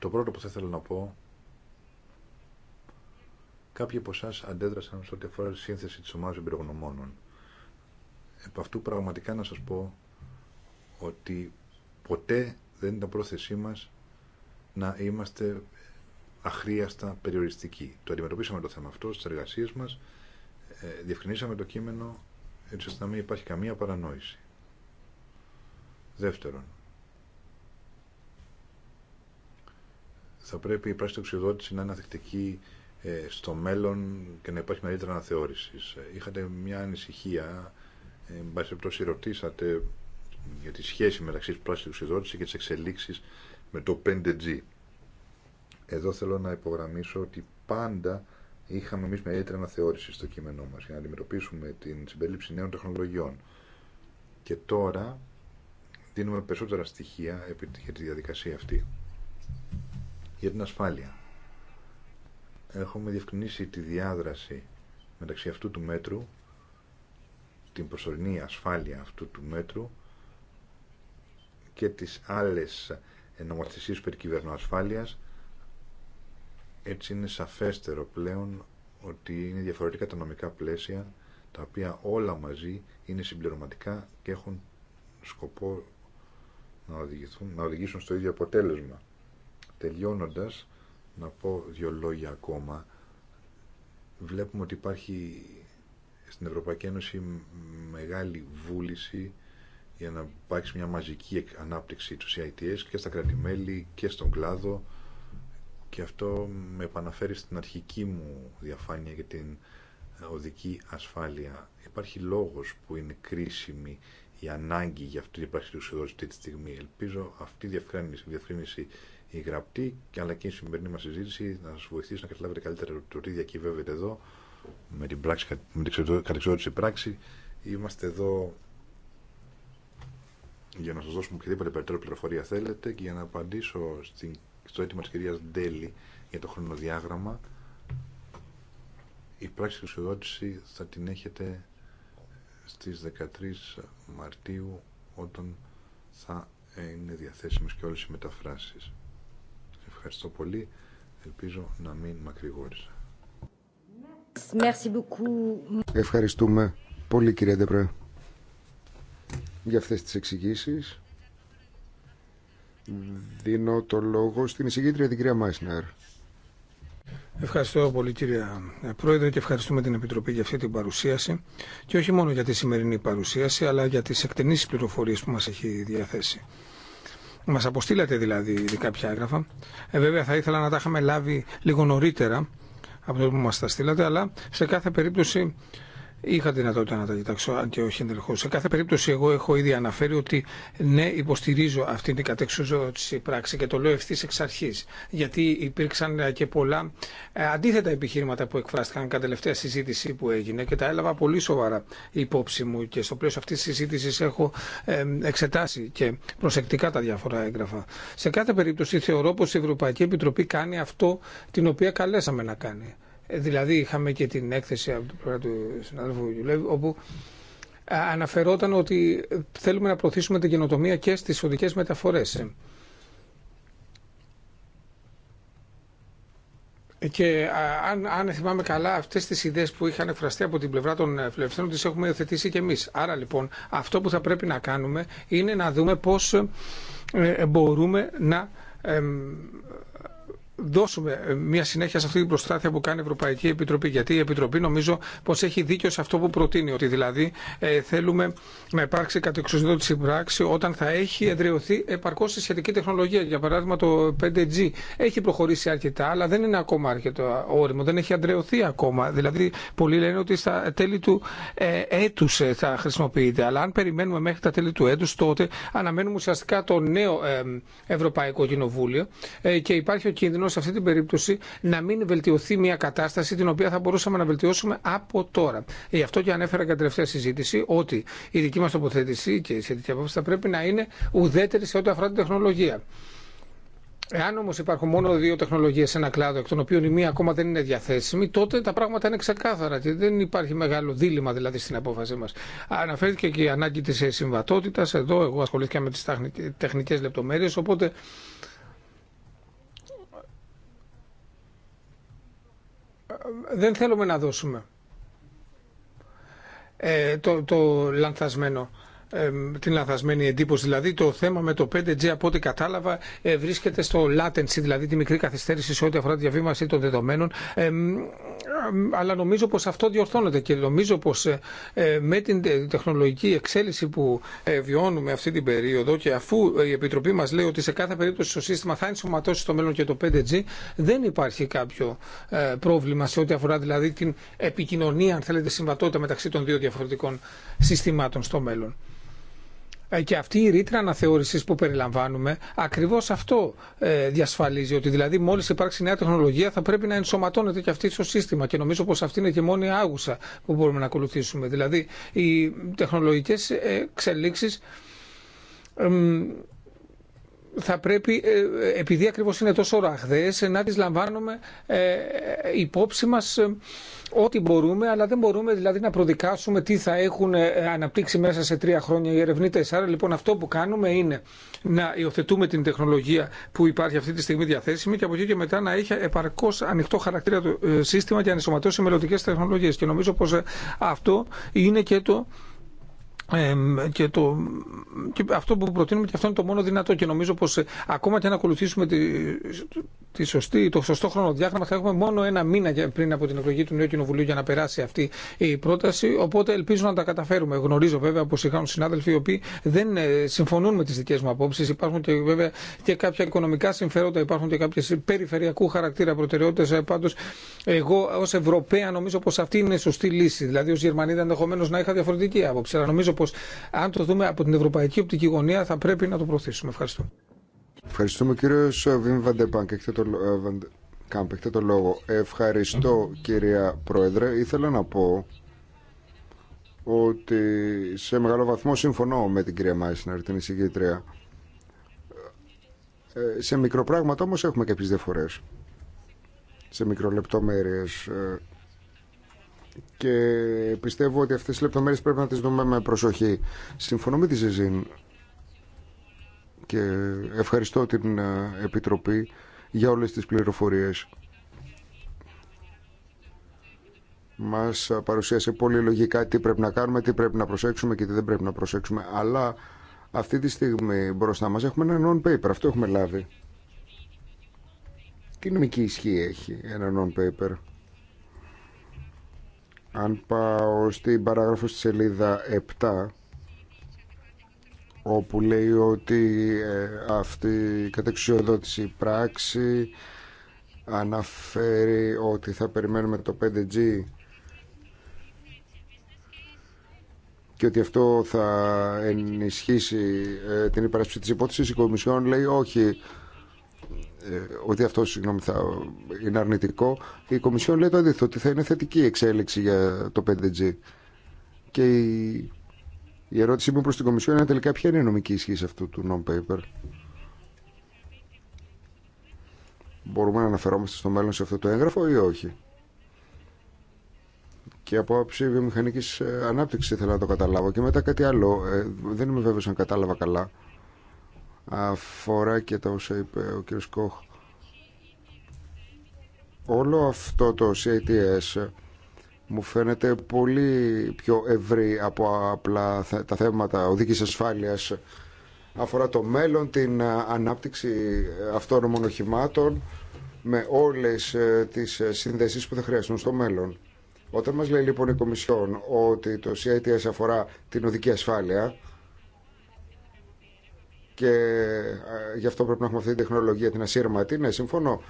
Το πρώτο που θα ήθελα να πω κάποιοι από εσά αντέδρασαν στο ό,τι αφορά τη σύνθεση της ομάδας εμπειρογνωμόνων. Επ' αυτού πραγματικά να σας πω ότι ποτέ δεν ήταν πρόθεσή μας να είμαστε αχρίαστα περιοριστικοί. Το αντιμετωπίσαμε το θέμα αυτό στις εργασίες μας, ε, διευκρινίσαμε το κείμενο έτσι ώστε να μην υπάρχει καμία παρανόηση. Δεύτερον, θα πρέπει η πράξη οξυδότηση να είναι ανθεκτική ε, στο μέλλον και να υπάρχει μεγαλύτερη αναθεώρηση. Είχατε μια ανησυχία, ε, εν πάση ρωτήσατε για τη σχέση μεταξύ της πράσινης εξοδότησης και της εξελίξης με το 5G. Εδώ θέλω να υπογραμμίσω ότι πάντα είχαμε εμεί μεγαλύτερη αναθεώρηση στο κείμενό μας για να αντιμετωπίσουμε την συμπερίληψη νέων τεχνολογιών. Και τώρα δίνουμε περισσότερα στοιχεία για τη διαδικασία αυτή. Για την ασφάλεια. Έχουμε διευκρινίσει τη διάδραση μεταξύ αυτού του μέτρου, την προσωρινή ασφάλεια αυτού του μέτρου και τις άλλες ε, νομοθεσίες περί κυβερνοασφάλειας έτσι είναι σαφέστερο πλέον ότι είναι διαφορετικά τα νομικά πλαίσια τα οποία όλα μαζί είναι συμπληρωματικά και έχουν σκοπό να, οδηγηθούν, να οδηγήσουν στο ίδιο αποτέλεσμα. Τελειώνοντας, να πω δύο λόγια ακόμα. Βλέπουμε ότι υπάρχει στην Ευρωπαϊκή Ένωση μεγάλη βούληση για να υπάρξει μια μαζική ανάπτυξη του CITS και στα κρατημέλη και στον κλάδο και αυτό με επαναφέρει στην αρχική μου διαφάνεια για την ε, οδική ασφάλεια. Υπάρχει λόγος που είναι κρίσιμη η ανάγκη για αυτή την πράξη του ΣΥΔΟΣ αυτή τη στιγμή. Ελπίζω αυτή η διευκρίνηση, η γραπτή αλλά και η σημερινή μας συζήτηση να σας βοηθήσει να καταλάβετε καλύτερα το τι διακυβεύεται εδώ με την, πράξη, με την κατεξοδότηση πράξη. Είμαστε εδώ για να σας δώσουμε οποιαδήποτε περαιτέρω πληροφορία θέλετε και για να απαντήσω στο αίτημα τη κυρία Ντέλη για το χρονοδιάγραμμα η πράξη εξοδότηση θα την έχετε στις 13 Μαρτίου όταν θα είναι διαθέσιμε και όλες οι μεταφράσεις. Ευχαριστώ πολύ. Ελπίζω να μην μακρηγόρησα. Ευχαριστούμε πολύ κύριε Ντεπρέ για αυτές τις εξηγήσει. Δίνω το λόγο στην εισηγήτρια την κυρία Μάισνερ. Ευχαριστώ πολύ κύριε Πρόεδρε και ευχαριστούμε την Επιτροπή για αυτή την παρουσίαση και όχι μόνο για τη σημερινή παρουσίαση αλλά για τις εκτενείς πληροφορίες που μας έχει διαθέσει. Μα αποστήλατε δηλαδή κάποια έγγραφα. Ε, βέβαια θα ήθελα να τα είχαμε λάβει λίγο νωρίτερα από το που μα τα στείλατε, αλλά σε κάθε περίπτωση είχα δυνατότητα να τα κοιτάξω, αν και όχι εντελώ. Σε κάθε περίπτωση, εγώ έχω ήδη αναφέρει ότι ναι, υποστηρίζω αυτή την κατεξουζότηση πράξη και το λέω ευθύ εξ αρχή. Γιατί υπήρξαν ε, και πολλά ε, αντίθετα επιχείρηματα που εκφράστηκαν κατά τελευταία συζήτηση που έγινε και τα έλαβα πολύ σοβαρά υπόψη μου και στο πλαίσιο αυτή τη συζήτηση έχω ε, εξετάσει και προσεκτικά τα διάφορα έγγραφα. Σε κάθε περίπτωση, θεωρώ πω η Ευρωπαϊκή Επιτροπή κάνει αυτό την οποία καλέσαμε να κάνει. Ε, δηλαδή είχαμε και την έκθεση από την πλευρά του συναδέλφου Γιουλέβη, όπου ε, αναφερόταν ότι θέλουμε να προωθήσουμε την καινοτομία και στις οδικές μεταφορές. Ναι. Ε, και αν, αν θυμάμαι καλά, αυτέ τι ιδέε που είχαν εκφραστεί από την πλευρά των φιλελευθέρων τι έχουμε υιοθετήσει και εμεί. Άρα λοιπόν, αυτό που θα πρέπει να κάνουμε είναι να δούμε πώ μπορούμε να δώσουμε μια συνέχεια σε αυτή την προσπάθεια που κάνει η Ευρωπαϊκή Επιτροπή. Γιατί η Επιτροπή νομίζω πω έχει δίκιο σε αυτό που προτείνει, ότι δηλαδή ε, θέλουμε να υπάρξει κατεξουσιοδότηση πράξη όταν θα έχει εδραιωθεί επαρκώ η σχετική τεχνολογία. Για παράδειγμα, το 5G έχει προχωρήσει αρκετά, αλλά δεν είναι ακόμα αρκετό όριμο, δεν έχει αντρεωθεί ακόμα. Δηλαδή, πολλοί λένε ότι στα τέλη του ε, έτου ε, θα χρησιμοποιείται. Αλλά αν περιμένουμε μέχρι τα τέλη του έτου, τότε αναμένουμε ουσιαστικά το νέο ε, Ευρωπαϊκό Κοινοβούλιο και υπάρχει ο κίνδυνο ενώ σε αυτή την περίπτωση να μην βελτιωθεί μια κατάσταση την οποία θα μπορούσαμε να βελτιώσουμε από τώρα. Γι' αυτό και ανέφερα κατά τελευταία συζήτηση ότι η δική μα τοποθέτηση και η σχετική απόφαση θα πρέπει να είναι ουδέτερη σε ό,τι αφορά την τεχνολογία. Εάν όμω υπάρχουν μόνο δύο τεχνολογίε σε ένα κλάδο, εκ των οποίων η μία ακόμα δεν είναι διαθέσιμη, τότε τα πράγματα είναι ξεκάθαρα και δεν υπάρχει μεγάλο δίλημα δηλαδή στην απόφασή μα. Αναφέρθηκε και η ανάγκη τη συμβατότητα. Εδώ εγώ ασχολήθηκα με τι τεχνικέ λεπτομέρειε, οπότε δεν θέλουμε να δώσουμε ε, το, το λανθασμένο την λαθασμένη εντύπωση. Δηλαδή το θέμα με το 5G από ό,τι κατάλαβα ε, βρίσκεται στο latency, δηλαδή τη μικρή καθυστέρηση σε ό,τι αφορά τη διαβίβαση των δεδομένων. Ε, αλλά νομίζω πως αυτό διορθώνεται και νομίζω πως ε, ε, με την τεχνολογική εξέλιξη που βιώνουμε αυτή την περίοδο και αφού η Επιτροπή μας λέει ότι σε κάθε περίπτωση το σύστημα θα ενσωματώσει στο μέλλον και το 5G δεν υπάρχει κάποιο πρόβλημα σε ό,τι αφορά δηλαδή την επικοινωνία αν θέλετε συμβατότητα μεταξύ των δύο διαφορετικών συστημάτων στο μέλλον. Ε, και αυτή η ρήτρα αναθεώρηση που περιλαμβάνουμε ακριβώ αυτό ε, διασφαλίζει. Ότι δηλαδή μόλι υπάρξει νέα τεχνολογία θα πρέπει να ενσωματώνεται και αυτή στο σύστημα. Και νομίζω πω αυτή είναι και μόνη άγουσα που μπορούμε να ακολουθήσουμε. Δηλαδή οι τεχνολογικέ ε, εξελίξει θα πρέπει, ε, επειδή ακριβώς είναι τόσο ραχδές να τις λαμβάνουμε ε, υπόψη μας ε, ό,τι μπορούμε, αλλά δεν μπορούμε δηλαδή να προδικάσουμε τι θα έχουν αναπτύξει μέσα σε τρία χρόνια οι ερευνητέ. Άρα λοιπόν αυτό που κάνουμε είναι να υιοθετούμε την τεχνολογία που υπάρχει αυτή τη στιγμή διαθέσιμη και από εκεί και μετά να έχει επαρκώ ανοιχτό χαρακτήρα το σύστημα για να ενσωματώσει μελλοντικέ τεχνολογίε. Και νομίζω πω αυτό είναι και το ε, και, το, και αυτό που προτείνουμε και αυτό είναι το μόνο δυνατό και νομίζω πως ε, ακόμα και αν ακολουθήσουμε τη, τη σωστή, το σωστό χρονοδιάγραμμα θα έχουμε μόνο ένα μήνα πριν από την εκλογή του νέου κοινοβουλίου για να περάσει αυτή η πρόταση οπότε ελπίζω να τα καταφέρουμε γνωρίζω βέβαια πως υπάρχουν συνάδελφοι οι οποίοι δεν ε, συμφωνούν με τις δικές μου απόψεις υπάρχουν και βέβαια και κάποια οικονομικά συμφέροντα υπάρχουν και κάποιες περιφερειακού χαρακτήρα προτεραιότητες ε, πάντως εγώ ως Ευρωπαία νομίζω πως αυτή είναι σωστή λύση δηλαδή ως Γερμανίδα ενδεχομένω να είχα διαφορετική άποψη αλλά νομίζω αν το δούμε από την ευρωπαϊκή οπτική γωνία θα πρέπει να το προωθήσουμε. Ευχαριστώ. Ευχαριστούμε κύριο Βίμ Βαντεπάνκ. Έχετε το, ε, έχετε το λόγο. Ευχαριστώ κυρία Πρόεδρε. Ήθελα να πω ότι σε μεγάλο βαθμό συμφωνώ με την κυρία Μάισνερ, την εισηγήτρια. Ε, σε μικροπράγματα όμως έχουμε κάποιες διαφορές. Σε μικρολεπτομέρειες ε, και πιστεύω ότι αυτές τις λεπτομέρειες πρέπει να τις δούμε με προσοχή. Συμφωνώ με τη Ζεζίν και ευχαριστώ την ε, Επιτροπή για όλες τις πληροφορίες. Μας ε, παρουσίασε πολύ λογικά τι πρέπει να κάνουμε, τι πρέπει να προσέξουμε και τι δεν πρέπει να προσέξουμε. Αλλά αυτή τη στιγμή μπροστά μας έχουμε ένα non-paper, αυτό έχουμε λάβει. Τι νομική ισχύ έχει ένα non-paper. Αν πάω στην παράγραφο στη σελίδα 7 όπου λέει ότι ε, αυτή η κατεξιοδότηση πράξη αναφέρει ότι θα περιμένουμε το 5G και ότι αυτό θα ενισχύσει ε, την υπερασπίση της υπόθεση Η Κομισιόν λέει όχι, ε, ότι αυτό συγγνώμη, θα είναι αρνητικό. Η Κομισιόν λέει το αντίθετο, ότι θα είναι θετική η εξέλιξη για το 5G. Και η, η ερώτησή μου προς την Κομισιόν είναι τελικά ποια είναι η νομική ισχύ αυτού του non-paper. Μπορούμε να αναφερόμαστε στο μέλλον σε αυτό το έγγραφο ή όχι. Και από άψη βιομηχανική ε, ανάπτυξη ήθελα να το καταλάβω. Και μετά κάτι άλλο. Ε, δεν είμαι βέβαιο αν κατάλαβα καλά αφορά και τα όσα είπε ο κ. Κόχ. Όλο αυτό το CITS μου φαίνεται πολύ πιο ευρύ από απλά τα θέματα οδικής ασφάλειας. Αφορά το μέλλον, την ε, ανάπτυξη αυτόνομων οχημάτων με όλες ε, τις ε, συνδέσεις που θα χρειαστούν στο μέλλον. Όταν μας λέει λοιπόν η Κομισιόν ότι το CITS αφορά την οδική ασφάλεια, και γι' αυτό πρέπει να έχουμε αυτή την τεχνολογία την ασύρματη. Ναι, συμφωνώ.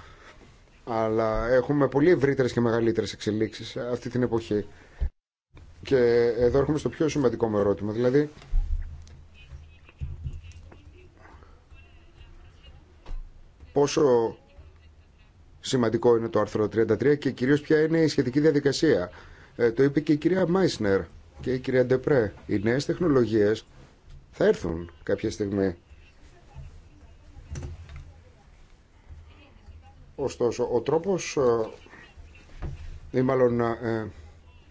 Αλλά έχουμε πολύ ευρύτερε και μεγαλύτερε εξελίξει αυτή την εποχή. Και εδώ έρχομαι στο πιο σημαντικό μου ερώτημα. Δηλαδή, πόσο σημαντικό είναι το άρθρο 33 και κυρίως ποια είναι η σχετική διαδικασία. Ε, το είπε και η κυρία Μάισνερ και η κυρία Ντεπρέ. Οι νέες τεχνολογίες θα έρθουν κάποια στιγμή. Ωστόσο, ο τρόπος, ε, ή μάλλον ε, ε,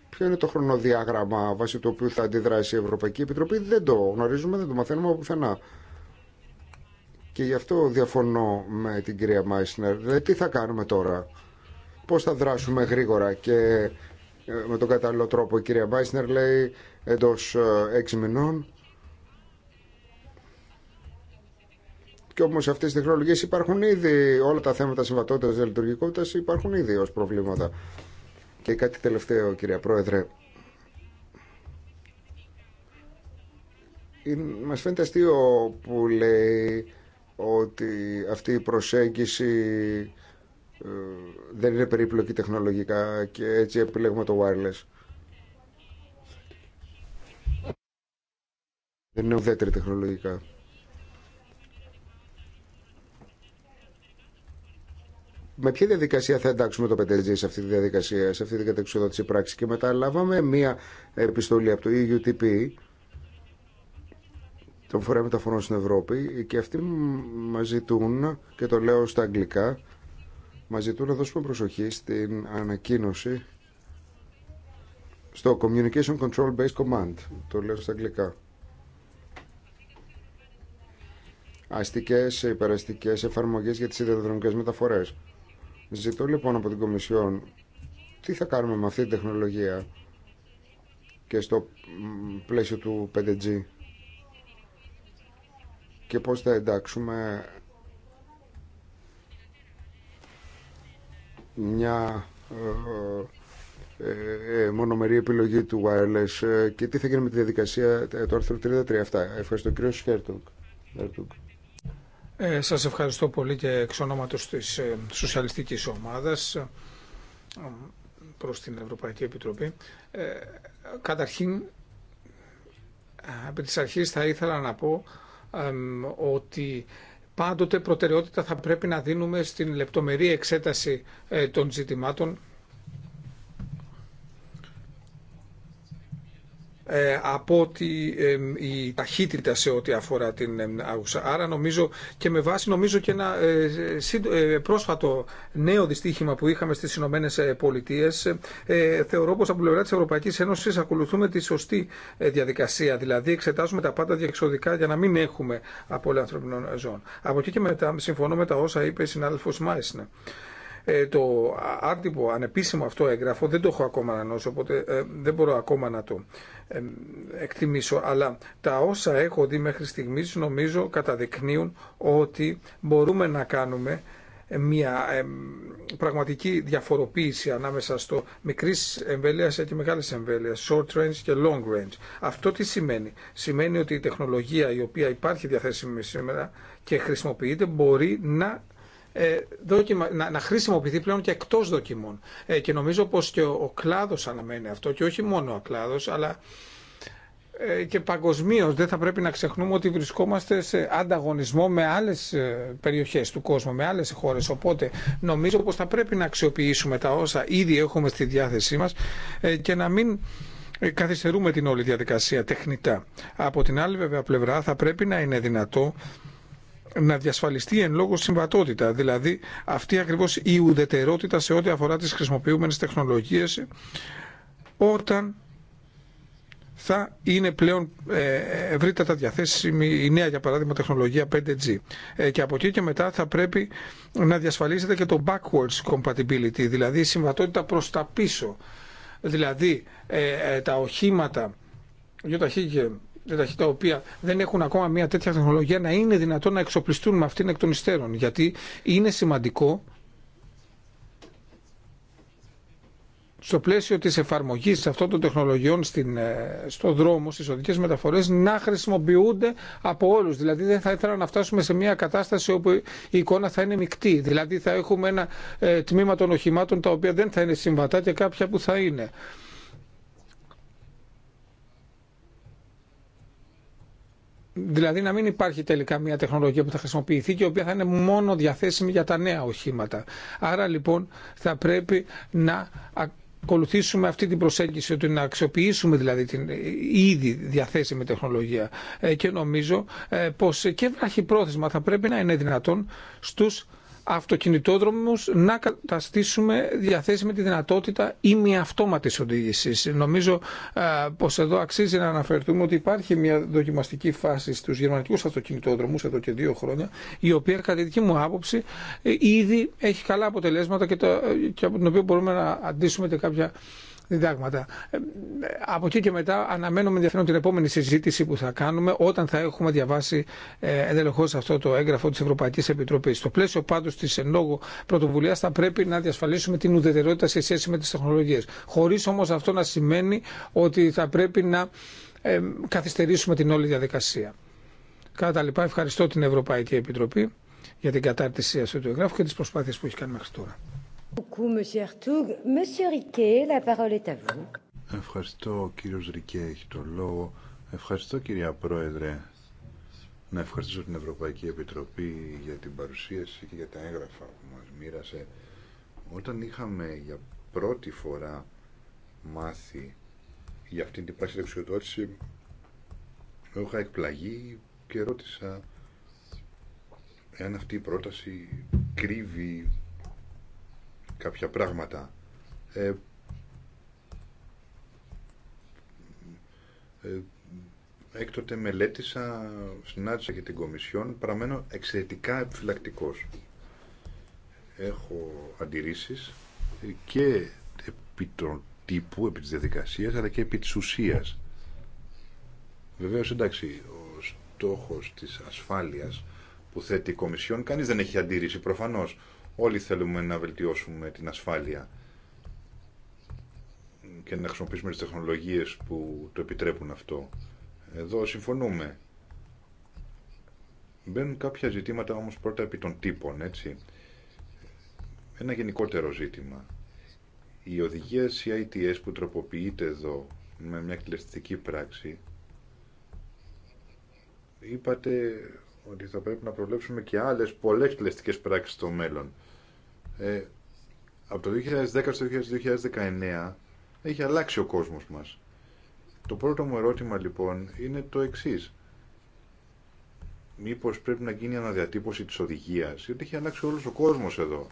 ποιο είναι το χρονοδιάγραμμα βάσει του οποίου θα αντιδράσει η Ευρωπαϊκή Επιτροπή, δεν το γνωρίζουμε, δεν το μαθαίνουμε από πουθενά. Και γι' αυτό διαφωνώ με την κυρία Μάισνερ. τι θα κάνουμε τώρα, πώς θα δράσουμε γρήγορα και με τον κατάλληλο τρόπο. Η κυρία Μάισνερ λέει εντός έξι μηνών Και όμω αυτέ οι τεχνολογίε υπάρχουν ήδη. Όλα τα θέματα συμβατότητα, λειτουργικότητα υπάρχουν ήδη ω προβλήματα. Και κάτι τελευταίο, κυρία Πρόεδρε. Μα φαίνεται αστείο που λέει ότι αυτή η προσέγγιση ε, δεν είναι περίπλοκη τεχνολογικά και έτσι επιλέγουμε το wireless. Δεν είναι ουδέτερη τεχνολογικά. με ποια διαδικασία θα εντάξουμε το 5 σε αυτή τη διαδικασία, σε αυτή την κατεξοδότηση πράξη. Και μετά λάβαμε μία επιστολή από το EUTP, τον φορέα μεταφορών στην Ευρώπη, και αυτοί μα ζητούν, και το λέω στα αγγλικά, μα ζητούν να δώσουμε προσοχή στην ανακοίνωση στο Communication Control Based Command, το λέω στα αγγλικά. Αστικές, υπεραστικές εφαρμογές για τις ιδεοδρομικές μεταφορές. Ζητώ λοιπόν από την Κομισιόν τι θα κάνουμε με αυτή την τεχνολογία και στο πλαίσιο του 5G και πώς θα εντάξουμε μια ε, ε, ε, μονομερή επιλογή του wireless και τι θα γίνει με τη διαδικασία του άρθρου 33. Αυτά. Ευχαριστώ κύριο Σχέρτουγκ. Ε, σας ευχαριστώ πολύ και εξ ονόματος της ε, Σοσιαλιστικής Ομάδας ε, προς την Ευρωπαϊκή Επιτροπή. Ε, καταρχήν, από τις αρχές θα ήθελα να πω ότι πάντοτε προτεραιότητα θα πρέπει να δίνουμε στην λεπτομερή εξέταση ε, των ζητημάτων Ε, από ότι η ταχύτητα σε ό,τι αφορά την άγουσα. Άρα νομίζω και με βάση νομίζω και ένα ε, ε, πρόσφατο νέο δυστύχημα που είχαμε στις Ηνωμένε Πολιτείε, θεωρώ πως από πλευρά της Ευρωπαϊκής Ένωσης ακολουθούμε τη σωστή διαδικασία. Δηλαδή εξετάζουμε τα πάντα διεξοδικά για να μην έχουμε απώλεια ανθρωπινών ζώων. Από εκεί και μετά συμφωνώ με τα όσα είπε η συνάδελφος Μάισνε. το άρτυπο, ανεπίσημο αυτό έγγραφο δεν το έχω ακόμα νόσω, οπότε δεν μπορώ ακόμα να το εκτιμήσω, αλλά τα όσα έχω δει μέχρι στιγμής νομίζω καταδεικνύουν ότι μπορούμε να κάνουμε μια πραγματική διαφοροποίηση ανάμεσα στο μικρής εμβέλειας και μεγάλης εμβέλειας, short range και long range. Αυτό τι σημαίνει. Σημαίνει ότι η τεχνολογία η οποία υπάρχει διαθέσιμη σήμερα και χρησιμοποιείται μπορεί να ε, δοκιμα... να, να χρησιμοποιηθεί πλέον και εκτό δοκιμών. Ε, και νομίζω πως και ο, ο κλάδος αναμένει αυτό και όχι μόνο ο κλάδος, αλλά ε, και παγκοσμίω δεν θα πρέπει να ξεχνούμε ότι βρισκόμαστε σε ανταγωνισμό με άλλε περιοχέ του κόσμου, με άλλε χώρε. Οπότε νομίζω πω θα πρέπει να αξιοποιήσουμε τα όσα ήδη έχουμε στη διάθεσή μα και να μην καθυστερούμε την όλη διαδικασία τεχνητά. Από την άλλη βέβαια πλευρά θα πρέπει να είναι δυνατό να διασφαλιστεί εν λόγω συμβατότητα, δηλαδή αυτή ακριβώς η ουδετερότητα σε ό,τι αφορά τις χρησιμοποιούμενες τεχνολογίες όταν θα είναι πλέον ε, ευρύτατα διαθέσιμη η νέα, για παράδειγμα, τεχνολογία 5G. Ε, και από εκεί και μετά θα πρέπει να διασφαλίσετε και το backwards compatibility, δηλαδή η συμβατότητα προς τα πίσω. Δηλαδή ε, τα οχήματα, Δηλαδή, τα οποία δεν έχουν ακόμα μια τέτοια τεχνολογία να είναι δυνατόν να εξοπλιστούν με αυτήν εκ των υστέρων. Γιατί είναι σημαντικό στο πλαίσιο της εφαρμογής αυτών των τεχνολογιών στην, ε, στο δρόμο, στις οδικές μεταφορές, να χρησιμοποιούνται από όλους. Δηλαδή δεν θα ήθελα να φτάσουμε σε μια κατάσταση όπου η εικόνα θα είναι μεικτή. Δηλαδή θα έχουμε ένα ε, τμήμα των οχημάτων τα οποία δεν θα είναι συμβατά και κάποια που θα είναι. Δηλαδή να μην υπάρχει τελικά μια τεχνολογία που θα χρησιμοποιηθεί και η οποία θα είναι μόνο διαθέσιμη για τα νέα οχήματα. Άρα λοιπόν θα πρέπει να ακολουθήσουμε αυτή την προσέγγιση ότι να αξιοποιήσουμε δηλαδή την ήδη διαθέσιμη τεχνολογία ε, και νομίζω ε, πως και βραχυπρόθεσμα πρόθεσμα θα πρέπει να είναι δυνατόν στους Αυτοκινητόδρομου να καταστήσουμε διαθέσιμη τη δυνατότητα αυτόματη οδηγήση. Νομίζω ε, πως εδώ αξίζει να αναφερθούμε ότι υπάρχει μια δοκιμαστική φάση στους γερμανικού αυτοκινητόδρομού εδώ και δύο χρόνια, η οποία κατά τη δική μου άποψη ε, ήδη έχει καλά αποτελέσματα και, το, ε, και από την οποία μπορούμε να αντίσουμε και κάποια διδάγματα. Ε, από εκεί και μετά αναμένουμε ενδιαφέρον την επόμενη συζήτηση που θα κάνουμε όταν θα έχουμε διαβάσει ε, εντελεχώ αυτό το έγγραφο τη Ευρωπαϊκή Επιτροπής. Στο πλαίσιο πάντω τη εν λόγω πρωτοβουλία θα πρέπει να διασφαλίσουμε την ουδετερότητα σε σχέση με τι τεχνολογίε. Χωρί όμω αυτό να σημαίνει ότι θα πρέπει να ε, καθυστερήσουμε την όλη διαδικασία. Κατά τα λοιπά ευχαριστώ την Ευρωπαϊκή Επιτροπή για την κατάρτιση αυτού του εγγράφου και τι προσπάθειε που έχει κάνει μέχρι τώρα. Ευχαριστώ, κύριο κύριος Ρικέ έχει το λόγο. Ευχαριστώ, κυρία Πρόεδρε. Να ευχαριστήσω την Ευρωπαϊκή Επιτροπή για την παρουσίαση και για τα έγγραφα που μας μοίρασε. Όταν είχαμε για πρώτη φορά μάθει για αυτήν την πράξη δεξιοδότηση, είχα εκπλαγεί και ρώτησα εάν αυτή η πρόταση κρύβει κάποια πράγματα. Ε, ε, έκτοτε μελέτησα, συνάντησα και την Κομισιόν, παραμένω εξαιρετικά επιφυλακτικός. Έχω αντιρρήσεις και επί των τύπου, επί της διαδικασίας, αλλά και επί της ουσίας. Βεβαίως, εντάξει, ο στόχος της ασφάλειας που θέτει η Κομισιόν, κανείς δεν έχει αντίρρηση προφανώς. Όλοι θέλουμε να βελτιώσουμε την ασφάλεια και να χρησιμοποιήσουμε τις τεχνολογίες που το επιτρέπουν αυτό. Εδώ συμφωνούμε. Μπαίνουν κάποια ζητήματα όμως πρώτα επί των τύπων, έτσι. Ένα γενικότερο ζήτημα. Οι οδηγίες CITS που τροποποιείται εδώ με μια εκτελεστική πράξη είπατε ότι θα πρέπει να προβλέψουμε και άλλες πολλές εκτελεστικές πράξεις στο μέλλον. Ε, από το 2010 στο 2019 έχει αλλάξει ο κόσμος μας. Το πρώτο μου ερώτημα λοιπόν είναι το εξή. Μήπως πρέπει να γίνει αναδιατύπωση της οδηγίας, γιατί έχει αλλάξει όλος ο κόσμος εδώ.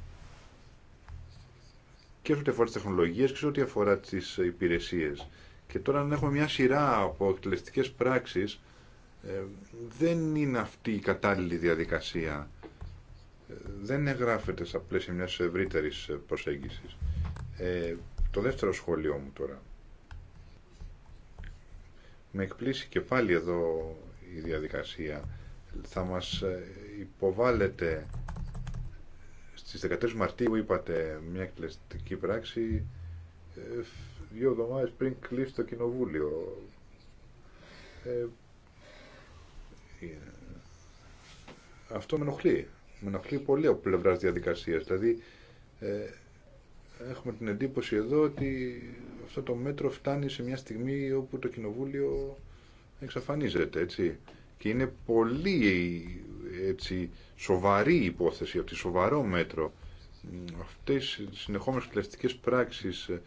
Και ό,τι αφορά τις τεχνολογίες και ό,τι αφορά τις υπηρεσίες. Και τώρα αν έχουμε μια σειρά από εκτελεστικές πράξεις, ε, δεν είναι αυτή η κατάλληλη διαδικασία δεν εγγράφεται στα πλαίσια μιας ευρύτερης προσέγγισης. Ε, το δεύτερο σχόλιο μου τώρα. Με εκπλήσει και πάλι εδώ η διαδικασία. Θα μας ε, υποβάλλεται στις 13 Μαρτίου, είπατε, μια εκπληκτική πράξη ε, δύο εβδομάδες πριν κλείσει το κοινοβούλιο. Ε, αυτό με ενοχλεί με ενοχλεί πολύ από πλευρά διαδικασία. Δηλαδή, ε, έχουμε την εντύπωση εδώ ότι αυτό το μέτρο φτάνει σε μια στιγμή όπου το κοινοβούλιο εξαφανίζεται, έτσι. Και είναι πολύ έτσι, σοβαρή υπόθεση, ότι σοβαρό μέτρο. Αυτές οι συνεχόμενες πλαστικές πράξεις ε,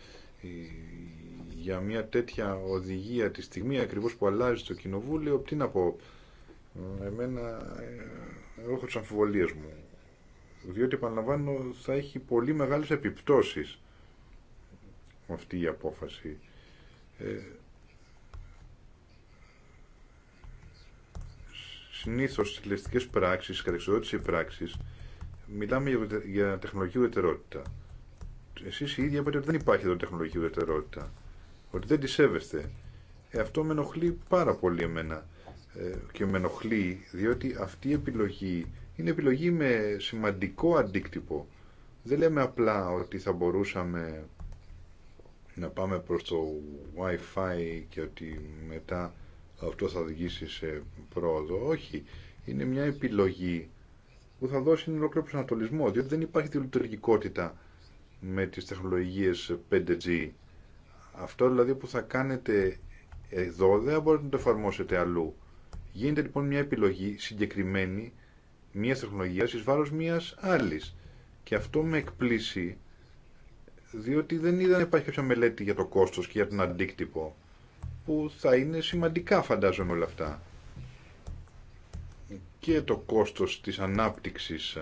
για μια τέτοια οδηγία τη στιγμή ακριβώς που αλλάζει το κοινοβούλιο, τι να πω, Εμένα, εγώ έχω τι αμφιβολίε μου. Διότι, επαναλαμβάνω, θα έχει πολύ μεγάλες επιπτώσεις αυτή η απόφαση. Ε, συνήθως στις πράξει, πράξεις, καταξιδότητε πράξει, μιλάμε για, για τεχνολογική ουδετερότητα. Εσείς οι ίδιοι είπατε ότι δεν υπάρχει εδώ τεχνολογική ουδετερότητα. Ότι δεν τη σέβεστε. Ε, αυτό με ενοχλεί πάρα πολύ εμένα. Ε, και με ενοχλεί, διότι αυτή η επιλογή είναι επιλογή με σημαντικό αντίκτυπο. Δεν λέμε απλά ότι θα μπορούσαμε να πάμε προς το Wi-Fi και ότι μετά αυτό θα οδηγήσει σε πρόοδο. Όχι, είναι μια επιλογή που θα δώσει έναν ολόκληρο προσανατολισμό, διότι δεν υπάρχει τη λειτουργικότητα με τις τεχνολογίες 5G. Αυτό δηλαδή που θα κάνετε εδώ δεν μπορείτε να το εφαρμόσετε αλλού. Γίνεται λοιπόν μια επιλογή συγκεκριμένη μια τεχνολογία ει βάρο μιας άλλης. Και αυτό με εκπλήσει διότι δεν είδα να υπάρχει κάποια μελέτη για το κόστος και για τον αντίκτυπο που θα είναι σημαντικά φαντάζομαι όλα αυτά. Και το κόστος της ανάπτυξης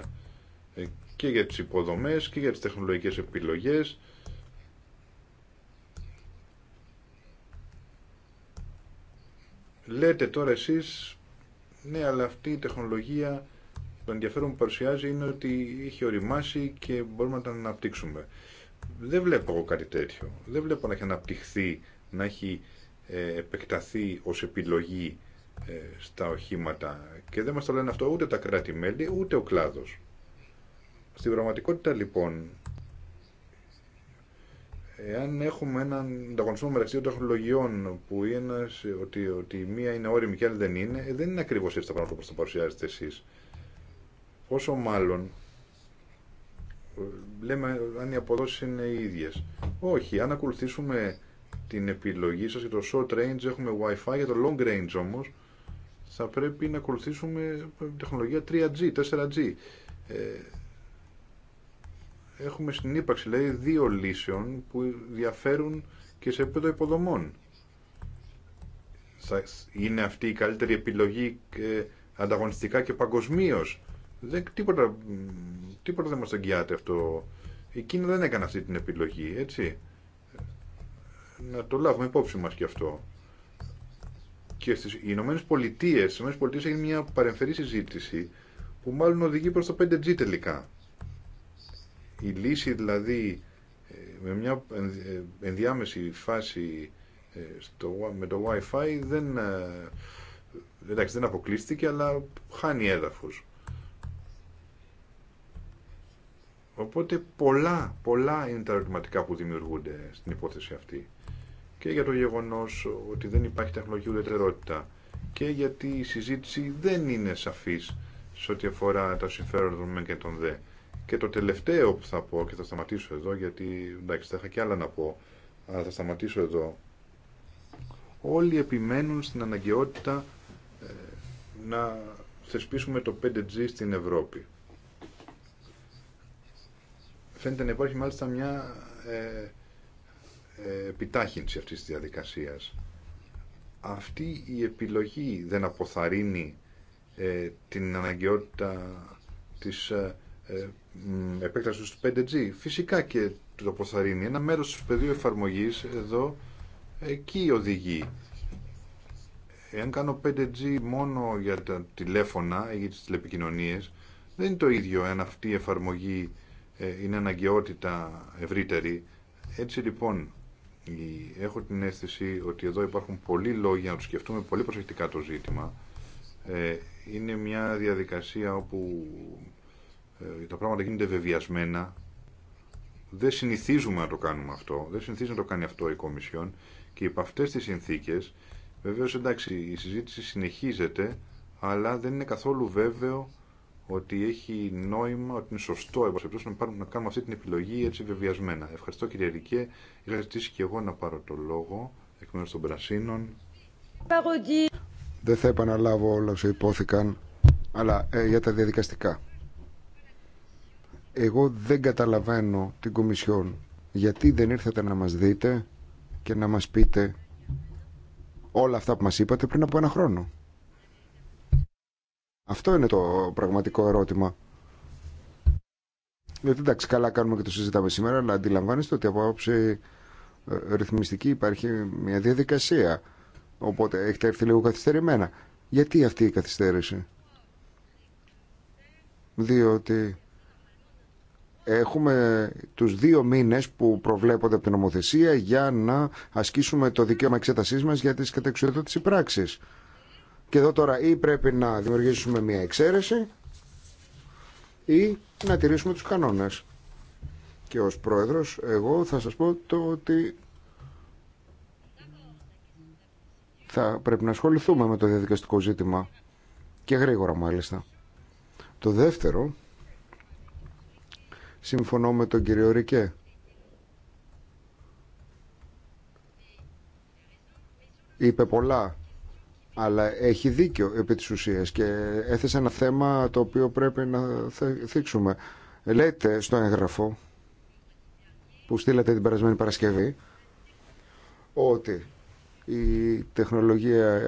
ε, και για τις υποδομές και για τις τεχνολογικές επιλογές Λέτε τώρα εσείς, ναι, αλλά αυτή η τεχνολογία, το ενδιαφέρον που παρουσιάζει είναι ότι είχε οριμάσει και μπορούμε να την αναπτύξουμε. Δεν βλέπω εγώ κάτι τέτοιο. Δεν βλέπω να έχει αναπτυχθεί, να έχει ε, επεκταθεί ως επιλογή ε, στα οχήματα. Και δεν μας το λένε αυτό ούτε τα κράτη-μέλη, ούτε ο κλάδος. Στην πραγματικότητα λοιπόν Εάν έχουμε έναν ανταγωνισμό μεταξύ των τεχνολογιών που είναι ότι, ότι η μία είναι όρημη και η άλλη δεν είναι, ε, δεν είναι ακριβώ έτσι τα πράγματα όπω τα παρουσιάζετε εσεί. Πόσο μάλλον ε, λέμε αν οι αποδόσει είναι οι ίδιε. Όχι, αν ακολουθήσουμε την επιλογή σα για το short range έχουμε WiFi, για το long range όμω θα πρέπει να ακολουθήσουμε ε, τεχνολογία 3G, 4G. Ε, έχουμε στην ύπαρξη δηλαδή, δύο λύσεων που διαφέρουν και σε επίπεδο υποδομών. Είναι αυτή η καλύτερη επιλογή ε, ανταγωνιστικά και παγκοσμίω. τίποτα, δεν μας εγγυάται αυτό. Η Κίνα δεν έκανε αυτή την επιλογή, έτσι. Να το λάβουμε υπόψη μας και αυτό. Και στις Ηνωμένε Πολιτείε, στις Ηνωμένες Πολιτείες έγινε μια παρεμφερή συζήτηση που μάλλον οδηγεί προς το 5G τελικά. Η λύση δηλαδή ε, με μια ενδιάμεση φάση ε, στο, με το Wi-Fi δεν, ε, εντάξει, δεν αποκλείστηκε αλλά χάνει έδαφος. Οπότε πολλά, πολλά είναι τα ερωτηματικά που δημιουργούνται στην υπόθεση αυτή. Και για το γεγονός ότι δεν υπάρχει τεχνολογική ουδετερότητα και γιατί η συζήτηση δεν είναι σαφής σε ό,τι αφορά τα συμφέροντα και των δε. Και το τελευταίο που θα πω και θα σταματήσω εδώ γιατί εντάξει θα είχα και άλλα να πω αλλά θα σταματήσω εδώ. Όλοι επιμένουν στην αναγκαιότητα ε, να θεσπίσουμε το 5G στην Ευρώπη. Φαίνεται να υπάρχει μάλιστα μια ε, ε, επιτάχυνση αυτής της διαδικασίας. Αυτή η επιλογή δεν αποθαρρύνει ε, την αναγκαιότητα της ε, ε, επέκταση του 5G. Φυσικά και το αποθαρρύνει. Ένα μέρος του πεδίου εφαρμογής εδώ εκεί οδηγεί. Εάν κάνω 5G μόνο για τα τηλέφωνα ή για τις τηλεπικοινωνίες, δεν είναι το ίδιο Εάν αυτή η εφαρμογή ε, είναι αναγκαιότητα ευρύτερη. Έτσι λοιπόν, έχω την αίσθηση ότι εδώ υπάρχουν πολλοί λόγοι να το σκεφτούμε πολύ προσεκτικά το ζήτημα. Ε, είναι μια διαδικασία όπου ε, τα πράγματα γίνονται βεβιασμένα. Δεν συνηθίζουμε να το κάνουμε αυτό. Δεν συνηθίζει να το κάνει αυτό η Κομισιόν. Και υπ' αυτέ τι συνθήκε, βεβαίω, εντάξει, η συζήτηση συνεχίζεται, αλλά δεν είναι καθόλου βέβαιο ότι έχει νόημα, ότι είναι σωστό να, να κάνουμε αυτή την επιλογή έτσι βεβαιασμένα. Ευχαριστώ κύριε Ρικέ. Είχα ζητήσει και εγώ να πάρω το λόγο εκ μέρους των Πρασίνων. Δεν θα επαναλάβω όλα όσα υπόθηκαν, αλλά ε, για τα διαδικαστικά εγώ δεν καταλαβαίνω την Κομισιόν γιατί δεν ήρθατε να μας δείτε και να μας πείτε όλα αυτά που μας είπατε πριν από ένα χρόνο. Αυτό είναι το πραγματικό ερώτημα. Γιατί εντάξει, καλά κάνουμε και το συζητάμε σήμερα, αλλά αντιλαμβάνεστε ότι από άποψη ε, ρυθμιστική υπάρχει μια διαδικασία. Οπότε έχετε έρθει λίγο καθυστερημένα. Γιατί αυτή η καθυστέρηση. Διότι έχουμε τους δύο μήνες που προβλέπονται από την νομοθεσία για να ασκήσουμε το δικαίωμα εξέτασής μας για τις κατεξοδότητες πράξεις. Και εδώ τώρα ή πρέπει να δημιουργήσουμε μια εξαίρεση ή να τηρήσουμε τους κανόνες. Και ως πρόεδρος εγώ θα σας πω το ότι θα πρέπει να ασχοληθούμε με το διαδικαστικό ζήτημα και γρήγορα μάλιστα. Το δεύτερο Συμφωνώ με τον κύριο Ρικέ. Είπε πολλά, αλλά έχει δίκιο επί της ουσίας και έθεσε ένα θέμα το οποίο πρέπει να θίξουμε. Λέτε στο έγγραφο που στείλατε την περασμένη Παρασκευή ότι η τεχνολογία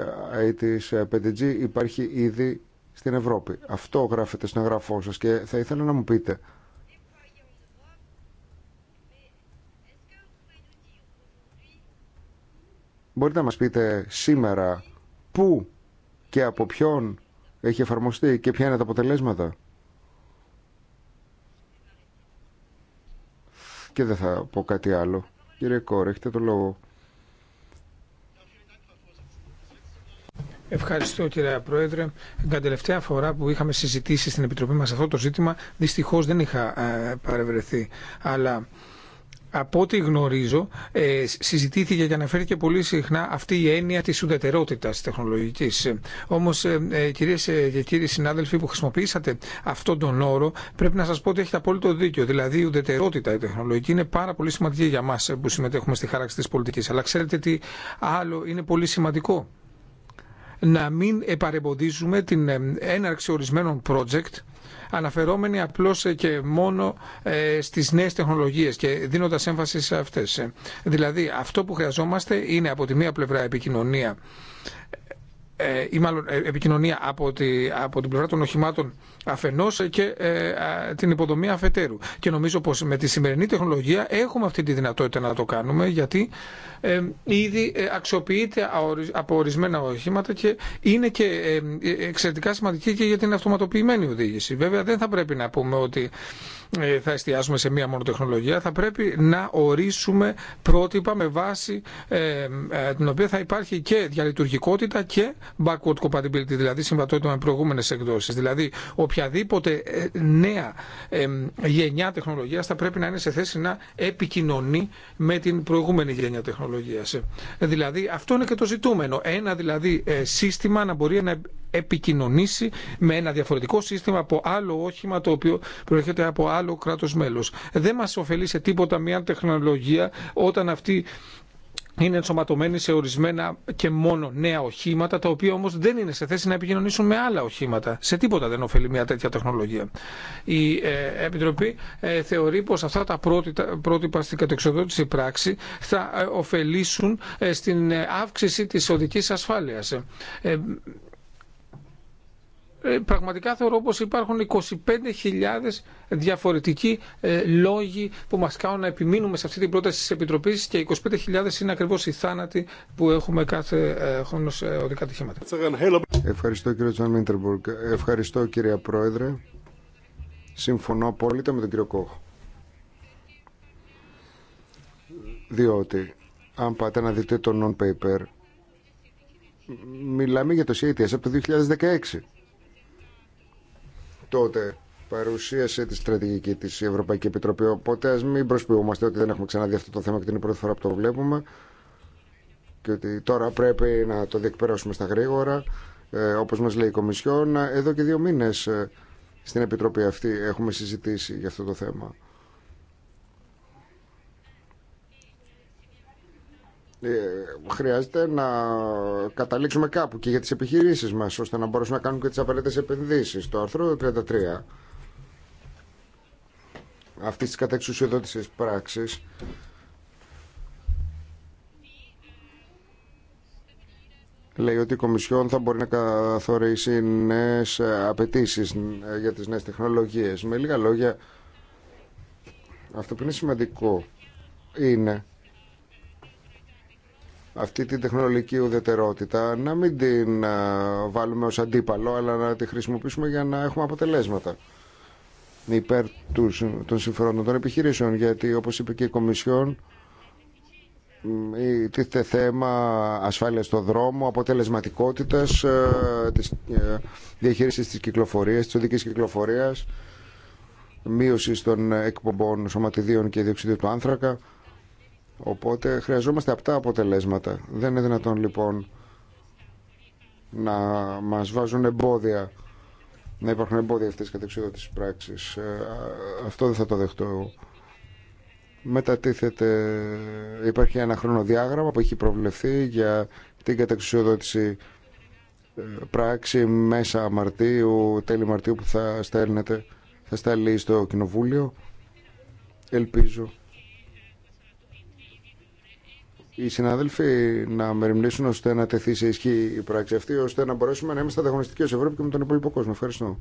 της 5G ε, υπάρχει ήδη στην Ευρώπη. Αυτό γράφετε στον εγγραφό σας και θα ήθελα να μου πείτε Μπορείτε να μας πείτε σήμερα πού και από ποιον έχει εφαρμοστεί και ποια είναι τα αποτελέσματα. Και δεν θα πω κάτι άλλο. Κύριε Κόρ, έχετε το λόγο. Ευχαριστώ κύριε Πρόεδρε. Την τελευταία φορά που είχαμε συζητήσει στην Επιτροπή μας αυτό το ζήτημα, δυστυχώς δεν είχα ε, παρευρεθεί. Αλλά από ό,τι γνωρίζω, ε, συζητήθηκε και αναφέρθηκε πολύ συχνά αυτή η έννοια της ουδετερότητας τεχνολογικής. Όμως, ε, ε, κυρίες και κύριοι συνάδελφοι που χρησιμοποιήσατε αυτόν τον όρο, πρέπει να σας πω ότι έχετε απόλυτο δίκιο. Δηλαδή, η ουδετερότητα η τεχνολογική είναι πάρα πολύ σημαντική για μας που συμμετέχουμε στη χάραξη τη πολιτική. Αλλά ξέρετε τι άλλο είναι πολύ σημαντικό να μην επαρεμποδίζουμε την έναρξη ορισμένων project αναφερόμενοι απλώς ε, και μόνο ε, στις νέες τεχνολογίες και δίνοντας έμφαση σε αυτές. Ε, δηλαδή αυτό που χρειαζόμαστε είναι από τη μία πλευρά επικοινωνία ε, ή μάλλον ε, επικοινωνία από, τη, από την πλευρά των οχημάτων αφενός και ε, την υποδομή αφετέρου. Και νομίζω πως με τη σημερινή τεχνολογία έχουμε αυτή τη δυνατότητα να το κάνουμε γιατί ε, ήδη αξιοποιείται από ορισμένα οχήματα και είναι και εξαιρετικά σημαντική και για την αυτοματοποιημένη οδήγηση. Βέβαια δεν θα πρέπει να πούμε ότι ε, θα εστιάσουμε σε μία μόνο τεχνολογία, θα πρέπει να ορίσουμε πρότυπα με βάση ε, ε, την οποία θα υπάρχει και διαλειτουργικότητα και backward compatibility, δηλαδή συμβατότητα με προηγούμενε εκδόσει. Δηλαδή, οποιαδήποτε νέα γενιά τεχνολογία θα πρέπει να είναι σε θέση να επικοινωνεί με την προηγούμενη γενιά τεχνολογία. Δηλαδή, αυτό είναι και το ζητούμενο. Ένα δηλαδή σύστημα να μπορεί να επικοινωνήσει με ένα διαφορετικό σύστημα από άλλο όχημα το οποίο προέρχεται από άλλο κράτος μέλος. Δεν μας ωφελεί σε τίποτα μια τεχνολογία όταν αυτή είναι ενσωματωμένοι σε ορισμένα και μόνο νέα οχήματα, τα οποία όμω δεν είναι σε θέση να επικοινωνήσουν με άλλα οχήματα. Σε τίποτα δεν ωφελεί μια τέτοια τεχνολογία. Η ε, Επιτροπή ε, θεωρεί πω αυτά τα πρότυπα στην κατεξοδότηση πράξη θα ε, ωφελήσουν στην αύξηση τη οδική ασφάλεια. Ε, πραγματικά θεωρώ πως υπάρχουν 25.000 διαφορετικοί ε, λόγοι που μας κάνουν να επιμείνουμε σε αυτή την πρόταση της Επιτροπής και 25.000 είναι ακριβώς οι θάνατοι που έχουμε κάθε ε, χρόνο σε οδικά τυχήματα. Ευχαριστώ κύριε Τζαν Μίντερμπουργκ. Ευχαριστώ κύριε Πρόεδρε. Συμφωνώ απόλυτα με τον κύριο Κόχ. Διότι αν πάτε να δείτε το non-paper μιλάμε για το CITS από το 2016 τότε παρουσίασε τη στρατηγική της η Ευρωπαϊκή Επιτροπή. Οπότε α μην προσποιούμαστε ότι δεν έχουμε ξαναδεί αυτό το θέμα και την πρώτη φορά που το βλέπουμε και ότι τώρα πρέπει να το διεκπαιρώσουμε στα γρήγορα. Ε, όπως μας λέει η Κομισιόν, εδώ και δύο μήνες ε, στην Επιτροπή αυτή έχουμε συζητήσει για αυτό το θέμα. Ε, χρειάζεται να καταλήξουμε κάπου και για τις επιχειρήσεις μας ώστε να μπορέσουν να κάνουν και τις απαραίτητες επενδύσεις. Το άρθρο 33 αυτής της κατεξουσιοδότησης πράξης λέει ότι η Κομισιόν θα μπορεί να καθορίσει νέες απαιτήσεις ε, για τις νέες τεχνολογίες. Με λίγα λόγια, αυτό που είναι σημαντικό είναι αυτή την τεχνολογική ουδετερότητα να μην την βάλουμε ως αντίπαλο αλλά να τη χρησιμοποιήσουμε για να έχουμε αποτελέσματα υπέρ των συμφερόντων των επιχειρήσεων γιατί όπως είπε και η Κομισιόν τίθεται θέμα ασφάλειας στο δρόμο, αποτελεσματικότητας ε, της ε, διαχείρισης της κυκλοφορίας, της οδικής κυκλοφορίας, μείωση των εκπομπών σωματιδίων και διοξιδίου του άνθρακα. Οπότε χρειαζόμαστε αυτά αποτελέσματα. Δεν είναι δυνατόν λοιπόν να μας βάζουν εμπόδια, να υπάρχουν εμπόδια αυτές της πράξης. Ε, αυτό δεν θα το δεχτώ. Μετατίθεται, υπάρχει ένα χρονοδιάγραμμα που έχει προβλεφθεί για την κατεξοδότηση ε, πράξη μέσα Μαρτίου, τέλη Μαρτίου που θα στέλνετε, θα σταλεί στο Κοινοβούλιο. Ελπίζω οι συνάδελφοι να μεριμνήσουν ώστε να τεθεί σε ισχύ η πράξη αυτή, ώστε να μπορέσουμε να είμαστε ανταγωνιστικοί ω Ευρώπη και με τον υπόλοιπο κόσμο. Ευχαριστώ.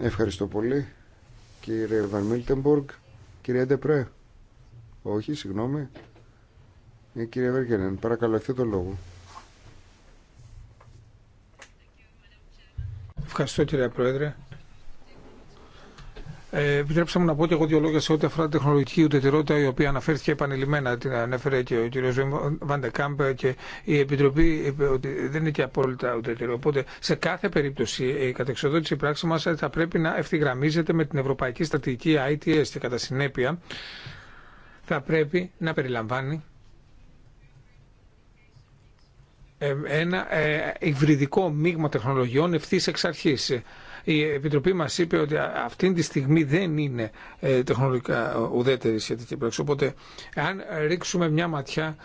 Ευχαριστώ πολύ, κύριε Βαν Μίλτεμπουργκ, Κύριε Ντεπρέ. Όχι, συγγνώμη. Ε, κύριε Βέργενεν, παρακαλώ, έχετε το λόγο. Ευχαριστώ, κύριε Πρόεδρε. Ε, επιτρέψτε μου να πω και εγώ δύο λόγια σε ό,τι αφορά την τεχνολογική ουδετερότητα η οποία αναφέρθηκε επανειλημμένα, την ανέφερε και ο κ. Βαντεκάμπ και η Επιτροπή είπε ότι δεν είναι και απόλυτα ουδετερό. Οπότε σε κάθε περίπτωση η κατεξοδότηση πράξη μα θα πρέπει να ευθυγραμμίζεται με την Ευρωπαϊκή Στατική ITS και κατά συνέπεια θα πρέπει να περιλαμβάνει ένα ε, ε, υβριδικό μείγμα τεχνολογιών ευθύ εξ αρχής η Επιτροπή μας είπε ότι αυτή τη στιγμή δεν είναι ε, τεχνολογικά ουδέτερη σχετική πράξη. Οπότε, αν ρίξουμε μια ματιά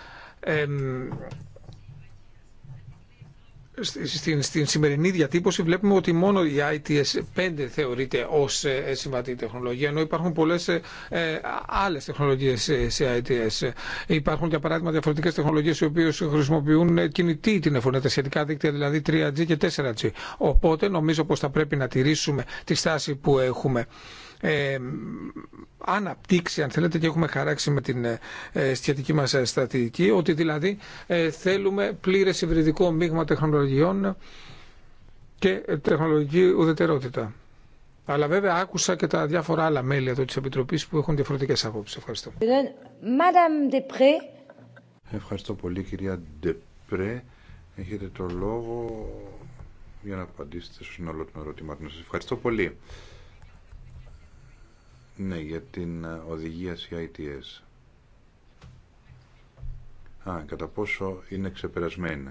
στην, στην σημερινή διατύπωση βλέπουμε ότι μόνο η ITS5 θεωρείται ως ε, συμβατή τεχνολογία, ενώ υπάρχουν πολλές ε, ε άλλες τεχνολογίες σε ITS. Υπάρχουν, για παράδειγμα, διαφορετικές τεχνολογίες οι οποίες χρησιμοποιούν ε, κινητή την τηλεφωνία, τα σχετικά δίκτυα, δηλαδή 3G και 4G. Οπότε νομίζω πως θα πρέπει να τηρήσουμε τη στάση που έχουμε ε, αναπτύξει, αν θέλετε, και έχουμε χαράξει με την ε, ε σχετική μας ε, στρατηγική, ότι δηλαδή ε, θέλουμε πλήρες υβριδικό μείγμα τεχνολογιών και τεχνολογική ουδετερότητα. Αλλά βέβαια άκουσα και τα διάφορα άλλα μέλη εδώ της Επιτροπής που έχουν διαφορετικές απόψεις. Ευχαριστώ. Ευχαριστώ πολύ κυρία Ντεπρέ. Έχετε το λόγο για να απαντήσετε στο συνολό των ερωτημάτων σας. Ευχαριστώ πολύ. Ναι, για την ε, οδηγία CITS. Α, κατά πόσο είναι ξεπερασμένη.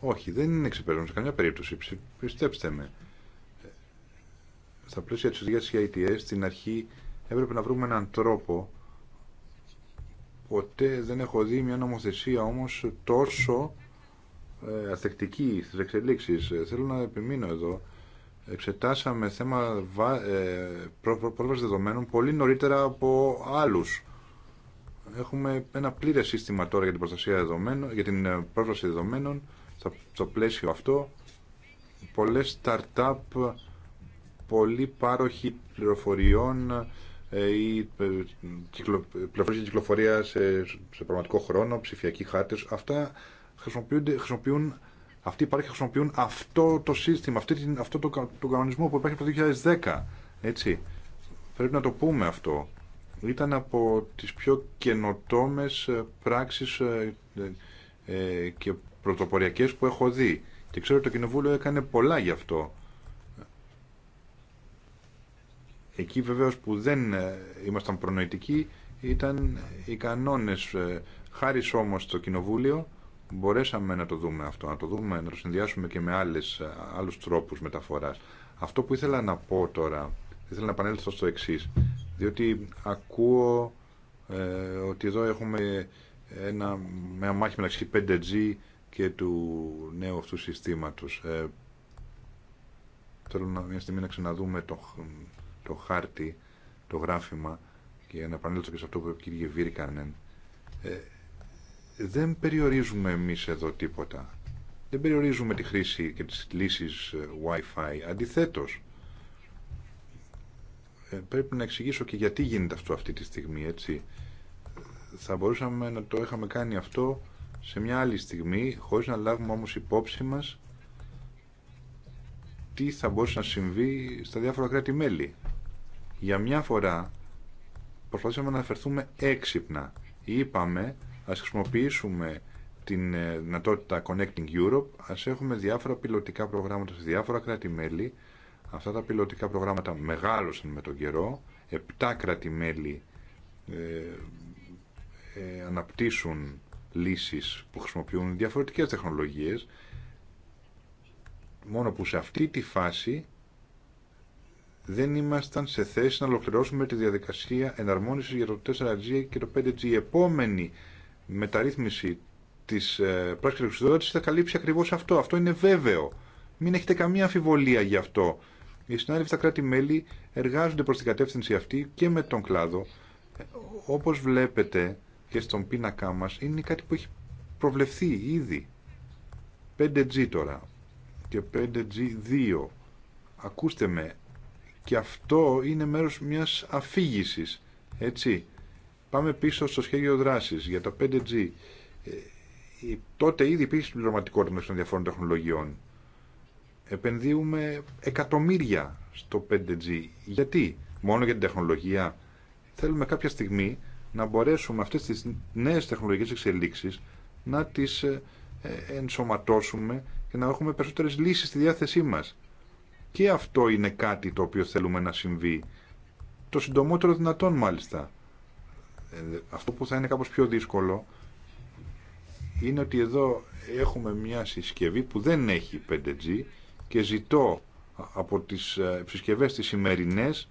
Όχι, δεν είναι ξεπερασμένη σε καμιά περίπτωση. Πιστέψτε με. Ε, στα πλαίσια της οδηγίας CITS, στην αρχή έπρεπε να βρούμε έναν τρόπο. Ποτέ δεν έχω δει μια νομοθεσία όμως τόσο ε, αθεκτική στις εξελίξεις. Ε, θέλω να επιμείνω εδώ εξετάσαμε θέμα ε, πρόσβαση δεδομένων πολύ νωρίτερα από άλλους. Έχουμε ένα πλήρες σύστημα τώρα για την, προστασία δεδομένων, για την ε, πρόσβαση δεδομένων στο πλαίσιο αυτό. Πολλές start-up, πολλοί πάροχοι πληροφοριών ε, ή πληροφορίες κυκλοφορία σε, σε πραγματικό χρόνο, ψηφιακοί χάρτες, αυτά χρησιμοποιούν αυτοί οι υπάρχοι χρησιμοποιούν αυτό το σύστημα, αυτή την, αυτό το, κανονισμό που υπάρχει από το 2010. Έτσι. Πρέπει να το πούμε αυτό. Ήταν από τις πιο καινοτόμες ε, πράξεις ε, ε, και πρωτοποριακές που έχω δει. Και ξέρω ότι το Κοινοβούλιο έκανε πολλά γι' αυτό. Εκεί βεβαίως που δεν ε, ήμασταν προνοητικοί ήταν οι κανόνες. Χάρη όμως το Κοινοβούλιο μπορέσαμε να το δούμε αυτό, να το δούμε, να το συνδυάσουμε και με άλλες, ε, άλλους τρόπους μεταφοράς. Αυτό που ήθελα να πω τώρα, ήθελα να επανέλθω στο εξή, διότι ακούω ε, ότι εδώ έχουμε ένα, μια μάχη μεταξύ 5G και του νέου αυτού συστήματος. Ε, θέλω να, μια στιγμή να ξαναδούμε το, το χάρτη, το γράφημα και να επανέλθω και σε αυτό που είπε ο κ. Βίρκανεν. Ε, δεν περιορίζουμε εμείς εδώ τίποτα. Δεν περιορίζουμε τη χρήση και τις λύσεις ε, Wi-Fi. Αντιθέτως, ε, πρέπει να εξηγήσω και γιατί γίνεται αυτό αυτή τη στιγμή, έτσι. Θα μπορούσαμε να το είχαμε κάνει αυτό σε μια άλλη στιγμή, χωρίς να λάβουμε όμως υπόψη μας τι θα μπορούσε να συμβεί στα διάφορα κράτη-μέλη. Για μια φορά προσπαθήσαμε να αναφερθούμε έξυπνα. Είπαμε Ας χρησιμοποιήσουμε την ε, δυνατότητα Connecting Europe, ας έχουμε διάφορα πιλωτικά προγράμματα σε διάφορα κράτη-μέλη. Αυτά τα πιλωτικά προγράμματα μεγάλωσαν με τον καιρό. Επτά κράτη-μέλη ε, ε, αναπτύσσουν λύσεις που χρησιμοποιούν διαφορετικές τεχνολογίες μόνο που σε αυτή τη φάση δεν ήμασταν σε θέση να ολοκληρώσουμε τη διαδικασία εναρμόνισης για το 4G και το 5G. Η επόμενη μεταρρύθμιση της ε, πράξης εξουσιοδότησης θα καλύψει ακριβώ αυτό. Αυτό είναι βέβαιο. Μην έχετε καμία αμφιβολία γι' αυτό. Οι συνάδελφοι στα κράτη-μέλη εργάζονται προ την κατεύθυνση αυτή και με τον κλάδο. Όπω βλέπετε και στον πίνακά μα είναι κάτι που έχει προβλεφθεί ήδη. 5G τώρα και 5G2. Ακούστε με, και αυτό είναι μέρος μιας αφήγησης, έτσι. Πάμε πίσω στο σχέδιο δράση για το 5G. Ε, τότε ήδη υπήρχε συμπληρωματικότητα των διαφόρων τεχνολογιών. Επενδύουμε εκατομμύρια στο 5G. Γιατί, μόνο για την τεχνολογία. Θέλουμε κάποια στιγμή να μπορέσουμε αυτές τις νέες τεχνολογικέ εξελίξεις να τις ε, ε, ενσωματώσουμε και να έχουμε περισσότερες λύσεις στη διάθεσή μα. Και αυτό είναι κάτι το οποίο θέλουμε να συμβεί. Το συντομότερο δυνατόν μάλιστα. Ε, αυτό που θα είναι κάπως πιο δύσκολο είναι ότι εδώ έχουμε μια συσκευή που δεν έχει 5G και ζητώ από τις ε, συσκευές τις σημερινές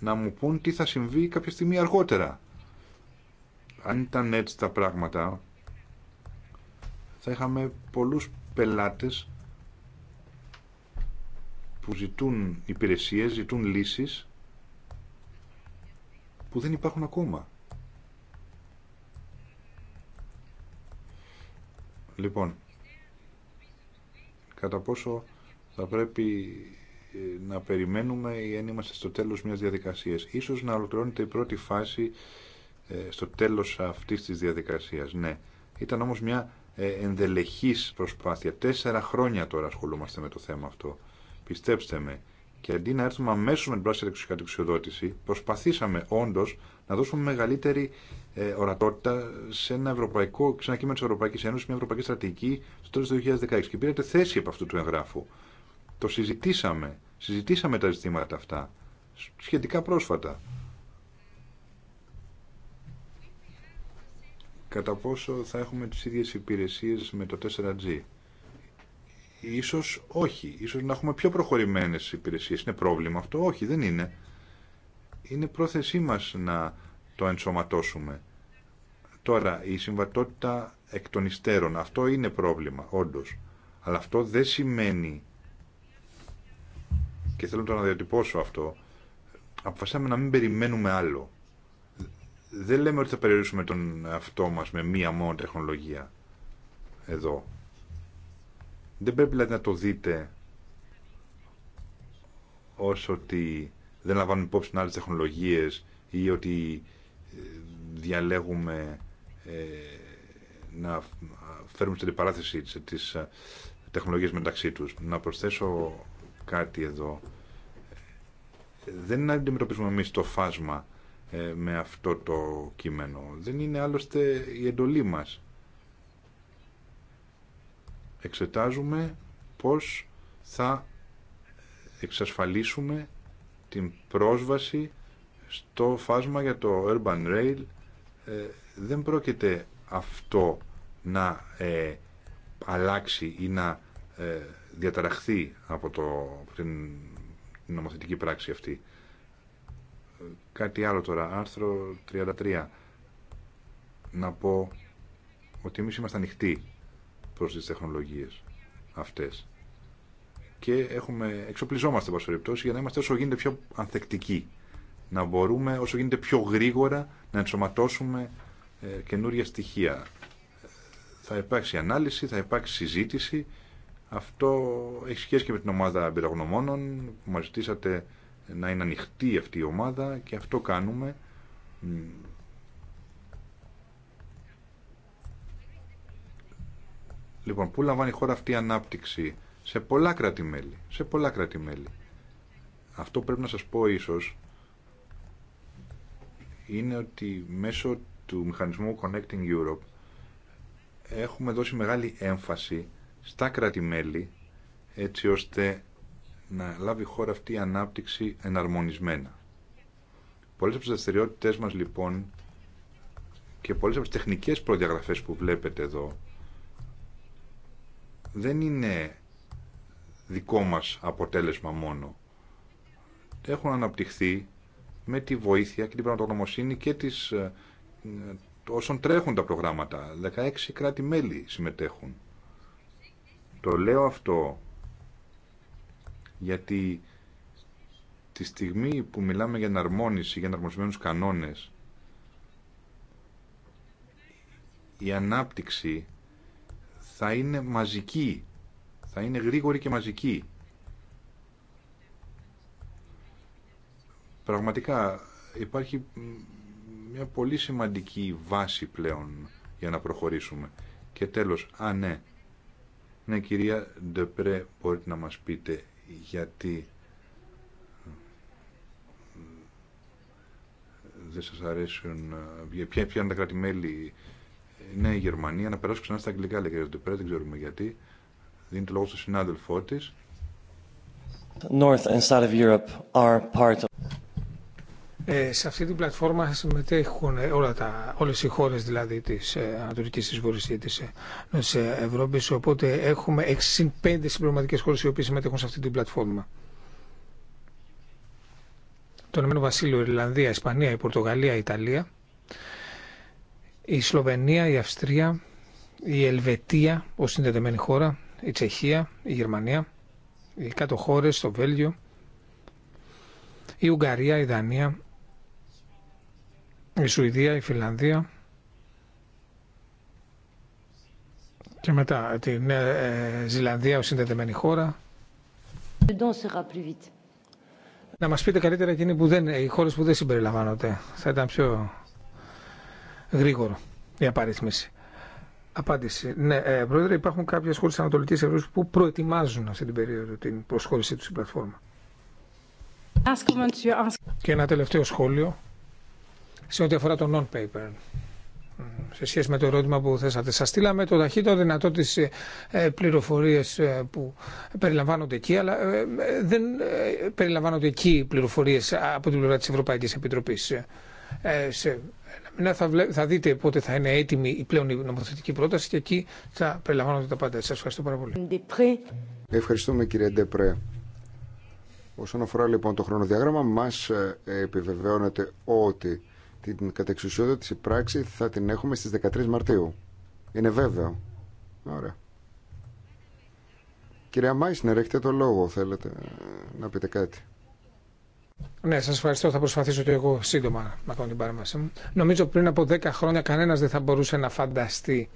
να μου πούν τι θα συμβεί κάποια στιγμή αργότερα. Αν ήταν έτσι τα πράγματα θα είχαμε πολλούς πελάτες που ζητούν υπηρεσίες, ζητούν λύσεις που δεν υπάρχουν ακόμα. Λοιπόν, κατά πόσο θα πρέπει ε, να περιμένουμε ή αν είμαστε στο τέλος μιας διαδικασίας. Ίσως να ολοκληρώνεται η πρώτη φάση ε, στο τέλος αυτής της διαδικασίας. Ναι, ήταν όμως μια ε, ενδελεχής προσπάθεια. Τέσσερα χρόνια τώρα ασχολούμαστε με το θέμα αυτό. Πιστέψτε με. Και αντί να έρθουμε αμέσω με την πράσινη εξουσιακή προσπαθήσαμε όντως να δώσουμε μεγαλύτερη ε, ορατότητα σε ένα ευρωπαϊκό, σε ένα κείμενο τη Ευρωπαϊκή Ένωση, μια ευρωπαϊκή στρατηγική στο τέλο του 2016. Και πήρατε θέση από αυτού του εγγράφου. Το συζητήσαμε. Συζητήσαμε τα ζητήματα αυτά σχετικά πρόσφατα. Κατά πόσο θα έχουμε τις ίδιες υπηρεσίες με το 4G. Ίσως όχι. Ίσως να έχουμε πιο προχωρημένες υπηρεσίες. Είναι πρόβλημα αυτό. Όχι, δεν είναι. Είναι πρόθεσή μας να το ενσωματώσουμε. Τώρα, η συμβατότητα εκ των υστέρων, αυτό είναι πρόβλημα, όντως. Αλλά αυτό δεν σημαίνει, και θέλω να το αναδιατυπώσω αυτό, αποφασίσαμε να μην περιμένουμε άλλο. Δεν λέμε ότι θα περιορίσουμε τον αυτό μας με μία μόνο τεχνολογία εδώ. Δεν πρέπει δηλαδή να το δείτε όσο ότι δεν λαμβάνουν υπόψη άλλες τεχνολογίες ή ότι διαλέγουμε ε, να φέρουμε στην παράθεση της ε, τεχνολογίας μεταξύ τους. Να προσθέσω κάτι εδώ. Δεν αντιμετωπίζουμε εμεί το φάσμα ε, με αυτό το κείμενο. Δεν είναι άλλωστε η εντολή μας. Εξετάζουμε πώς θα εξασφαλίσουμε την πρόσβαση στο φάσμα για το Urban Rail ε, δεν πρόκειται αυτό να ε, αλλάξει ή να ε, διαταραχθεί από, το, την νομοθετική πράξη αυτή. Κάτι άλλο τώρα, άρθρο 33. Να πω ότι εμείς είμαστε ανοιχτοί προς τις τεχνολογίες αυτές και έχουμε, εξοπλιζόμαστε πάση για να είμαστε όσο γίνεται πιο ανθεκτικοί να μπορούμε όσο γίνεται πιο γρήγορα να ενσωματώσουμε ε, καινούρια στοιχεία. Θα υπάρξει ανάλυση, θα υπάρξει συζήτηση. Αυτό έχει σχέση και με την ομάδα εμπειρογνωμόνων που μας ζητήσατε να είναι ανοιχτή αυτή η ομάδα και αυτό κάνουμε. Λοιπόν, πού λαμβάνει η χώρα αυτή η ανάπτυξη σε πολλά κράτη-μέλη. Σε πολλά κράτη-μέλη. Αυτό που λαμβανει η χωρα αυτη η αναπτυξη σε πολλα κρατη μελη σε πολλα κρατη μελη αυτο πρεπει να σας πω ίσως είναι ότι μέσω του μηχανισμού Connecting Europe έχουμε δώσει μεγάλη έμφαση στα κράτη-μέλη έτσι ώστε να λάβει η χώρα αυτή η ανάπτυξη εναρμονισμένα. Πολλές από τις δραστηριότητε μας λοιπόν και πολλές από τις τεχνικές προδιαγραφές που βλέπετε εδώ δεν είναι δικό μας αποτέλεσμα μόνο. Έχουν αναπτυχθεί με τη βοήθεια και την πραγματογνωμοσύνη και τις, ε, όσων τρέχουν τα προγράμματα. 16 κράτη-μέλη συμμετέχουν. Το λέω αυτό γιατί τη στιγμή που μιλάμε για εναρμόνιση, για εναρμονισμένους κανόνες, η ανάπτυξη θα είναι μαζική, θα είναι γρήγορη και μαζική. Πραγματικά υπάρχει μια πολύ σημαντική βάση πλέον για να προχωρήσουμε. Και τέλος, α ναι, ναι κυρία Ντεπρέ μπορείτε να μας πείτε γιατί ε, δεν σας αρέσουν, ε, ποια, είναι τα κρατη ναι η Γερμανία, να περάσω ξανά στα αγγλικά λέει κυρία Ντεπρέ, δεν ξέρουμε γιατί, δίνει το λόγο στον συνάδελφό της. North and South of Europe are part of ε, σε αυτή την πλατφόρμα συμμετέχουν ε, όλα τα, όλες οι χώρες δηλαδή της ε, Ανατολικής, της Βορρής και της, ε, Ευρώπης, οπότε έχουμε 65 συμπληρωματικές χώρες οι οποίες συμμετέχουν σε αυτή την πλατφόρμα. Το Ηνωμένο Βασίλειο, Ιρλανδία, Ισπανία, η Πορτογαλία, η Ιταλία, η Σλοβενία, η Αυστρία, η Ελβετία ως συνδεδεμένη χώρα, η Τσεχία, η Γερμανία, οι κάτω χώρες, το Βέλγιο, η Ουγγαρία, η Δανία, η Σουηδία, η Φιλανδία και μετά τη ε, Ζηλανδία ως συνδεδεμένη χώρα. Να μας πείτε καλύτερα εκείνοι που δεν, οι χώρες που δεν συμπεριλαμβάνονται. Θα ήταν πιο γρήγορο η απαριθμίση. Απάντηση. Ναι, ε, Πρόεδρε, υπάρχουν κάποιε χώρε τη Ανατολική Ευρώπη που προετοιμάζουν αυτή την περίοδο την προσχώρησή του στην πλατφόρμα. Και ένα τελευταίο σχόλιο σε ό,τι αφορά το non-paper σε σχέση με το ερώτημα που θέσατε. Σας στείλαμε το ταχύτερο δυνατό τις ε, ε, πληροφορίες ε, που περιλαμβάνονται εκεί, αλλά δεν περιλαμβάνονται εκεί οι πληροφορίες από την πλευρά της Ευρωπαϊκής Επιτροπής. Σε ναι, θα, δείτε πότε θα είναι έτοιμη η πλέον νομοθετική πρόταση και εκεί θα περιλαμβάνονται τα πάντα. Σας ευχαριστώ πάρα πολύ. Ευχαριστούμε κύριε Ντεπρέ. Όσον αφορά λοιπόν το χρονοδιάγραμμα, μας επιβεβαιώνεται ότι την κατεξουσιοδότηση πράξη θα την έχουμε στις 13 Μαρτίου. Είναι βέβαιο. Ωραία. Κυρία Μάισνερ, έχετε το λόγο, θέλετε να πείτε κάτι. Ναι, σα ευχαριστώ. Θα προσπαθήσω και εγώ σύντομα να κάνω την παρέμβασή μου. Νομίζω πριν από 10 χρόνια κανένα δεν θα μπορούσε να φανταστεί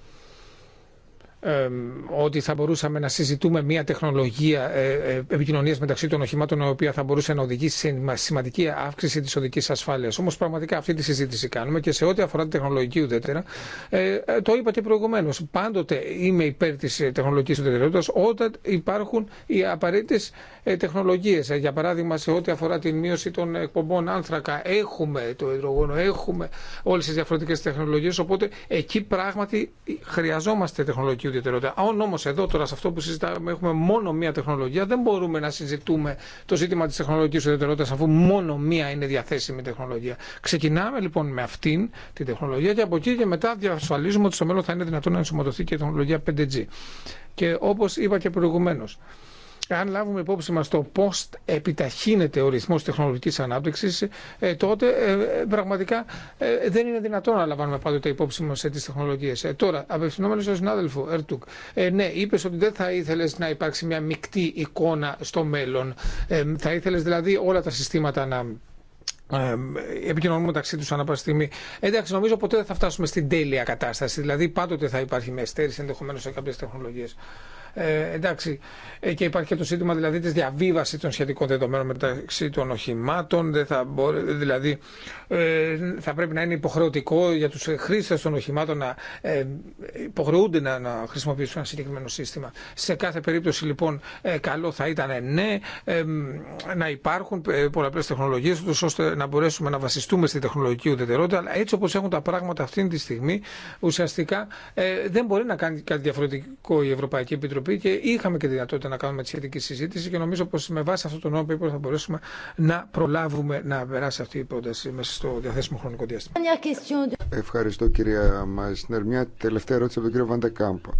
ότι θα μπορούσαμε να συζητούμε μια τεχνολογία ε, ε, επικοινωνία μεταξύ των οχημάτων, η οποία θα μπορούσε να οδηγήσει σε σημαντική αύξηση τη οδική ασφάλεια. Όμω πραγματικά αυτή τη συζήτηση κάνουμε και σε ό,τι αφορά τη τεχνολογική ουδέτερα, ε, το είπα και προηγουμένω. Πάντοτε είμαι υπέρ τη τεχνολογική ουδέτερα, όταν υπάρχουν οι απαραίτητε τεχνολογίε. Για παράδειγμα, σε ό,τι αφορά την μείωση των εκπομπών άνθρακα, έχουμε το υδρογόνο, έχουμε όλε τι διαφορετικέ τεχνολογίε. Οπότε εκεί πράγματι χρειαζόμαστε τεχνολογική ιδιαιτερότητα. Αν όμω εδώ τώρα σε αυτό που συζητάμε έχουμε μόνο μία τεχνολογία, δεν μπορούμε να συζητούμε το ζήτημα τη τεχνολογική ιδιαιτερότητα αφού μόνο μία είναι διαθέσιμη τεχνολογία. Ξεκινάμε λοιπόν με αυτήν την τεχνολογία και από εκεί και μετά διασφαλίζουμε ότι στο μέλλον θα είναι δυνατόν να ενσωματωθεί και η τεχνολογία 5G. Και όπω είπα και προηγουμένω, αν λάβουμε υπόψη μα το πώ επιταχύνεται ο τεχνολογική τεχνολογικής ανάπτυξης, ε, τότε ε, πραγματικά ε, δεν είναι δυνατόν να λαμβάνουμε πάντοτε υπόψη σε τις τεχνολογίες. Τώρα, απευθυνόμενο στον συνάδελφο Ερτούκ, ναι, είπε ότι δεν θα ήθελε να υπάρξει μια μεικτή εικόνα στο μέλλον. Θα ήθελε δηλαδή όλα τα συστήματα να επικοινωνούν μεταξύ του ανά πάση στιγμή. Εντάξει, νομίζω ποτέ δεν θα φτάσουμε στην τέλεια κατάσταση. Δηλαδή, πάντοτε θα υπάρχει μια στέρηση ενδεχομένω σε κάποιε τεχνολογίε. Ε, εντάξει, ε, και υπάρχει και το σύντημα δηλαδή της διαβίβαση των σχετικών δεδομένων μεταξύ των οχημάτων. Δεν θα μπορεί, δηλαδή ε, θα πρέπει να είναι υποχρεωτικό για τους χρήστες των οχημάτων να ε, υποχρεούνται να, να χρησιμοποιήσουν ένα συγκεκριμένο σύστημα. Σε κάθε περίπτωση λοιπόν ε, καλό θα ήταν ναι να υπάρχουν πολλάπλέ τεχνολογίες ώστε να μπορέσουμε να βασιστούμε στη τεχνολογική ουδετερότητα αλλά έτσι όπως έχουν τα πράγματα αυτή τη στιγμή ουσιαστικά δεν μπορεί να κάνει κάτι διαφορετικό η Ευρωπαϊκή Επιτροπή Επιτροπή και είχαμε και τη δυνατότητα να κάνουμε τη σχετική συζήτηση και νομίζω πως με βάση αυτό τον όρο θα μπορέσουμε να προλάβουμε να περάσει αυτή η πρόταση μέσα στο διαθέσιμο χρονικό διάστημα. Ευχαριστώ κυρία Μάισνερ. Μια τελευταία ερώτηση από τον κύριο Βαντεκάμπα.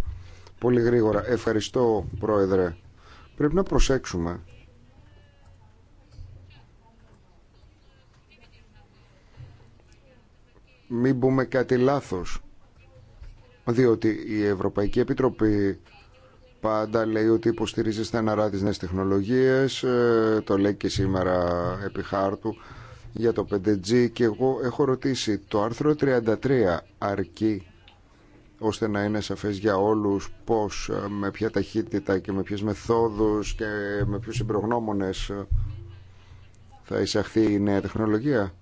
Πολύ γρήγορα. Ευχαριστώ πρόεδρε. Πρέπει να προσέξουμε μην πούμε κάτι λάθος διότι η Ευρωπαϊκή Επιτροπή πάντα λέει ότι υποστηρίζει στεναρά τις νέες τεχνολογίες, ε, το λέει και σήμερα επί χάρτου για το 5G και εγώ έχω ρωτήσει το άρθρο 33 αρκεί ώστε να είναι σαφές για όλους πώς, ε, με ποια ταχύτητα και με ποιες μεθόδους και με ποιους συμπρογνώμονες ε, θα εισαχθεί η νέα τεχνολογία.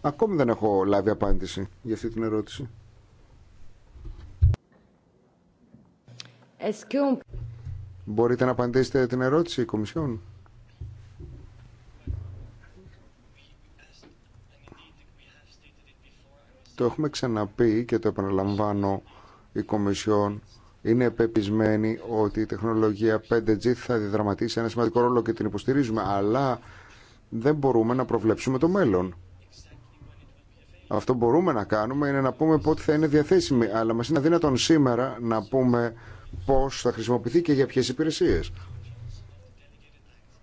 Ακόμη δεν έχω λάβει απάντηση για αυτή την ερώτηση. Μπορείτε να απαντήσετε την ερώτηση, Κομισιόν. Το έχουμε ξαναπεί και το επαναλαμβάνω η Κομισιόν είναι επεπισμένη ότι η τεχνολογία 5G θα διδραματίσει ένα σημαντικό ρόλο και την υποστηρίζουμε, αλλά δεν μπορούμε να προβλέψουμε το μέλλον. Αυτό μπορούμε να κάνουμε είναι να πούμε πότε θα είναι διαθέσιμη, αλλά μας είναι αδύνατον σήμερα να πούμε πώς θα χρησιμοποιηθεί και για ποιες υπηρεσίες.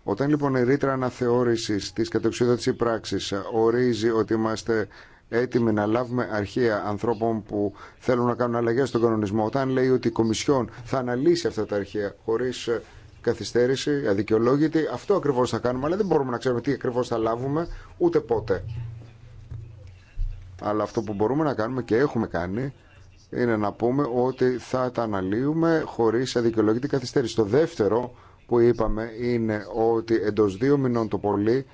Όταν λοιπόν η ρήτρα αναθεώρησης της κατεξοδότησης πράξης ορίζει ότι είμαστε έτοιμοι να λάβουμε αρχεία ανθρώπων που θέλουν να κάνουν αλλαγέ στον κανονισμό, όταν λέει ότι η Κομισιόν θα αναλύσει αυτά τα αρχεία χωρί καθυστέρηση, αδικαιολόγητη, αυτό ακριβώ θα κάνουμε, αλλά δεν μπορούμε να ξέρουμε τι ακριβώ θα λάβουμε, ούτε πότε. Αλλά αυτό που μπορούμε να κάνουμε και έχουμε κάνει είναι να πούμε ότι θα τα αναλύουμε χωρίς αδικαιολόγητη καθυστέρηση. Το δεύτερο που είπαμε είναι ότι εντός δύο μηνών το πολύ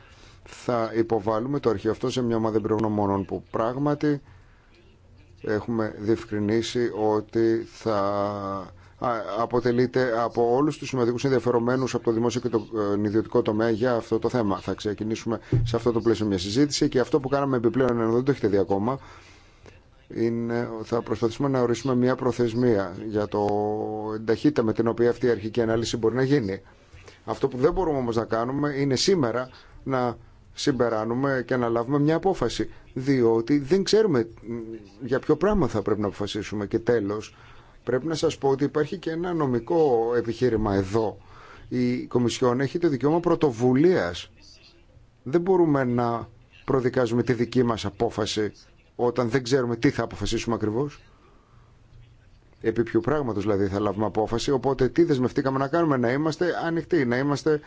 θα υποβάλουμε το αρχείο αυτό σε μια ομάδα εμπειρογνωμόνων που πράγματι έχουμε διευκρινίσει ότι θα αποτελείται από όλους τους σημαντικούς ενδιαφερομένους από το δημόσιο και το ε, ιδιωτικό τομέα για αυτό το θέμα. Θα ξεκινήσουμε σε αυτό το πλαίσιο μια συζήτηση και αυτό που κάναμε επιπλέον, ενώ δεν το έχετε δει ακόμα, είναι, θα προσπαθήσουμε να ορίσουμε μια προθεσμία για το ταχύτητα με την οποία αυτή η αρχική ανάλυση μπορεί να γίνει. Αυτό που δεν μπορούμε όμως να κάνουμε είναι σήμερα να συμπεράνουμε και να λάβουμε μια απόφαση, διότι δεν ξέρουμε για ποιο πράγμα θα πρέπει να αποφασίσουμε. Και τέλος, πρέπει να σας πω ότι υπάρχει και ένα νομικό επιχείρημα εδώ. Η Κομισιόν έχει το δικαίωμα πρωτοβουλίας. Δεν μπορούμε να προδικάζουμε τη δική μας απόφαση όταν δεν ξέρουμε τι θα αποφασίσουμε ακριβώ, επί ποιου πράγματο δηλαδή θα λάβουμε απόφαση. Οπότε τι δεσμευτήκαμε να κάνουμε, να είμαστε ανοιχτοί, να είμαστε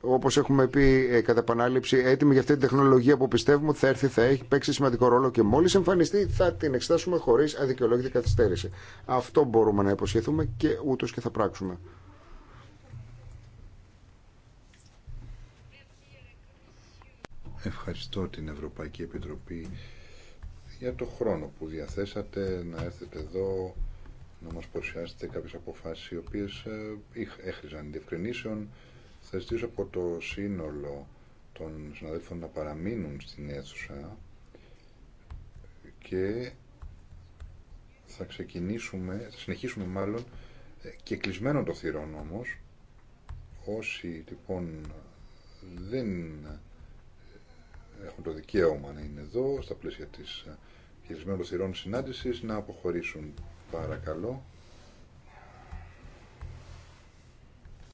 όπω έχουμε πει ε, κατά επανάληψη, έτοιμοι για αυτή την τεχνολογία που πιστεύουμε ότι θα έρθει, θα έχει παίξει σημαντικό ρόλο και μόλι εμφανιστεί θα την εξετάσουμε χωρί αδικαιολόγητη καθυστέρηση. Αυτό μπορούμε να υποσχεθούμε και ούτω και θα πράξουμε. Ευχαριστώ την Ευρωπαϊκή Επιτροπή για το χρόνο που διαθέσατε να έρθετε εδώ να μας παρουσιάσετε κάποιες αποφάσεις οι οποίες ε, έχριζαν διευκρινήσεων. Θα ζητήσω από το σύνολο των συναδέλφων να παραμείνουν στην αίθουσα και θα ξεκινήσουμε, θα συνεχίσουμε μάλλον ε, και κλεισμένο το θυρών όμως όσοι λοιπόν δεν έχουν το δικαίωμα να είναι εδώ στα πλαίσια της ε, χειρισμένων θυρών συνάντησης να αποχωρήσουν παρακαλώ.